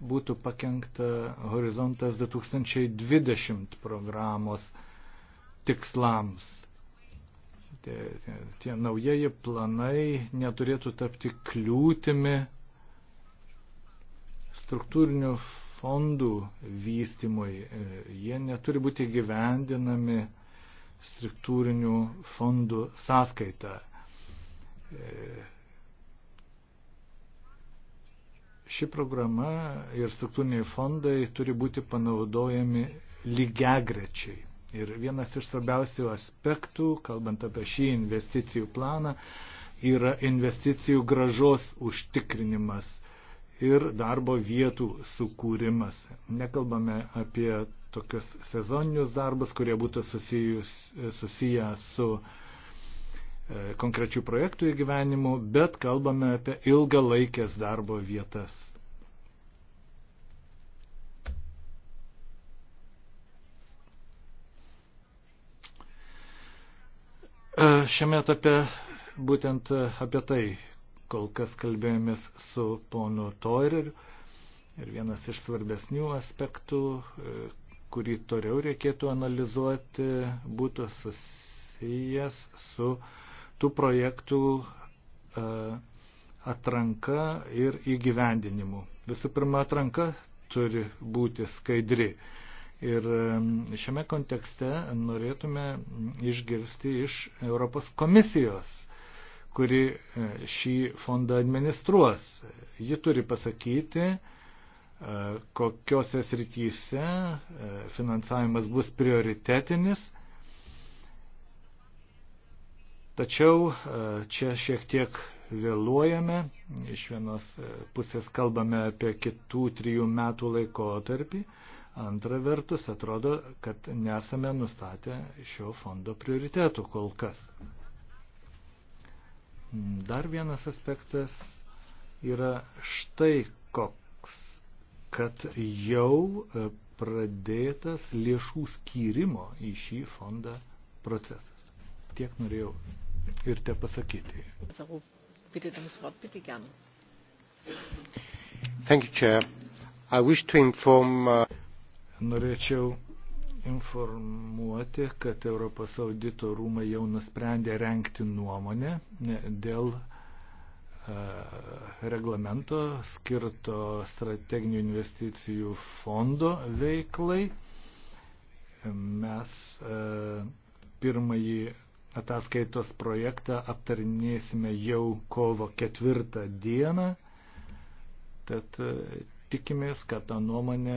būtų pakengta Horizontas 2020 programos tikslams. Tie, tie, tie naujieji planai neturėtų tapti kliūtimi struktūrinių fondų vystimui. E, jie neturi būti gyvendinami struktūrinių fondų sąskaita. E, Ši programa ir struktūriniai fondai turi būti panaudojami lygiagrečiai. Ir vienas iš svarbiausių aspektų, kalbant apie šį investicijų planą, yra investicijų gražos užtikrinimas ir darbo vietų sukūrimas. Nekalbame apie tokius sezoninius darbus, kurie būtų susijus, susiję su uh, konkrečių projektų įgyvenimu, bet kalbame apie ilgalaikės darbo vietas. E, šiame etape būtent apie tai kol kas kalbėjomės su ponu Toireriu ir vienas iš svarbesnių aspektų, e, kurį toriau reikėtų analizuoti, būtų susijęs su uh, tų projektų e, atranka ir įgyvendinimu. Visų pirma, atranka turi būti skaidri. Ir e, šiame kontekste norėtume išgirsti iš Europos komisijos, kuri e, šį fondą administruos. Ji turi pasakyti, kokiose srityse finansavimas bus prioritetinis Tačiau e, čia šiek tiek vėluojame, iš vienos e, pusės kalbame apie kitų trijų metų laikotarpį, antra vertus atrodo, kad nesame nustatę šio fondo prioritetų kol kas. Dar vienas aspektas yra štai koks, kad jau e, pradėtas lėšų skyrimo į šį fondą procesas. Tiek norėjau ir te pasakyti. Thank you, Chair. I wish to inform. Uh... Norėčiau informuoti, kad Europos audito rūmai jau nusprendė renkti nuomonę dėl uh, reglamento skirto strateginių investicijų fondo veiklai. Mes uh, pirmąjį ataskaitos projektą aptarinėsime jau kovo ketvirtą dieną. Tad e, tikimės, kad tą nuomonę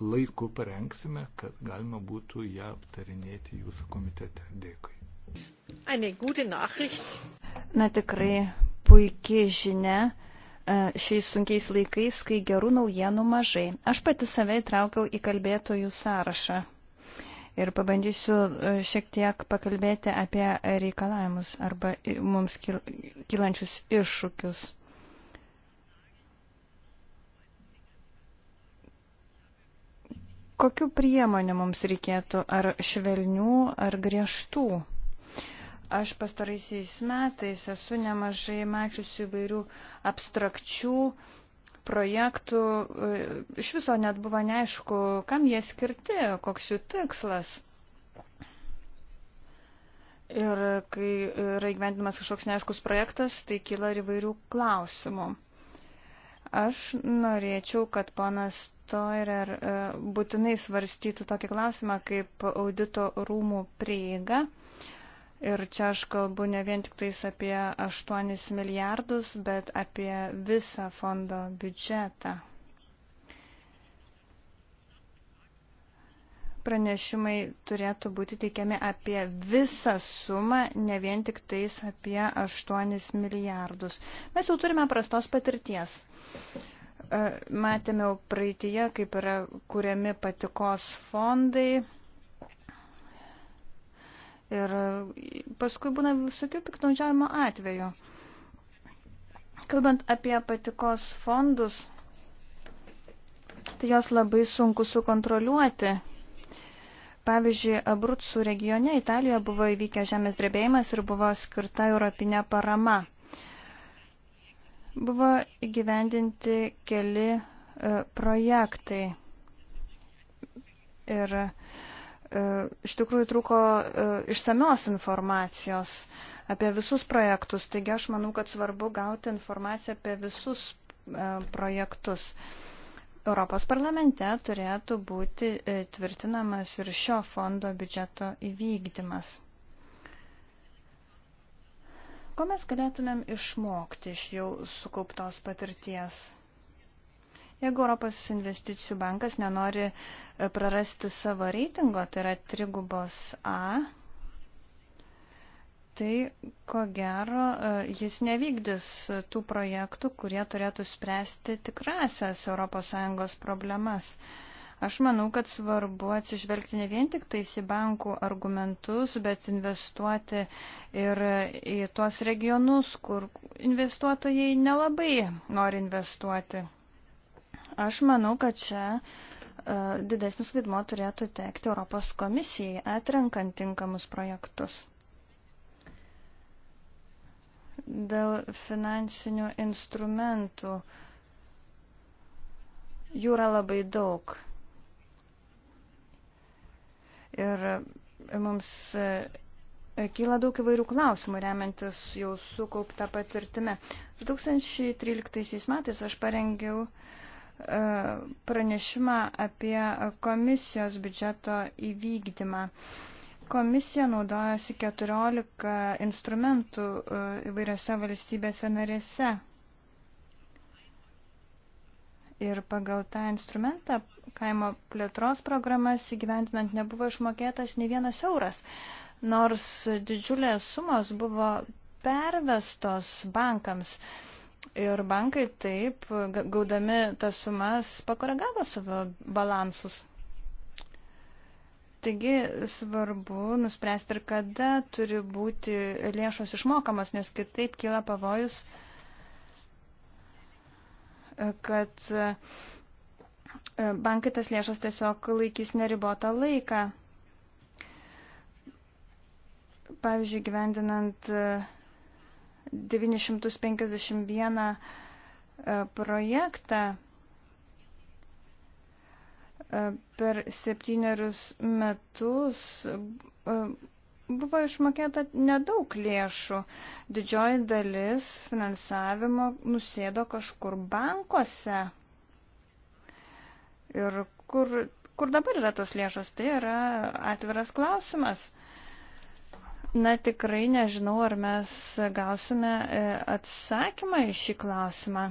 laiku parengsime, kad galima būtų ją aptarinėti jūsų komitete. Dėkui. Na tikrai puikiai žinia e, šiais sunkiais laikais, kai gerų naujienų mažai. Aš pati save įtraukiau į kalbėtojų sąrašą ir pabandysiu e, šiek tiek pakalbėti apie reikalavimus arba mums kylančius iššūkius. Kokiu priemonė mums reikėtų, ar švelnių, ar griežtų? Aš pastaraisiais metais esu nemažai mačiusi įvairių abstrakčių projektų e, iš viso net buvo neaišku, kam jie skirti, koks jų tikslas. Ir kai yra įgyvendinamas kažkoks neaiškus projektas, tai kyla ir įvairių klausimų. Aš norėčiau, kad ponas Toirer e, būtinai svarstytų tokį klausimą kaip audito rūmų prieiga Ir čia aš kalbu ne vien tik tais apie 8 milijardus, bet apie visą fondo biudžetą. Pranešimai turėtų būti teikiami apie visą sumą, ne vien tik tais apie 8 milijardus. Mes jau turime prastos patirties. E, matėme praeitie, kaip yra kuriami patikos fondai Ir paskui būna visokių piknaudžiavimo atvejų. Kalbant apie patikos fondus, tai jos labai sunku sukontroliuoti. Pavyzdžiui, Abrutsų regione Italijoje buvo įvykę žemės drebėjimas ir buvo skirta europinė parama. Buvo įgyvendinti keli e, projektai. Ir e, E, iš tikrųjų trūko e, išsamios informacijos apie visus projektus. Taigi aš manau, kad svarbu gauti informaciją apie visus e, projektus. Europos parlamente turėtų būti tvirtinamas ir šio fondo biudžeto įvykdymas. Ko mes galėtumėm išmokti iš jau sukauptos patirties? Jeigu Europos investicijų bankas nenori e, prarasti savo reitingo, tai yra trigubos A, tai ko gero e, jis nevykdys tų projektų, kurie turėtų spręsti tikrasias ES problemas. Aš manau, kad svarbu atsižvelgti ne vien tik tais į bankų argumentus, bet investuoti ir į tuos regionus, kur investuotojai nelabai nori investuoti. Aš manau, kad čia e, didesnis vaidmo turėtų tekti Europos komisijai, atrenkant tinkamus projektus. Dėl finansinių instrumentų jų yra labai daug. Ir mums e, kyla daug įvairių klausimų, remiantis jau sukauptą patirtimę. 2013 metais aš parengiau uh, E, pranešimą apie komisijos biudžeto įvykdymą. Komisija naudojasi 14 instrumentų e, įvairiose valstybėse narėse. Ir pagal tą instrumentą kaimo plėtros programas įgyventinant nebuvo išmokėtas nei vienas euras, nors didžiulės sumos buvo pervestos bankams. Uh, ir bankai taip, gaudami tas sumas, pakoregavo savo balansus. Taigi svarbu nuspręsti ir kada turi būti lėšos išmokamas, nes kitaip kyla pavojus, kad e, bankai tas lėšas tiesiog laikys neribotą laiką. Pavyzdžiui, gyvendinant uh, 951 e, projektą e, per septynerius metus e, buvo išmokėta nedaug lėšų. Didžioji dalis finansavimo nusėdo kažkur bankuose. Ir kur, kur dabar yra tos lėšos, tai yra atviras klausimas. Uh, Na tikrai nežinau, ar mes gausime e, atsakymą į šį klausimą.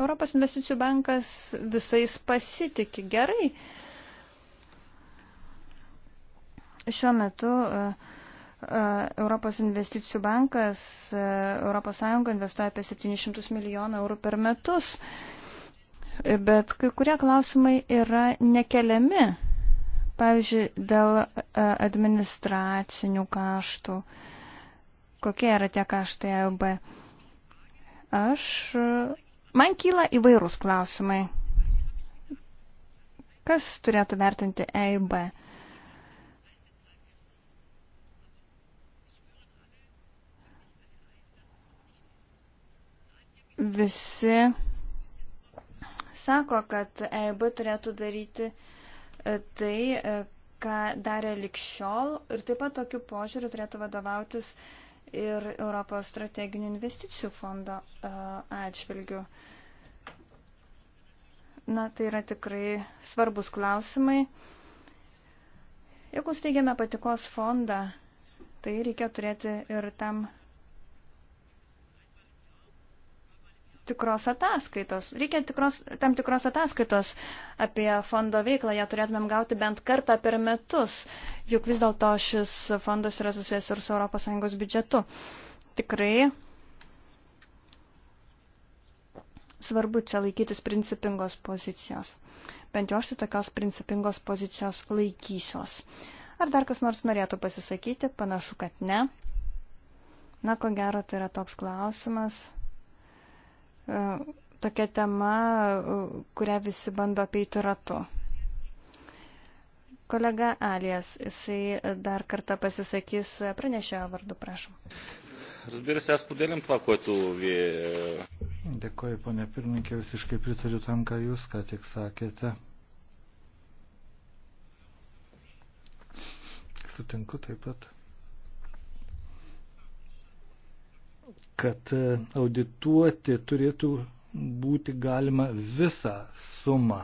Europos investicijų bankas visais pasitikė gerai. Šiuo metu e, e, Europos investicijų bankas, ES investuoja apie 700 milijonų eurų per metus, bet kai kurie klausimai yra nekeliami Pavyzdžiui, dėl e, administracinių kaštų. Kokie yra tie kaštai AUB? Aš. E, man kyla įvairūs klausimai. Kas turėtų vertinti EIB? Visi sako, kad EIB turėtų daryti uh, E, tai, e, ką darė likščiol ir taip pat tokiu požiūriu turėtų vadovautis ir Europos strateginių investicijų fondo e, atžvilgių. Na, tai yra tikrai svarbus klausimai. Jeigu steigiame patikos fondą, tai reikia turėti ir tam tikros ataskaitos. Reikia tikros, tam tikros ataskaitos apie fondo veiklą, ją turėtumėm gauti bent kartą per metus, juk vis dėlto šis fondas yra susijęs ir su ES biudžetu. Tikrai svarbu čia laikytis principingos pozicijos. Bent jau aš tai tokios principingos pozicijos laikysiuos. Ar dar kas nors norėtų pasisakyti? Panašu, kad ne. Na, ko gero, tai yra toks klausimas, E, tokia tema, e, kurią visi bando apeiti ratu. Kolega Alijas, jisai dar kartą pasisakys pranešėjo vardu, prašom. Разбира се, аз поделям това, което вие... Dėkoju, ponė pirmininkė, visiškai pritariu tam, ką jūs ką tik sakėte. Sutinku taip pat. kad e, audituoti turėtų būti galima visą sumą.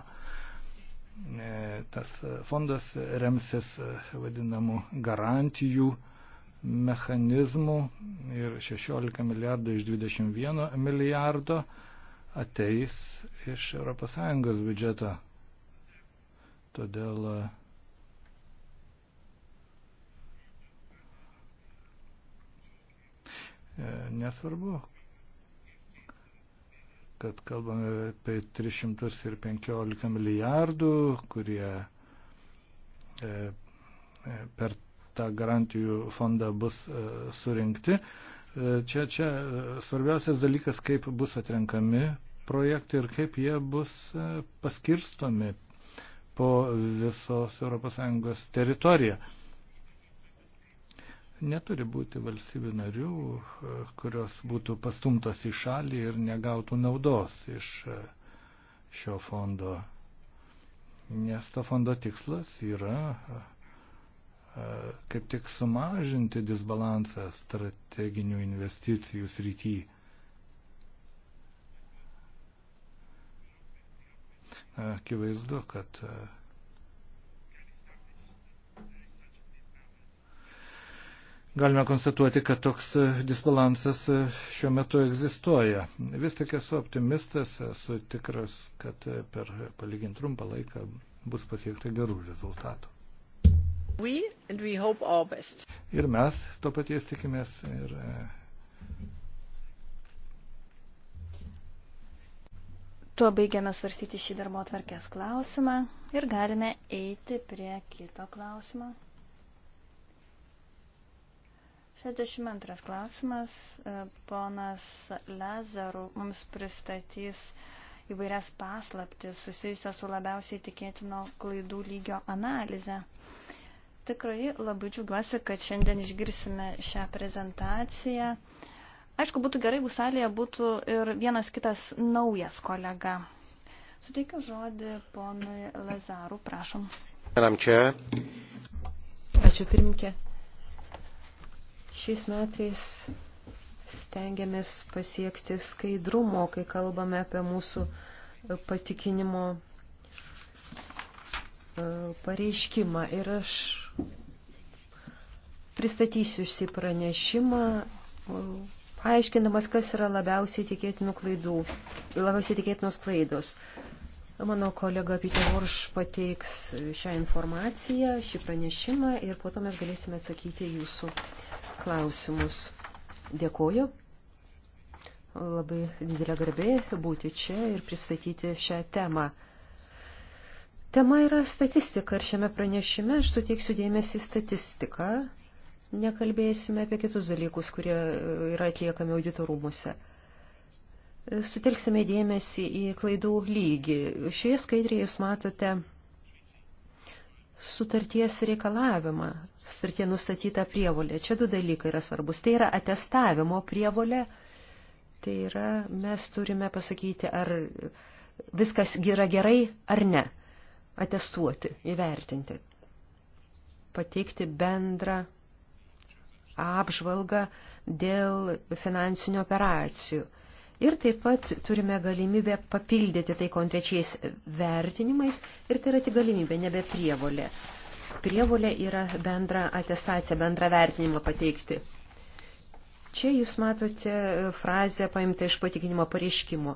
E, tas fondas remsis e, vadinamų garantijų mechanizmų ir 16 milijardų iš 21 milijardo ateis iš ES biudžeto. Todėl E, nesvarbu, kad kalbame apie 315 milijardų, kurie e, e, per tą garantijų fondą bus surinkti. Čia, čia svarbiausias dalykas, kaip bus atrenkami projektai ir kaip jie bus paskirstomi po visos ES teritoriją. Neturi būti valstybių narių, kurios būtų pastumtos į šalį ir negautų naudos iš e, šio fondo. Nes to fondo tikslas yra e, kaip tik sumažinti disbalansą strateginių investicijų srityje. akivaizdu, kad e, galime konstatuoti, kad toks e, disbalansas e, šiuo metu egzistuoja. Vis tik esu optimistas, esu tikras, kad e, per palygint trumpą laiką bus pasiekta gerų rezultatų. We, we ir mes to paties tikimės. Ir, Tuo baigiame svarstyti šį darbo tvarkės klausimą ir galime eiti prie kito klausimo. 62 klausimas. E, ponas Lezaru mums pristatys įvairias paslaptis susijusios su labiausiai tikėtino klaidų lygio analize. Tikrai labai džiugiuosi, kad šiandien išgirsime šią prezentaciją. Aišku, būtų gerai, jeigu salėje būtų ir vienas kitas naujas kolega. Suteikiu žodį ponui Lazaru, prašom. Ačiū pirminkė. Šiais metais stengiamės pasiekti skaidrumo, kai kalbame apie mūsų patikinimo e, pareiškimą. Ir aš pristatysiu šį pranešimą, e, paaiškinamas, kas yra labiausiai tikėtinų klaidų, labiausiai tikėtinos klaidos. Mano kolega Peter Vorš pateiks šią informaciją, šį pranešimą ir po to mes galėsime atsakyti jūsų klausimus. Dėkoju. Labai didelė garbė būti čia ir pristatyti šią temą. Tema yra statistika ir šiame pranešime aš suteiksiu dėmesį statistiką. Nekalbėsime apie kitus dalykus, kurie yra atliekami auditorumuose. Sutelksime dėmesį į klaidų lygį. Šioje skaidrėje jūs matote sutarties reikalavimą srityje nustatyta prievolė. Čia du dalykai yra svarbus. Tai yra atestavimo prievolė. Tai yra, mes turime pasakyti, ar viskas yra gerai ar ne. Atestuoti, įvertinti. Pateikti bendrą apžvalgą dėl finansinių operacijų. Ir taip pat turime galimybę papildyti tai konkrečiais vertinimais ir tai yra tik galimybė, nebe prievolė prievolė yra bendra atestacija, bendra vertinimą pateikti. Čia jūs matote frazę paimtą iš patikinimo pareiškimo.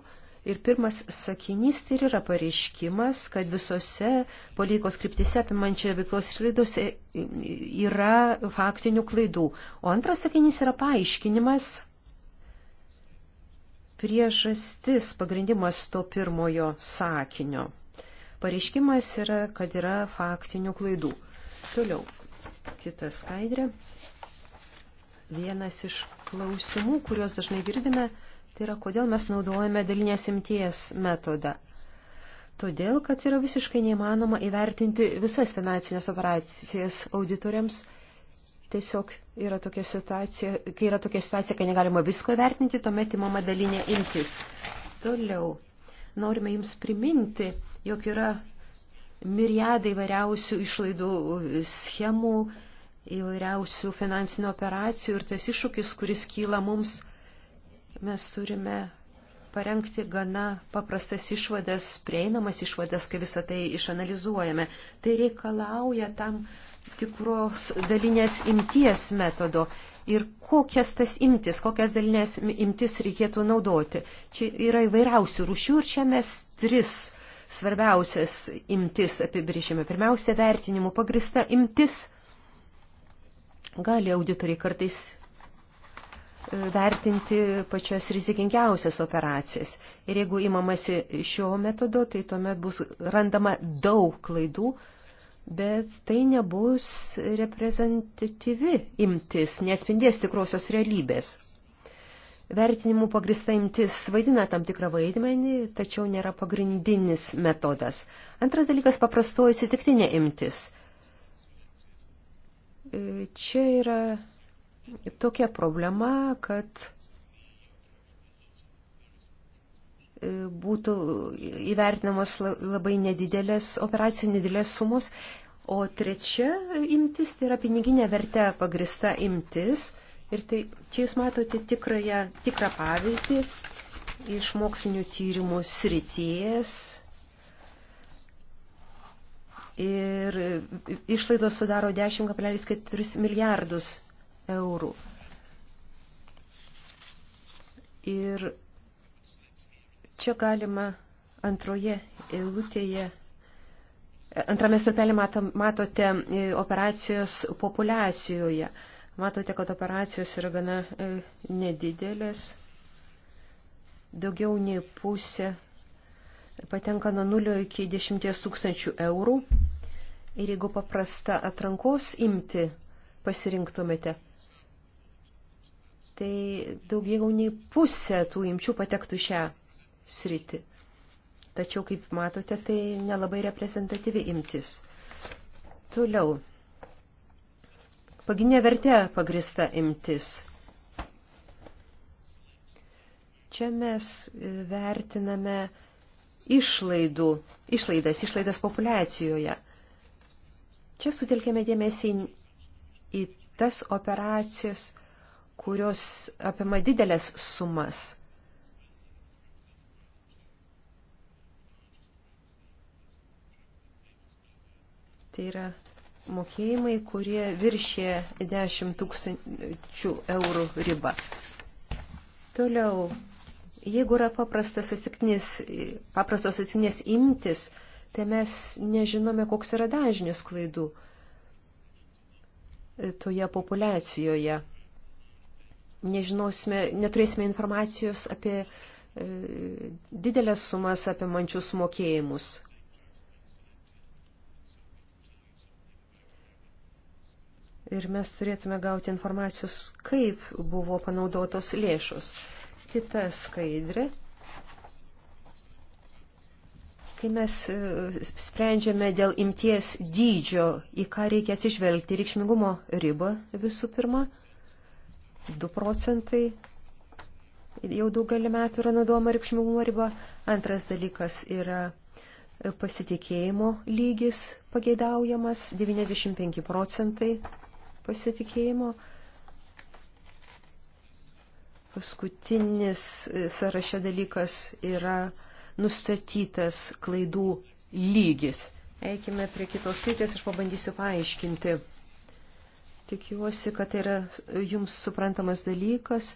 Ir pirmas sakinys tai yra pareiškimas, kad visose politikos kryptise apimančioje veiklos išlaidose yra faktinių klaidų. O antras sakinys yra paaiškinimas priežastis pagrindimas to pirmojo sakinio. Pareiškimas yra, kad yra faktinių klaidų. Toliau, kita skaidrė. Vienas iš klausimų, kuriuos dažnai girdime, tai yra, kodėl mes naudojame dalinės imties metodą. Todėl, kad yra visiškai neįmanoma įvertinti visas finansinės operacijas auditoriams tiesiog yra tokia situacija, kai yra tokia situacija, kai negalima visko vertinti, tuomet įmama dalinė imtis. Toliau, norime jums priminti, jog yra miriadai vairiausių išlaidų schemų, įvairiausių finansinių operacijų ir tas iššūkis, kuris kyla mums, mes turime parengti gana paprastas išvadas, prieinamas išvadas, kai visą tai išanalizuojame. Tai reikalauja tam tikros dalinės imties metodo ir kokias tas imtis, kokias dalinės imtis reikėtų naudoti. Čia yra įvairiausių rūšių ir čia mes tris svarbiausias imtis apibriešime. Pirmiausia, vertinimų pagrista imtis. Gali auditoriai kartais e, vertinti pačias rizikingiausias operacijas. Ir jeigu imamasi šio metodo, tai tuomet bus randama daug klaidų, bet tai nebus reprezentatyvi imtis, nespindės tikrosios realybės. Vertinimų pagrista imtis vaidina tam tikrą vaidmenį, tačiau nėra pagrindinis metodas. Antras dalykas – paprastoji atsitiktinė imtis. E, čia yra tokia problema, kad būtų įvertinamos labai nedidelės operacijų, nedidelės sumos. O trečia imtis tai yra piniginė vertė pagrista imtis. Ir tai čia jūs matote tikrąją, tikrą pavyzdį iš mokslinių tyrimų srities. Ir išlaidos sudaro 10,4 milijardus eurų. Ir Čia galima antroje eilutėje, antrame stulpelį matote e, operacijos populiacijoje. Matote, kad operacijos yra gana e, nedidelės. Daugiau nei pusė patenka nuo 0 iki 10 tūkstančių eurų. Ir jeigu paprasta atrankos imti pasirinktumėte, tai daugiau nei pusė tų imčių patektų šią sritį. Tačiau, kaip matote, tai nelabai reprezentatyvi imtis. Toliau. Paginė vertė pagrista imtis. Čia mes e, vertiname išlaidų, išlaidas, išlaidas populiacijoje. Čia sutelkėme dėmesį į tas operacijas, kurios apima didelės sumas. Tai yra mokėjimai, kurie viršė 10 tūkstančių eurų ribą. Toliau, jeigu yra paprastas atsitiknis, paprastos atsitiknės imtis, tai mes nežinome, koks yra dažnis klaidų toje populiacijoje. Nežinosime, neturėsime informacijos apie e, didelės sumas apimančius mokėjimus, ir mes turėtume gauti informacijos, kaip buvo panaudotos lėšos. Kita skaidrė. Kai mes e, sprendžiame dėl imties dydžio, į ką reikia atsižvelgti reikšmingumo ribą visų pirma, 2 procentai jau daugelį metų yra naudojama reikšmingumo riba. Antras dalykas yra e, pasitikėjimo lygis pageidaujamas 95 procentai pasitikėjimo. Paskutinis e, sąraše dalykas yra nustatytas klaidų lygis. Eikime prie kitos skaitės, aš pabandysiu paaiškinti. Tikiuosi, kad tai yra jums suprantamas dalykas.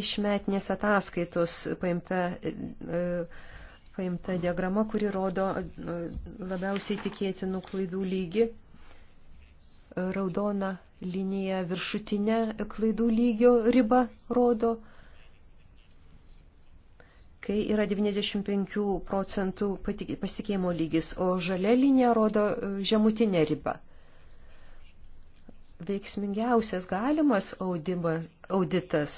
Iš metinės ataskaitos paimta, e, e, paimta diagrama, kuri rodo labiausiai tikėtinų klaidų lygį raudona linija viršutinė klaidų lygio riba rodo, kai yra 95 procentų pasitikėjimo lygis, o žalia linija rodo e, žemutinę ribą. Veiksmingiausias galimas audimas, auditas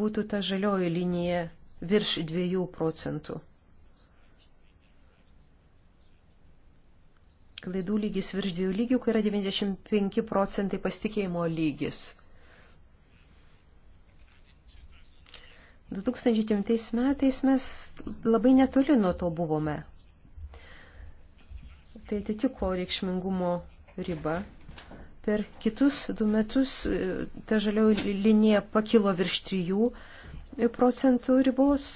būtų ta žalioji linija virš 2 procentų. klaidų lygis virš dviejų lygių, kai yra 95 procentai pasitikėjimo lygis. 2009 metais mes labai netoli nuo to buvome. Tai atitiko reikšmingumo ribą. Per kitus du metus e, ta žalioji linija pakilo virš 3 procentų ribos.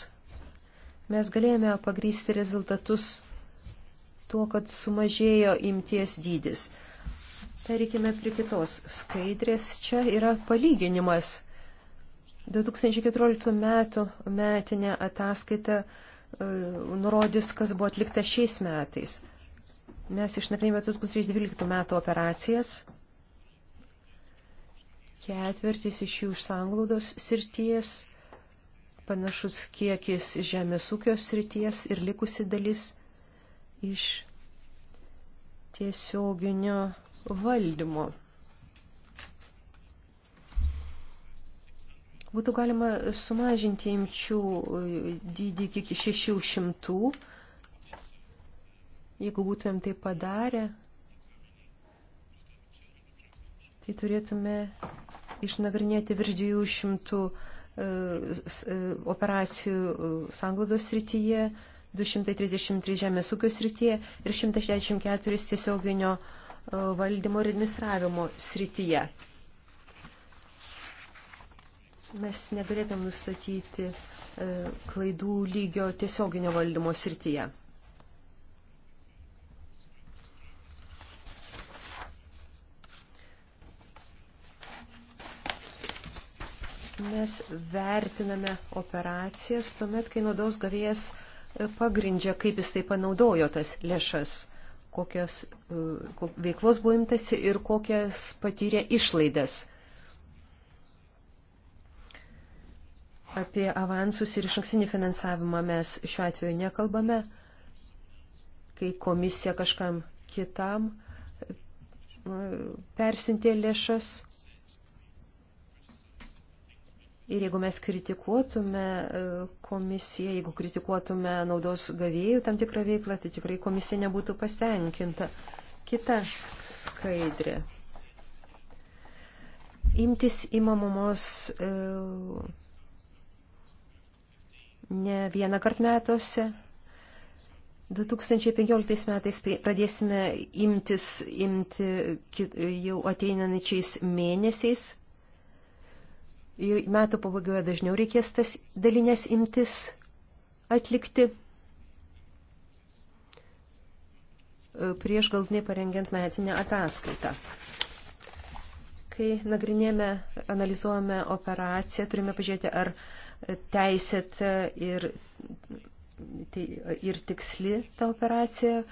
Mes galėjome pagrysti rezultatus tuo, kad sumažėjo imties dydis. Pereikime prie kitos skaidrės. Čia yra palyginimas. 2014 metų metinė ataskaita e, nurodys, kas buvo atlikta šiais metais. Mes išnagrinėjome 2012 metų operacijas. Ketvirtis iš jų iš sanglaudos srities, panašus kiekis žemės ūkio srities ir likusi dalis – iš tiesioginio valdymo. Būtų galima sumažinti imčių e, dydį iki 600, jeigu būtumėm tai padarę, tai turėtume išnagrinėti virš 200 e, e, operacijų sanglaudos srityje, 233 žemės ūkio srityje ir 164 tiesioginio e, valdymo ir administravimo srityje. Mes negalėtum nustatyti e, klaidų lygio tiesioginio valdymo srityje. Mes vertiname operacijas tuomet, kai naudos gavėjas uh, pagrindžia, kaip jisai panaudojo tas lėšas, kokios e, veiklos buvo imtasi ir kokias patyrė išlaidas. Apie avansus ir išankstinį finansavimą mes šiuo atveju nekalbame, kai komisija kažkam kitam e, persintė lėšas Ir jeigu mes kritikuotume e, komisiją, jeigu kritikuotume naudos gavėjų tam tikrą veiklą, tai tikrai komisija nebūtų pastenkinta. Kita skaidrė. Imtis įmamumos e, ne vieną kart metuose, 2015 metais pradėsime imtis imti jau ateinančiais mėnesiais ir metų pabaigoje dažniau reikės tas dalinės imtis atlikti e, prieš galtinai parengiant metinę ataskaitą. Kai nagrinėjame, analizuojame operaciją, turime pažiūrėti, ar teisėta ir, tai, ir tiksli ta operacija.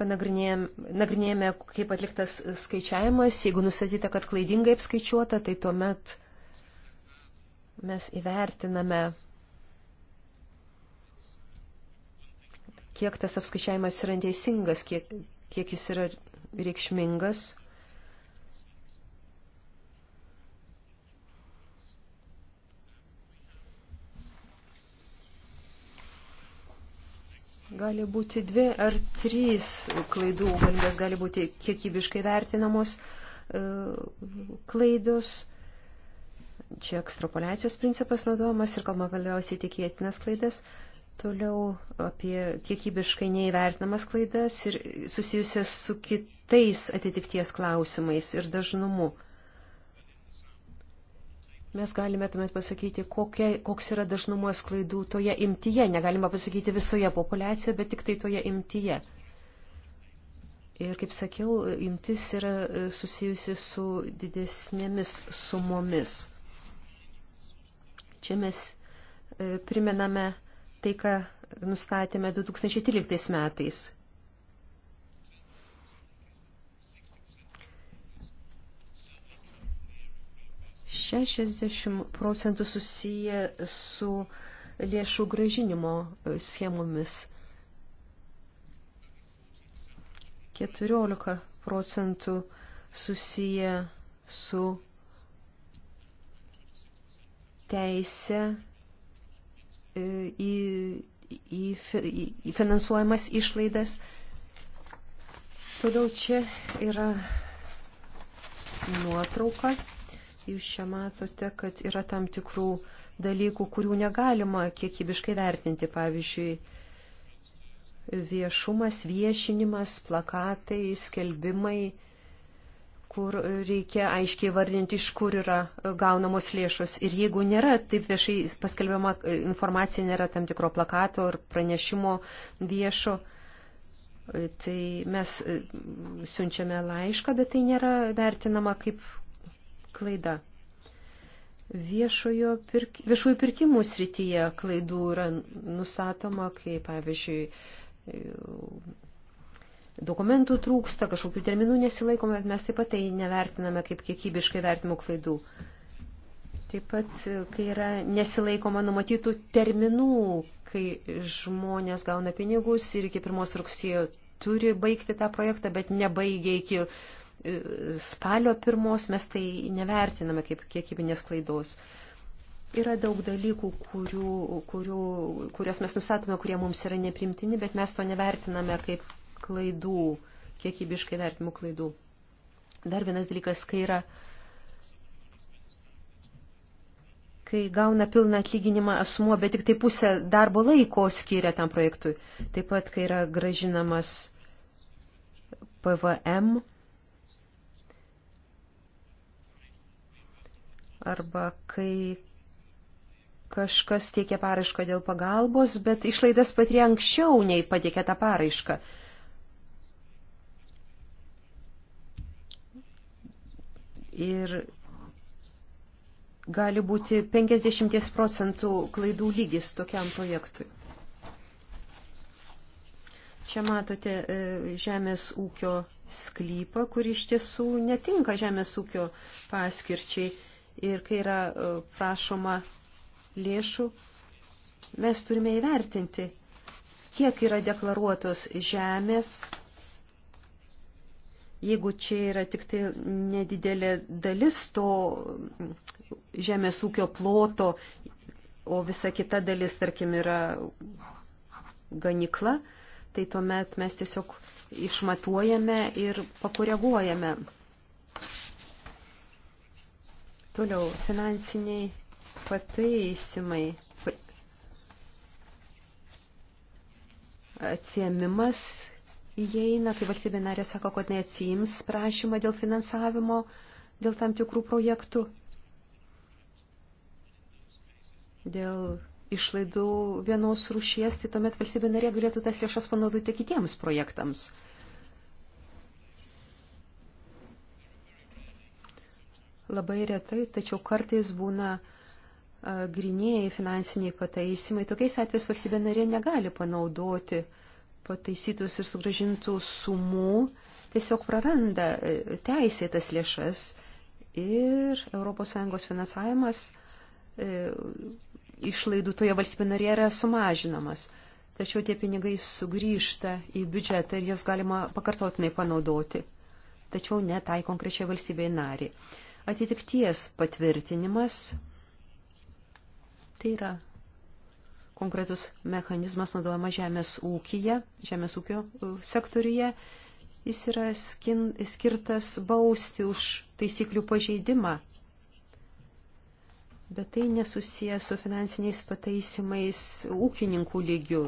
Panagrinėjame, kaip atliktas skaičiavimas. Jeigu nustatyta, kad klaidingai apskaičiuota, tai tuomet mes įvertiname, kiek tas apskaičiavimas yra teisingas, kiek, kiek jis yra reikšmingas. Gali būti dvi ar trys klaidų galimybės, gali būti kiekybiškai vertinamos e, klaidos. E, Čia ekstrapoliacijos principas naudojamas ir kalbama vėliausiai tikėtinas klaidas, toliau apie kiekybiškai neįvertinamas klaidas ir susijusias su kitais atitikties klausimais ir dažnumu. Mes galime tuomet pasakyti, kokia, koks yra dažnumas klaidų toje imtyje. Negalima pasakyti visoje populiacijoje, bet tik tai toje imtyje. Ir kaip sakiau, imtis yra susijusi su didesnėmis sumomis. Čia mes e, primename tai, ką nustatėme 2013 metais. Šešiasdešimt procentų susiję su lėšų gražinimo e, schemomis. 14 procentų susiję su teisę e, į, į, į finansuojamas išlaidas. Todėl čia yra nuotrauka. Jūs čia matote, kad yra tam tikrų dalykų, kurių negalima kiekybiškai vertinti. Pavyzdžiui, viešumas, viešinimas, plakatai, skelbimai kur reikia aiškiai vardinti, iš kur yra e, gaunamos lėšos. Ir jeigu nėra taip viešai paskelbiama e, informacija, nėra tam tikro plakato ar pranešimo viešo, e, tai mes siunčiame laišką, bet tai nėra vertinama kaip klaida. Viešojo pirk... Viešųjų pirkimų srityje klaidų yra nustatoma, kaip pavyzdžiui dokumentų trūksta, kažkokių terminų nesilaikome, bet mes taip pat tai nevertiname kaip kiekybiškai vertimų klaidų. Taip pat, kai yra nesilaikoma numatytų terminų, kai žmonės gauna pinigus ir iki pirmos rugsėjo turi baigti tą projektą, bet nebaigia iki e, spalio pirmos, mes tai nevertiname kaip kiekybinės klaidos. Yra daug dalykų, kurių, kurių, kurias mes nusatome, kurie mums yra neprimtini, bet mes to nevertiname kaip klaidų, kiekybiškai vertimų klaidų. Dar vienas dalykas, kai yra, kai gauna pilną atlyginimą asmuo, bet tik tai pusę darbo laiko skiria tam projektui. Taip pat, kai yra gražinamas PVM arba kai kažkas teikia paraišką dėl pagalbos, bet išlaidas patyrė anksčiau nei pateikė tą paraišką. ir gali būti 50 procentų klaidų lygis tokiam projektui. Čia matote e, žemės ūkio sklypą, kur iš tiesų netinka žemės ūkio paskirčiai ir kai yra e, prašoma lėšų, mes turime įvertinti, kiek yra deklaruotos žemės Jeigu čia yra tik tai nedidelė dalis to žemės ūkio ploto, o visa kita dalis, tarkim, yra ganikla, tai tuomet mes tiesiog išmatuojame ir pakoreguojame. Toliau finansiniai pataisimai. Atsiemimas įeina, kai valstybė narė sako, kad neatsijims prašymą dėl finansavimo, dėl tam tikrų projektų, dėl išlaidų vienos rūšies, tai tuomet valstybė narė galėtų tas lėšas panaudoti kitiems projektams. Labai retai, tačiau kartais būna grinėjai finansiniai pataisimai. Tokiais atvejais valstybė narė negali panaudoti uh, pataisytus ir sugražintų sumų tiesiog praranda e, teisėtas lėšas ir ES finansavimas e, išlaidų toje valstybė narėje yra sumažinamas. Tačiau tie pinigai sugrįžta į biudžetą ir jos galima pakartotinai panaudoti, tačiau ne tai konkrečiai valstybei nariai. Atitikties patvirtinimas tai yra konkretus mechanizmas naudojama žemės ūkija, žemės ūkio e, sektoriuje. Jis yra skin, skirtas bausti už taisyklių pažeidimą. Bet tai nesusiję su finansiniais pataisimais ūkininkų lygių.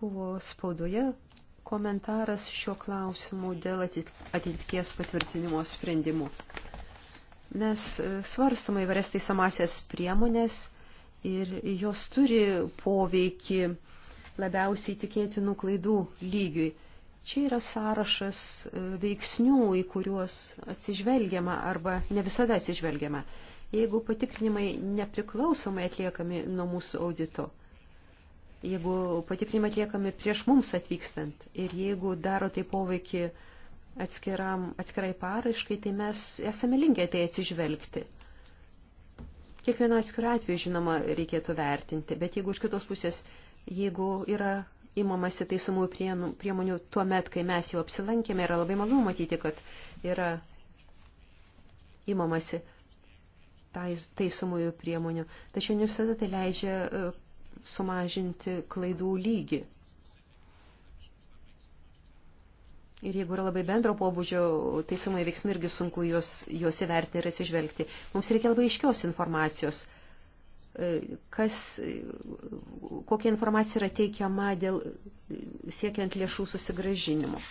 Buvo spaudoje komentaras šiuo klausimu dėl atitikties patvirtinimo sprendimų. Mes e, svarstame įvairias taisomasias priemonės ir jos turi poveikį labiausiai tikėtinų klaidų lygiui. Čia yra sąrašas e, veiksnių, į kuriuos atsižvelgiama arba ne visada atsižvelgiama, jeigu patikrinimai nepriklausomai atliekami nuo mūsų audito jeigu patikrinimai atliekami prieš mums atvykstant ir jeigu daro tai poveikį atskiram, atskirai paraiškai, tai mes esame linkę tai atsižvelgti. Kiekvieną atskirą atveju, žinoma, reikėtų vertinti, bet jeigu iš kitos pusės, jeigu yra imamasi taisomų priemonių tuo met, kai mes jau apsilankėme, yra labai malonu matyti, kad yra imamasi taisomųjų priemonių. Tačiau ne visada tai leidžia e, sumažinti klaidų lygį. Ir jeigu yra labai bendro pobūdžio, teisumo veiksmai irgi sunku juos, juos įverti ir atsižvelgti. Mums reikia labai aiškios informacijos, e, kas, e, kokia informacija yra teikiama dėl e, siekiant lėšų susigražinimo.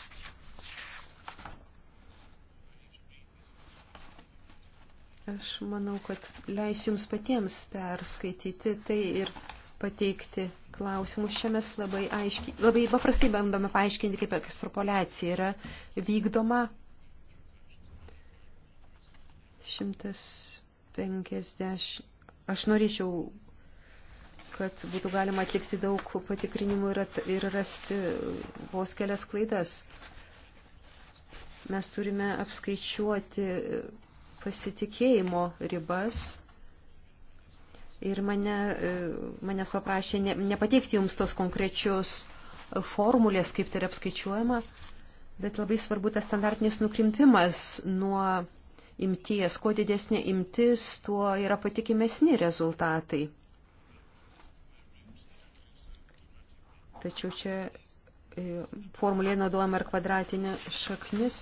Aš manau, kad leisiu jums patiems perskaityti tai ir pateikti klausimus. Čia mes labai, aiškiai, labai paprastai bandome paaiškinti, kaip ekstrapoliacija yra vykdoma. 150. Aš norėčiau, kad būtų galima atlikti daug patikrinimų ir, at, ir rasti vos kelias klaidas. Mes turime apskaičiuoti pasitikėjimo ribas ir mane, e, manęs paprašė ne, nepateikti jums tos konkrečios e, formulės, kaip tai yra apskaičiuojama, bet labai svarbu tas standartinis nukrimpimas nuo imties. Kuo didesnė imtis, tuo yra patikimesni rezultatai. Tačiau čia e, formulė naudojama ir kvadratinė šaknis.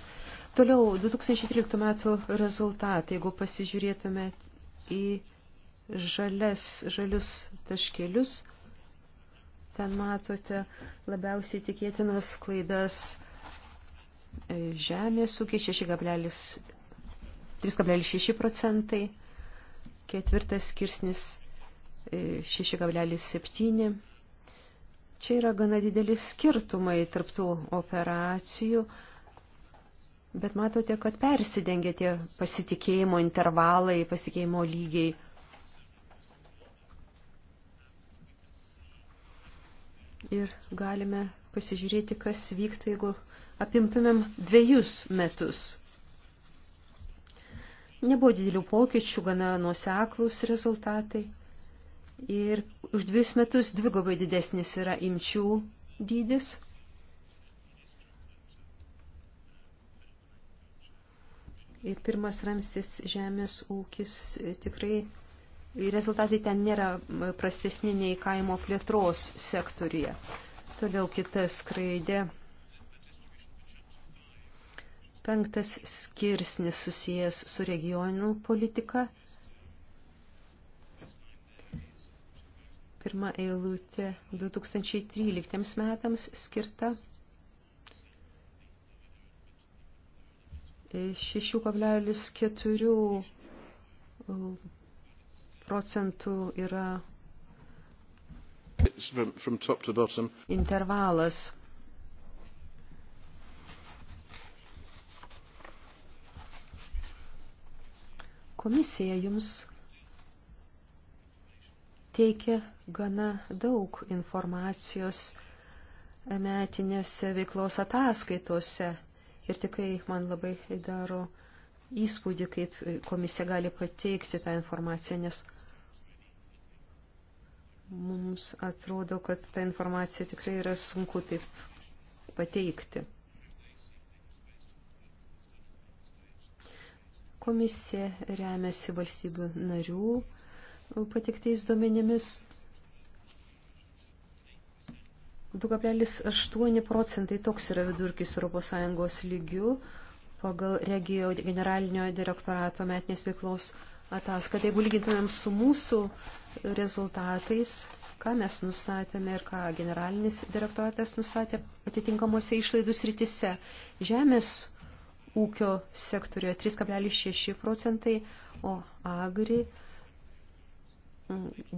Toliau 2013 metų rezultatai, jeigu pasižiūrėtume į žalias, žalius taškelius. Ten matote labiausiai tikėtinas klaidas e, žemės ūkiai 3,6 procentai, ketvirtas skirsnis 6,7. E, Čia yra gana didelis skirtumai tarptų operacijų, bet matote, kad persidengia tie pasitikėjimo intervalai, pasitikėjimo lygiai. ir galime pasižiūrėti, kas vyktų, jeigu apimtumėm dviejus metus. Nebuvo didelių pokyčių, gana nuoseklus rezultatai. Ir už dvius metus dvigubai didesnis yra imčių dydis. Ir pirmas ramstis žemės ūkis tikrai rezultatai ten nėra prastesni nei kaimo plėtros sektorija. Toliau kita skraidė. Penktas skirsnis susijęs su regionų politika. Pirma eilutė 2013 metams skirta 6,4 procentų yra intervalas. Komisija jums teikia gana daug informacijos metinėse veiklos ataskaitose ir tikrai man labai daro įspūdį, kaip komisija gali pateikti tą informaciją, nes Mums atrodo, kad ta informacija tikrai yra sunku taip pateikti. Komisija remiasi valstybių narių pateiktais duomenimis. 2,8 procentai toks yra vidurkis ES lygių pagal regio generalinio direktorato metinės veiklos ataskaitą. Jeigu lygintumėm su mūsų rezultatais, ką mes nustatėme ir ką generalinis direktoratas nustatė atitinkamuose išlaidų sritise. Žemės ūkio sektoriuje 3,6 procentai, o agri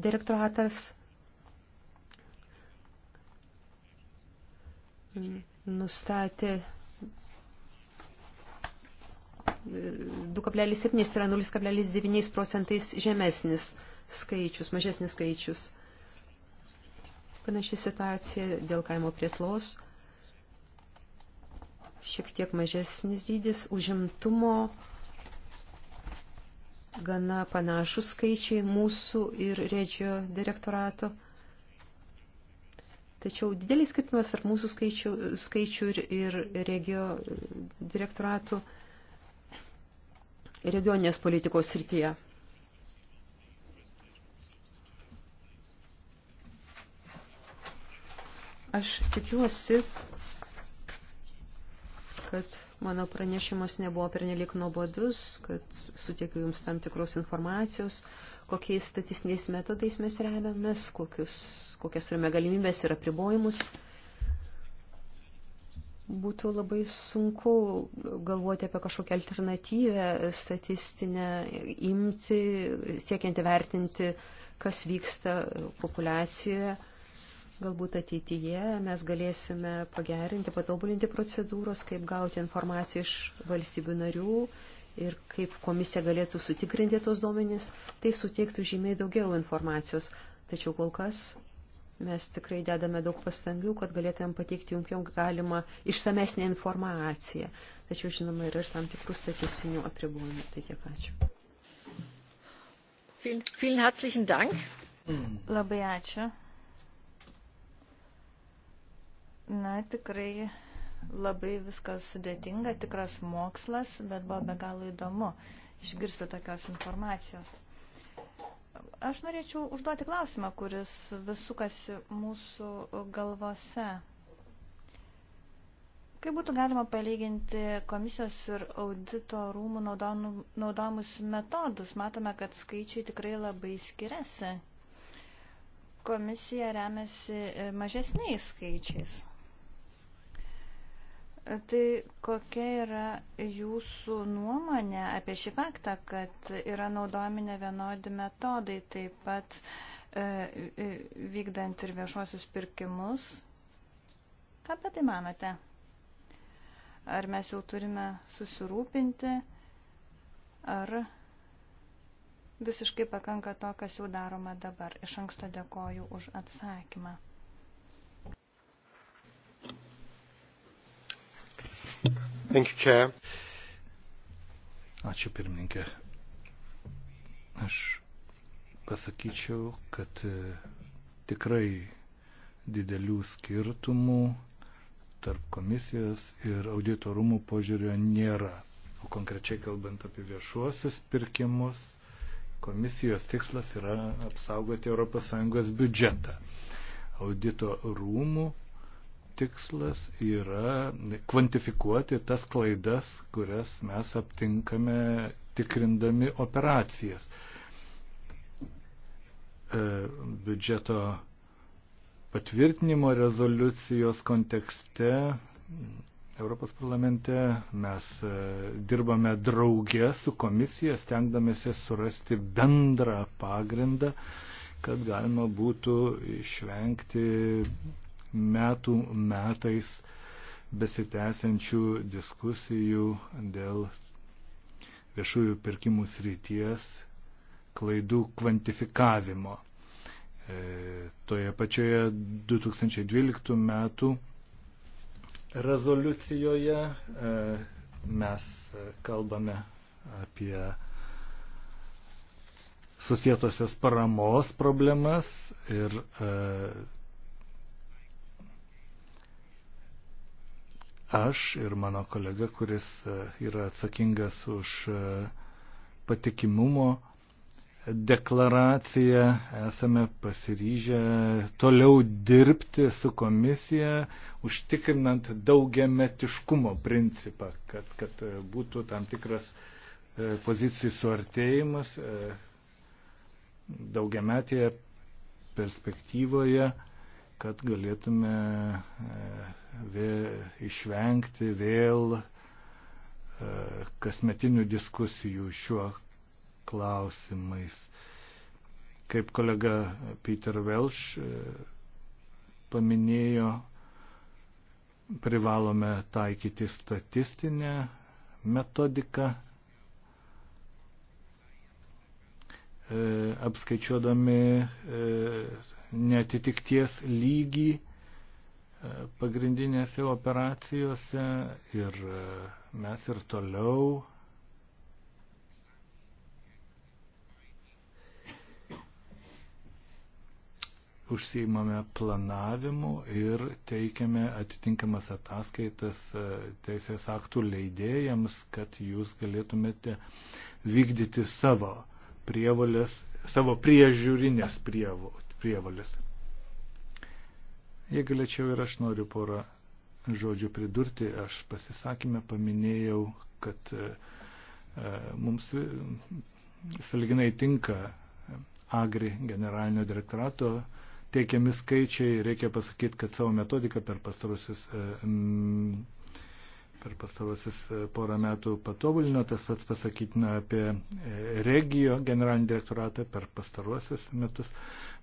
direktoratas nustatė 2,7 yra 0,9 procentais žemesnis skaičius, mažesnis skaičius. Panaši situacija dėl kaimo prietlos. Šiek tiek mažesnis dydis užimtumo gana panašų skaičiai mūsų ir redžio direktorato. Tačiau didelis skirtumas tarp mūsų skaičių, skaičių ir, ir regio direktoratų regioninės politikos srityje. Aš tikiuosi, kad mano pranešimas nebuvo pernelik nuobodus, kad suteikiu jums tam tikros informacijos, kokiais statistiniais metodais mes remiamės, kokius, kokias turime galimybės ir apribojimus būtų labai sunku galvoti apie kažkokią alternatyvę statistinę imti, siekiant įvertinti, kas vyksta populiacijoje. Galbūt ateityje mes galėsime pagerinti, patobulinti procedūros, kaip gauti informaciją iš valstybių narių ir kaip komisija galėtų sutikrinti tos duomenys, tai suteiktų žymiai daugiau informacijos. Tačiau kol kas Mes tikrai dedame daug pastangių, kad galėtumėm pateikti jums galima išsamesnę informaciją. Tačiau, žinoma, yra ir tam tikrų statistinių apribojimų. Tai tiek ačiū. Vielen herzlichen Dank. Labai ačiū. Na, tikrai labai viskas sudėtinga, tikras mokslas, bet buvo be galo įdomu išgirsti tokios informacijos. Aš norėčiau užduoti klausimą, kuris visukasi mūsų galvose. Kaip būtų galima palyginti komisijos ir audito rūmų naudomus metodus? Matome, kad skaičiai tikrai labai skiriasi. Komisija remiasi mažesniais skaičiais. Tai kokia yra jūsų nuomonė apie šį faktą, kad yra naudojami ne vienodi metodai, taip pat e, e, vykdant ir viešuosius pirkimus? Ką apie tai manote? Ar mes jau turime susirūpinti, ar visiškai pakanka to, kas jau daroma dabar? Iš anksto dėkoju už atsakymą. You, Ačiū pirmininkė. Aš pasakyčiau, kad e, tikrai didelių skirtumų tarp komisijos ir auditorumų požiūrio nėra. O konkrečiai kalbant apie viešuosius pirkimus, komisijos tikslas yra apsaugoti ES biudžetą. Audito rūmų tikslas yra kvantifikuoti tas klaidas, kurias mes aptinkame tikrindami operacijas. E, biudžeto patvirtinimo rezoliucijos kontekste Europos parlamente mes e, dirbame draugė su komisija, stengdamėsi surasti bendrą pagrindą, kad galima būtų išvengti metų metais besitęsiančių diskusijų dėl viešųjų pirkimų srities klaidų kvantifikavimo. E, toje pačioje 2012 metų rezoliucijoje e, mes kalbame apie susietosios paramos problemas ir e, aš ir mano kolega, kuris e, yra atsakingas už e, patikimumo deklaraciją, esame pasiryžę toliau dirbti su komisija, užtikrinant daugiametiškumo principą, kad, kad būtų tam tikras e, pozicijų suartėjimas daugiametėje perspektyvoje kad galėtume e, vėl, išvengti vėl e, kasmetinių diskusijų šiuo klausimais. Kaip kolega Peter Welsh e, paminėjo, privalome taikyti statistinę metodiką, apskaičiuodami netitikties lygį e, pagrindinėse operacijose ir e, mes ir toliau užsiimame planavimu ir teikiame atitinkamas ataskaitas e, teisės aktų leidėjams, kad jūs galėtumėte vykdyti savo prievolės, savo priežiūrinės prievo, prievalės. Jei galėčiau ir aš noriu porą žodžių pridurti, aš pasisakymę paminėjau, kad e, e, mums e, salginai tinka Agri generalinio direktorato teikiami skaičiai, reikia pasakyti, kad savo metodiką per pastarusius per pastarosius e, porą metų patobulino, tas pats pasakytina apie e, regijo generalinį direktoratą per pastarosius metus,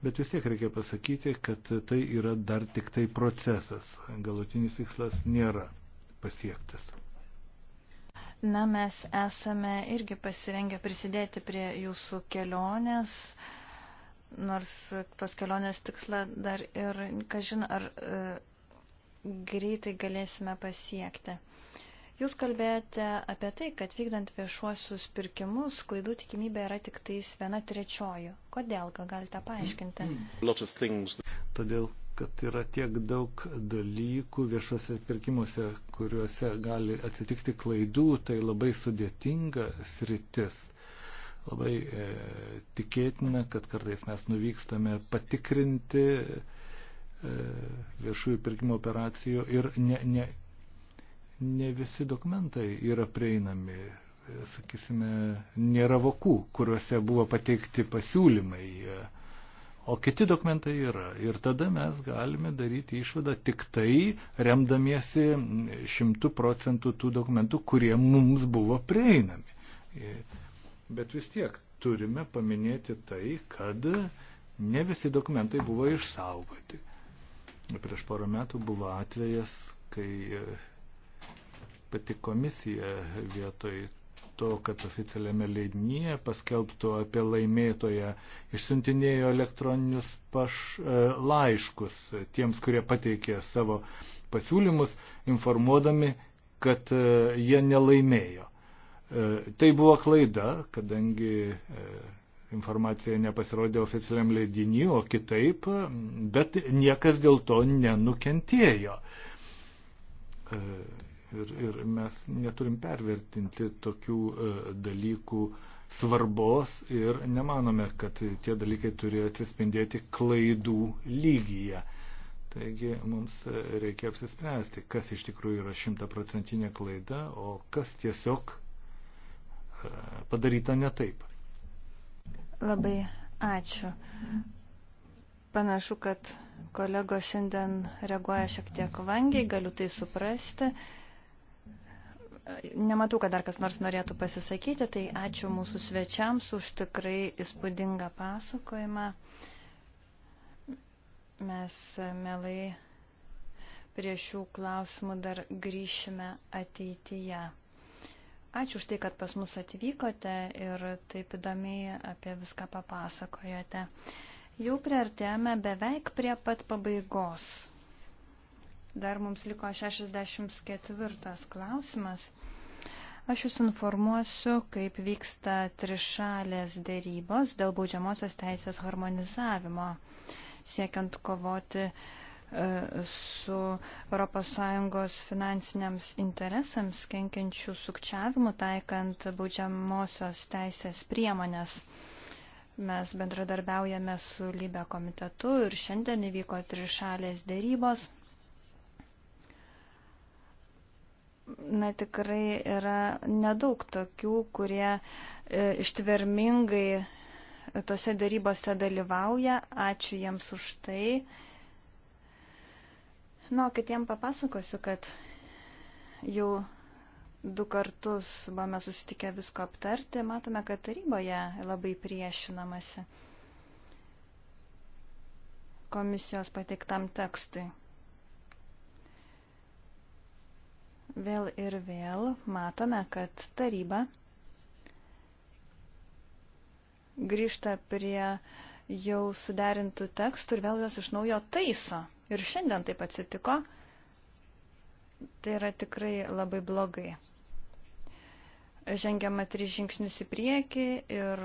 bet vis tiek reikia pasakyti, kad tai yra dar tik tai procesas, galutinis tikslas nėra pasiektas. Na, mes esame irgi pasirengę prisidėti prie jūsų kelionės nors tos kelionės tiksla dar ir, kažin, ar e, greitai galėsime pasiekti. Jūs kalbėjote apie tai, kad vykdant viešuosius pirkimus, klaidų tikimybė yra tik tais viena trečioji. Kodėl, gal galite paaiškinti? Todėl, kad yra tiek daug dalykų viešuose pirkimuose, kuriuose gali atsitikti klaidų, tai labai sudėtinga sritis. Labai e, tikėtina, kad kartais mes nuvykstame patikrinti e, viešųjų pirkimų operacijų ir ne, ne, ne visi dokumentai yra prieinami. Sakysime, nėra vokų, kuriuose buvo pateikti pasiūlymai, o kiti dokumentai yra. Ir tada mes galime daryti išvadą tik tai, remdamiesi šimtų procentų tų dokumentų, kurie mums buvo prieinami. Bet vis tiek turime paminėti tai, kad ne visi dokumentai buvo išsaugoti. Prieš porą metų buvo atvejas, kai pati komisija vietoj to, kad oficialiame leidinyje paskelbtų apie laimėtoją, išsiuntinėjo elektroninius paš, e, laiškus tiems, kurie pateikė savo pasiūlymus, informuodami, kad e, jie nelaimėjo. E, tai buvo klaida, kadangi informacija nepasirodė oficialiam leidinį, o kitaip, bet niekas dėl to nenukentėjo Ir, ir mes neturim pervertinti tokių e, dalykų svarbos ir nemanome, kad tie dalykai turi atsispindėti klaidų lygyje. Taigi mums e, reikia apsispręsti, kas iš tikrųjų yra šimtaprocentinė klaida, o kas tiesiog e, padaryta ne taip. Labai ačiū. Panašu, kad kolegos šiandien reaguoja šiek tiek vangiai, galiu tai suprasti nematau, kad dar kas nors norėtų pasisakyti, tai ačiū mūsų svečiams už tikrai įspūdingą pasakojimą. Mes mielai prie šių klausimų dar grįšime ateityje. Ačiū už tai, kad pas mus atvykote ir taip įdomiai apie viską papasakojote. Jau priartėjome beveik prie pat pabaigos. Dar mums liko 64 klausimas. Aš jūs informuosiu, kaip vyksta trišalės dėrybos dėl baudžiamosios teisės harmonizavimo, siekiant kovoti e, su ES finansiniams interesams kenkiančių sukčiavimų, taikant baudžiamosios teisės priemonės. Mes bendradarbiaujame su Lybe komitetu ir šiandien įvyko trišalės dėrybos. na tikrai yra nedaug tokių, kurie e, ištvermingai tose darybose dalyvauja. Ačiū jiems už tai. Na, o kitiem papasakosiu, kad jau du kartus buvome susitikę visko aptarti, matome, kad taryboje labai priešinamasi komisijos pateiktam tekstui. vėl ir vėl matome, kad taryba grįžta prie jau suderintų tekstų ir vėl juos iš naujo taiso. Ir šiandien taip atsitiko. Tai yra tikrai labai blogai. Žengiama trys žingsnius į priekį ir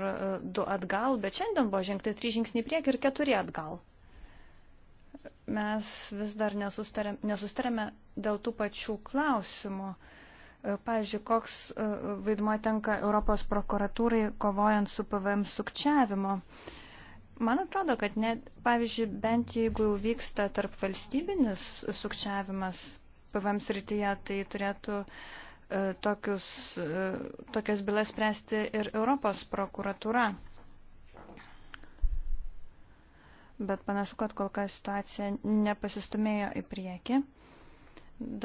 du atgal, bet šiandien buvo žengti trys žingsniai į priekį ir keturi atgal mes vis dar nesustarėme dėl tų pačių klausimų. E, pavyzdžiui, koks e, vaidmuo tenka Europos prokuratūrai kovojant su PVM sukčiavimu. Man atrodo, kad net, pavyzdžiui, bent jeigu jau vyksta tarp valstybinis sukčiavimas PVM srityje, tai turėtų e, tokius, tokias bylas spręsti ir Europos prokuratūra. bet panašu, kad kol kas situacija nepasistumėjo į priekį.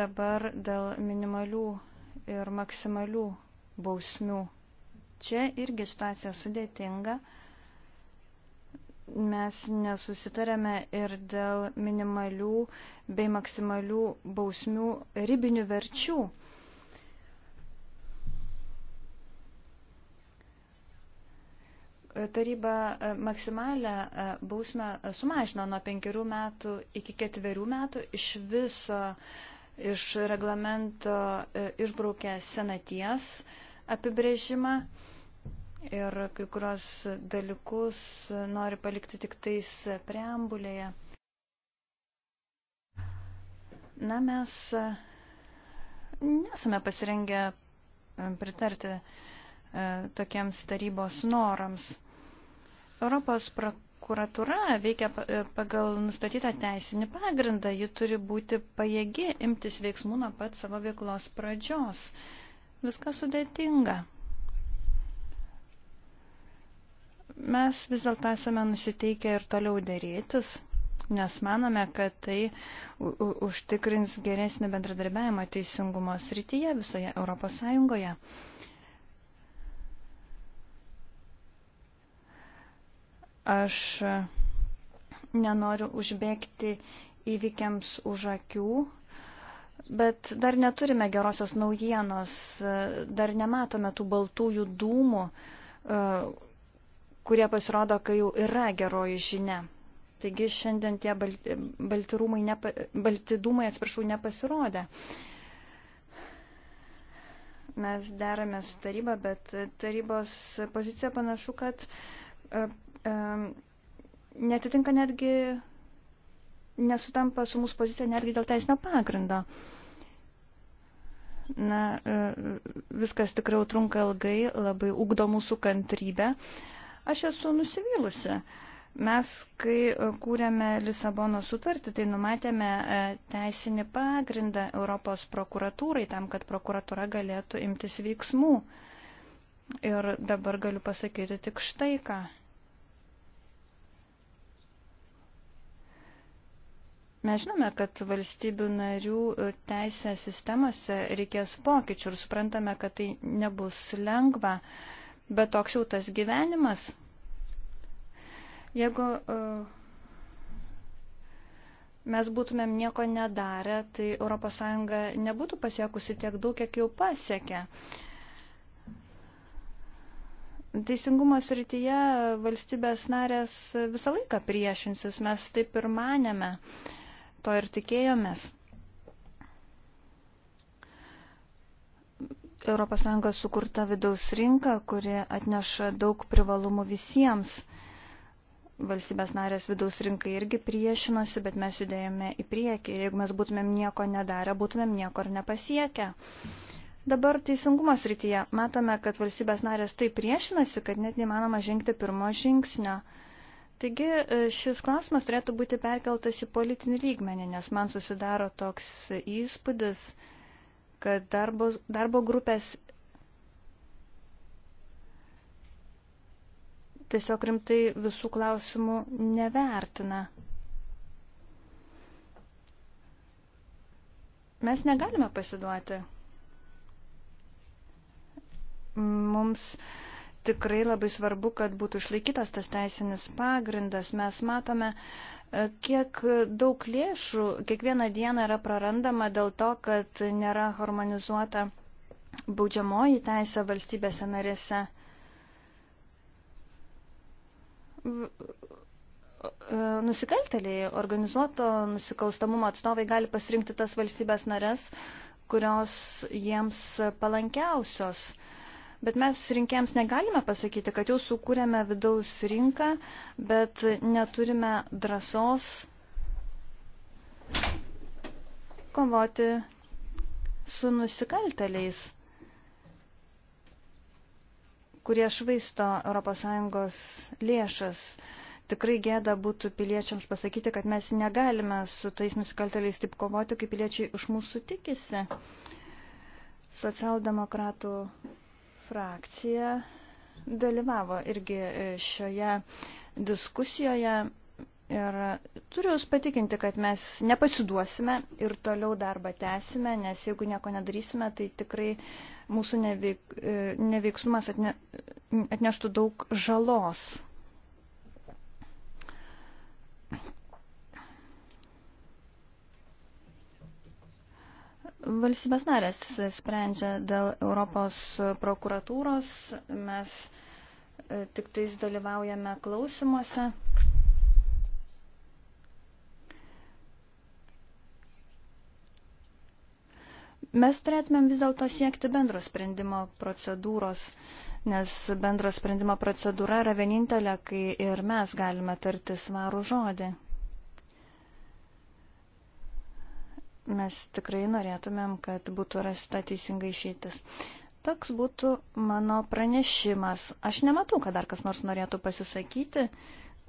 Dabar dėl minimalių ir maksimalių bausmių. Čia irgi situacija sudėtinga. Mes nesusitarėme ir dėl minimalių bei maksimalių bausmių ribinių verčių. taryba e, maksimalę e, bausmę e, sumažino nuo penkerių metų iki ketverių metų. Iš viso iš reglamento išbraukė senaties apibrėžimą ir kai kurios dalykus nori palikti tik tais preambulėje. Na, mes nesame pasirengę pritarti tokiems tarybos norams. Europos prokuratura veikia e, pagal nustatytą teisinį pagrindą. Ji turi būti pajėgi imtis veiksmų nuo pat savo veiklos pradžios. Viskas sudėtinga. Mes vis dėlto esame nusiteikę ir toliau dėrėtis, nes manome, kad tai užtikrins geresnį bendradarbiavimą teisingumo srityje visoje Europos Sąjungoje. Uh, Aš nenoriu užbėgti įvykiams už akių, bet dar neturime gerosios naujienos, dar nematome tų baltųjų dūmų, e, kurie pasirodo, kai jau yra geroji žinia. Taigi šiandien tie balti, balti, rūmai nepa, balti dūmai, atsiprašau, nepasirodė. Mes derame su taryba, bet tarybos pozicija panašu, kad e, netitinka netgi, nesutampa su mūsų pozicija netgi dėl teisinio pagrindo. Na, e, viskas tikrai trunka ilgai, labai ugdo mūsų kantrybę. Aš esu nusivylusi. Mes, kai e, kūrėme Lisabono sutartį, tai numatėme e, teisinį pagrindą Europos prokuratūrai tam, kad prokuratūra galėtų imtis veiksmų. Ir dabar galiu pasakyti tik štai ką. Mes žinome, kad valstybių narių e, teisės sistemose reikės pokyčių ir suprantame, kad tai nebus lengva, bet toks jau tas gyvenimas. Jeigu e, mes būtumėm nieko nedarę, tai ES nebūtų pasiekusi tiek daug, kiek jau pasiekė. Teisingumo srityje valstybės narės visą laiką priešinsis, mes taip ir manėme. Uh, To ir tikėjomės. ES sukurta vidaus rinka, kuri atneša daug privalumų visiems. Valstybės narės vidaus rinkai irgi priešinosi, bet mes judėjome į priekį. Ir jeigu mes būtumėm nieko nedarę, būtumėm nieko ir nepasiekę. Dabar teisingumo srityje matome, kad valstybės narės taip priešinasi, kad net neįmanoma žengti pirmo žingsnio. Taigi e, šis klausimas turėtų būti perkeltas į politinį lygmenį, nes man susidaro toks įspūdis, kad darbo, darbo grupės tiesiog rimtai visų klausimų nevertina. Mes negalime pasiduoti. Mums uh, tikrai labai svarbu, kad būtų išlaikytas tas teisinis pagrindas. Mes matome, e, kiek daug lėšų kiekvieną dieną yra prarandama dėl to, kad nėra harmonizuota baudžiamoji teisė valstybėse narėse. E, Nusikalteliai, organizuoto nusikalstamumo atstovai gali pasirinkti tas valstybės narės, kurios jiems palankiausios. Uh, Bet mes rinkėjams negalime pasakyti, kad jau sukūrėme vidaus rinką, bet neturime drąsos kovoti su nusikalteliais, kurie švaisto ES lėšas. Tikrai gėda būtų piliečiams pasakyti, kad mes negalime su tais nusikalteliais taip kovoti, kaip piliečiai iš mūsų tikisi. Socialdemokratų frakcija dalyvavo irgi e, šioje diskusijoje ir turiu Jūs patikinti, kad mes nepasiduosime ir toliau darbą tęsime, nes jeigu nieko nedarysime, tai tikrai mūsų neveik, e, neveiksmas atne, atneštų daug žalos Valstybės narės sprendžia dėl Europos prokuratūros, mes e, tik tais dalyvaujame klausimuose. Mes turėtumėm vis dėlto siekti bendro sprendimo procedūros, nes bendro sprendimo procedūra yra vienintelė, kai ir mes galime tarti svarų žodį. mes tikrai norėtumėm, kad būtų rasta teisinga išeitis. Toks būtų mano pranešimas. Aš nematau, kad dar kas nors norėtų pasisakyti.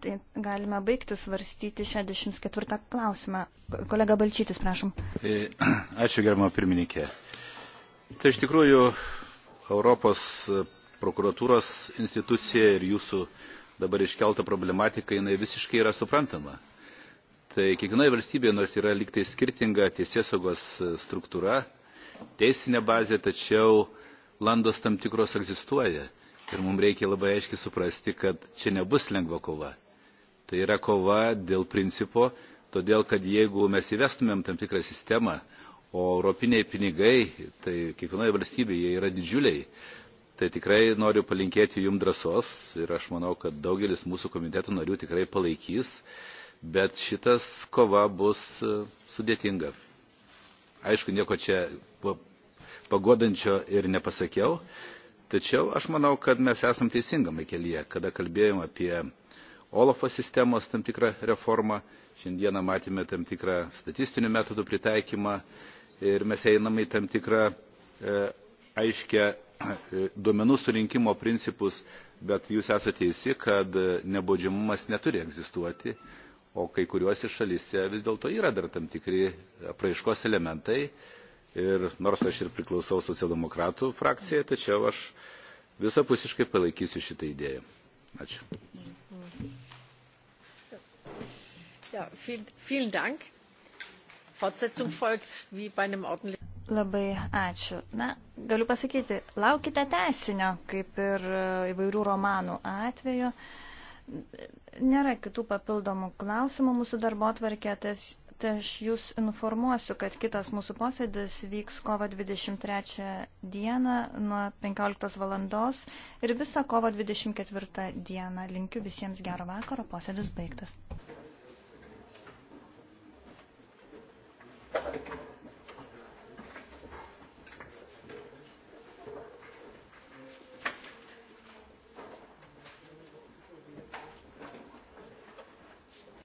Tai galime baigti svarstyti 64 klausimą. Kolega Balčytis, prašom. E, ačiū, germa pirmininkė. Tai iš tikrųjų Europos prokuratūros institucija ir jūsų dabar iškelta problematika, jinai visiškai yra suprantama Tai kiekvienoje valstybėje, nors yra liktai skirtinga teisėsaugos e, struktūra, teisinė bazė, tačiau landos tam tikros egzistuoja. Ir mums reikia labai aiškiai suprasti, kad čia nebus lengva kova. Tai yra kova dėl principo, todėl kad jeigu mes įvestumėm tam tikrą sistemą, o europiniai pinigai, tai kiekvienoje valstybėje yra didžiuliai, Tai tikrai noriu palinkėti jums drąsos ir aš manau, kad daugelis mūsų komiteto narių tikrai palaikys bet šitas kova bus e, sudėtinga. Aišku, nieko čia pagodančio ir nepasakiau, tačiau aš manau, kad mes esam teisingame kelyje, kada kalbėjom apie Olafo sistemos tam tikrą reformą, šiandieną matėme tam tikrą statistinių metodų pritaikymą ir mes einame į tam tikrą e, aiškę e, duomenų surinkimo principus, bet jūs esate teisi, kad e, nebaudžiamumas neturi egzistuoti, o kai kuriuose šalyse vis dėlto yra dar tam tikri apraiškos elementai. Ir nors aš ir priklausau socialdemokratų frakcijai, tačiau aš visapusiškai palaikysiu šitą idėją. Ačiū. Ja, vielen, vielen Dank. Fortsetzung folgt wie bei einem ordentlichen. Labai ačiū. Na, galiu pasakyti, laukite teisinio, kaip ir e, įvairių romanų atveju. Uh, Nėra kitų papildomų klausimų mūsų darbo atvarkė, tai, tai aš jūs informuosiu, kad kitas mūsų posėdis vyks kovo 23 dieną nuo 15 valandos ir visą kovo 24 dieną. Linkiu visiems gero vakaro, posėdis baigtas.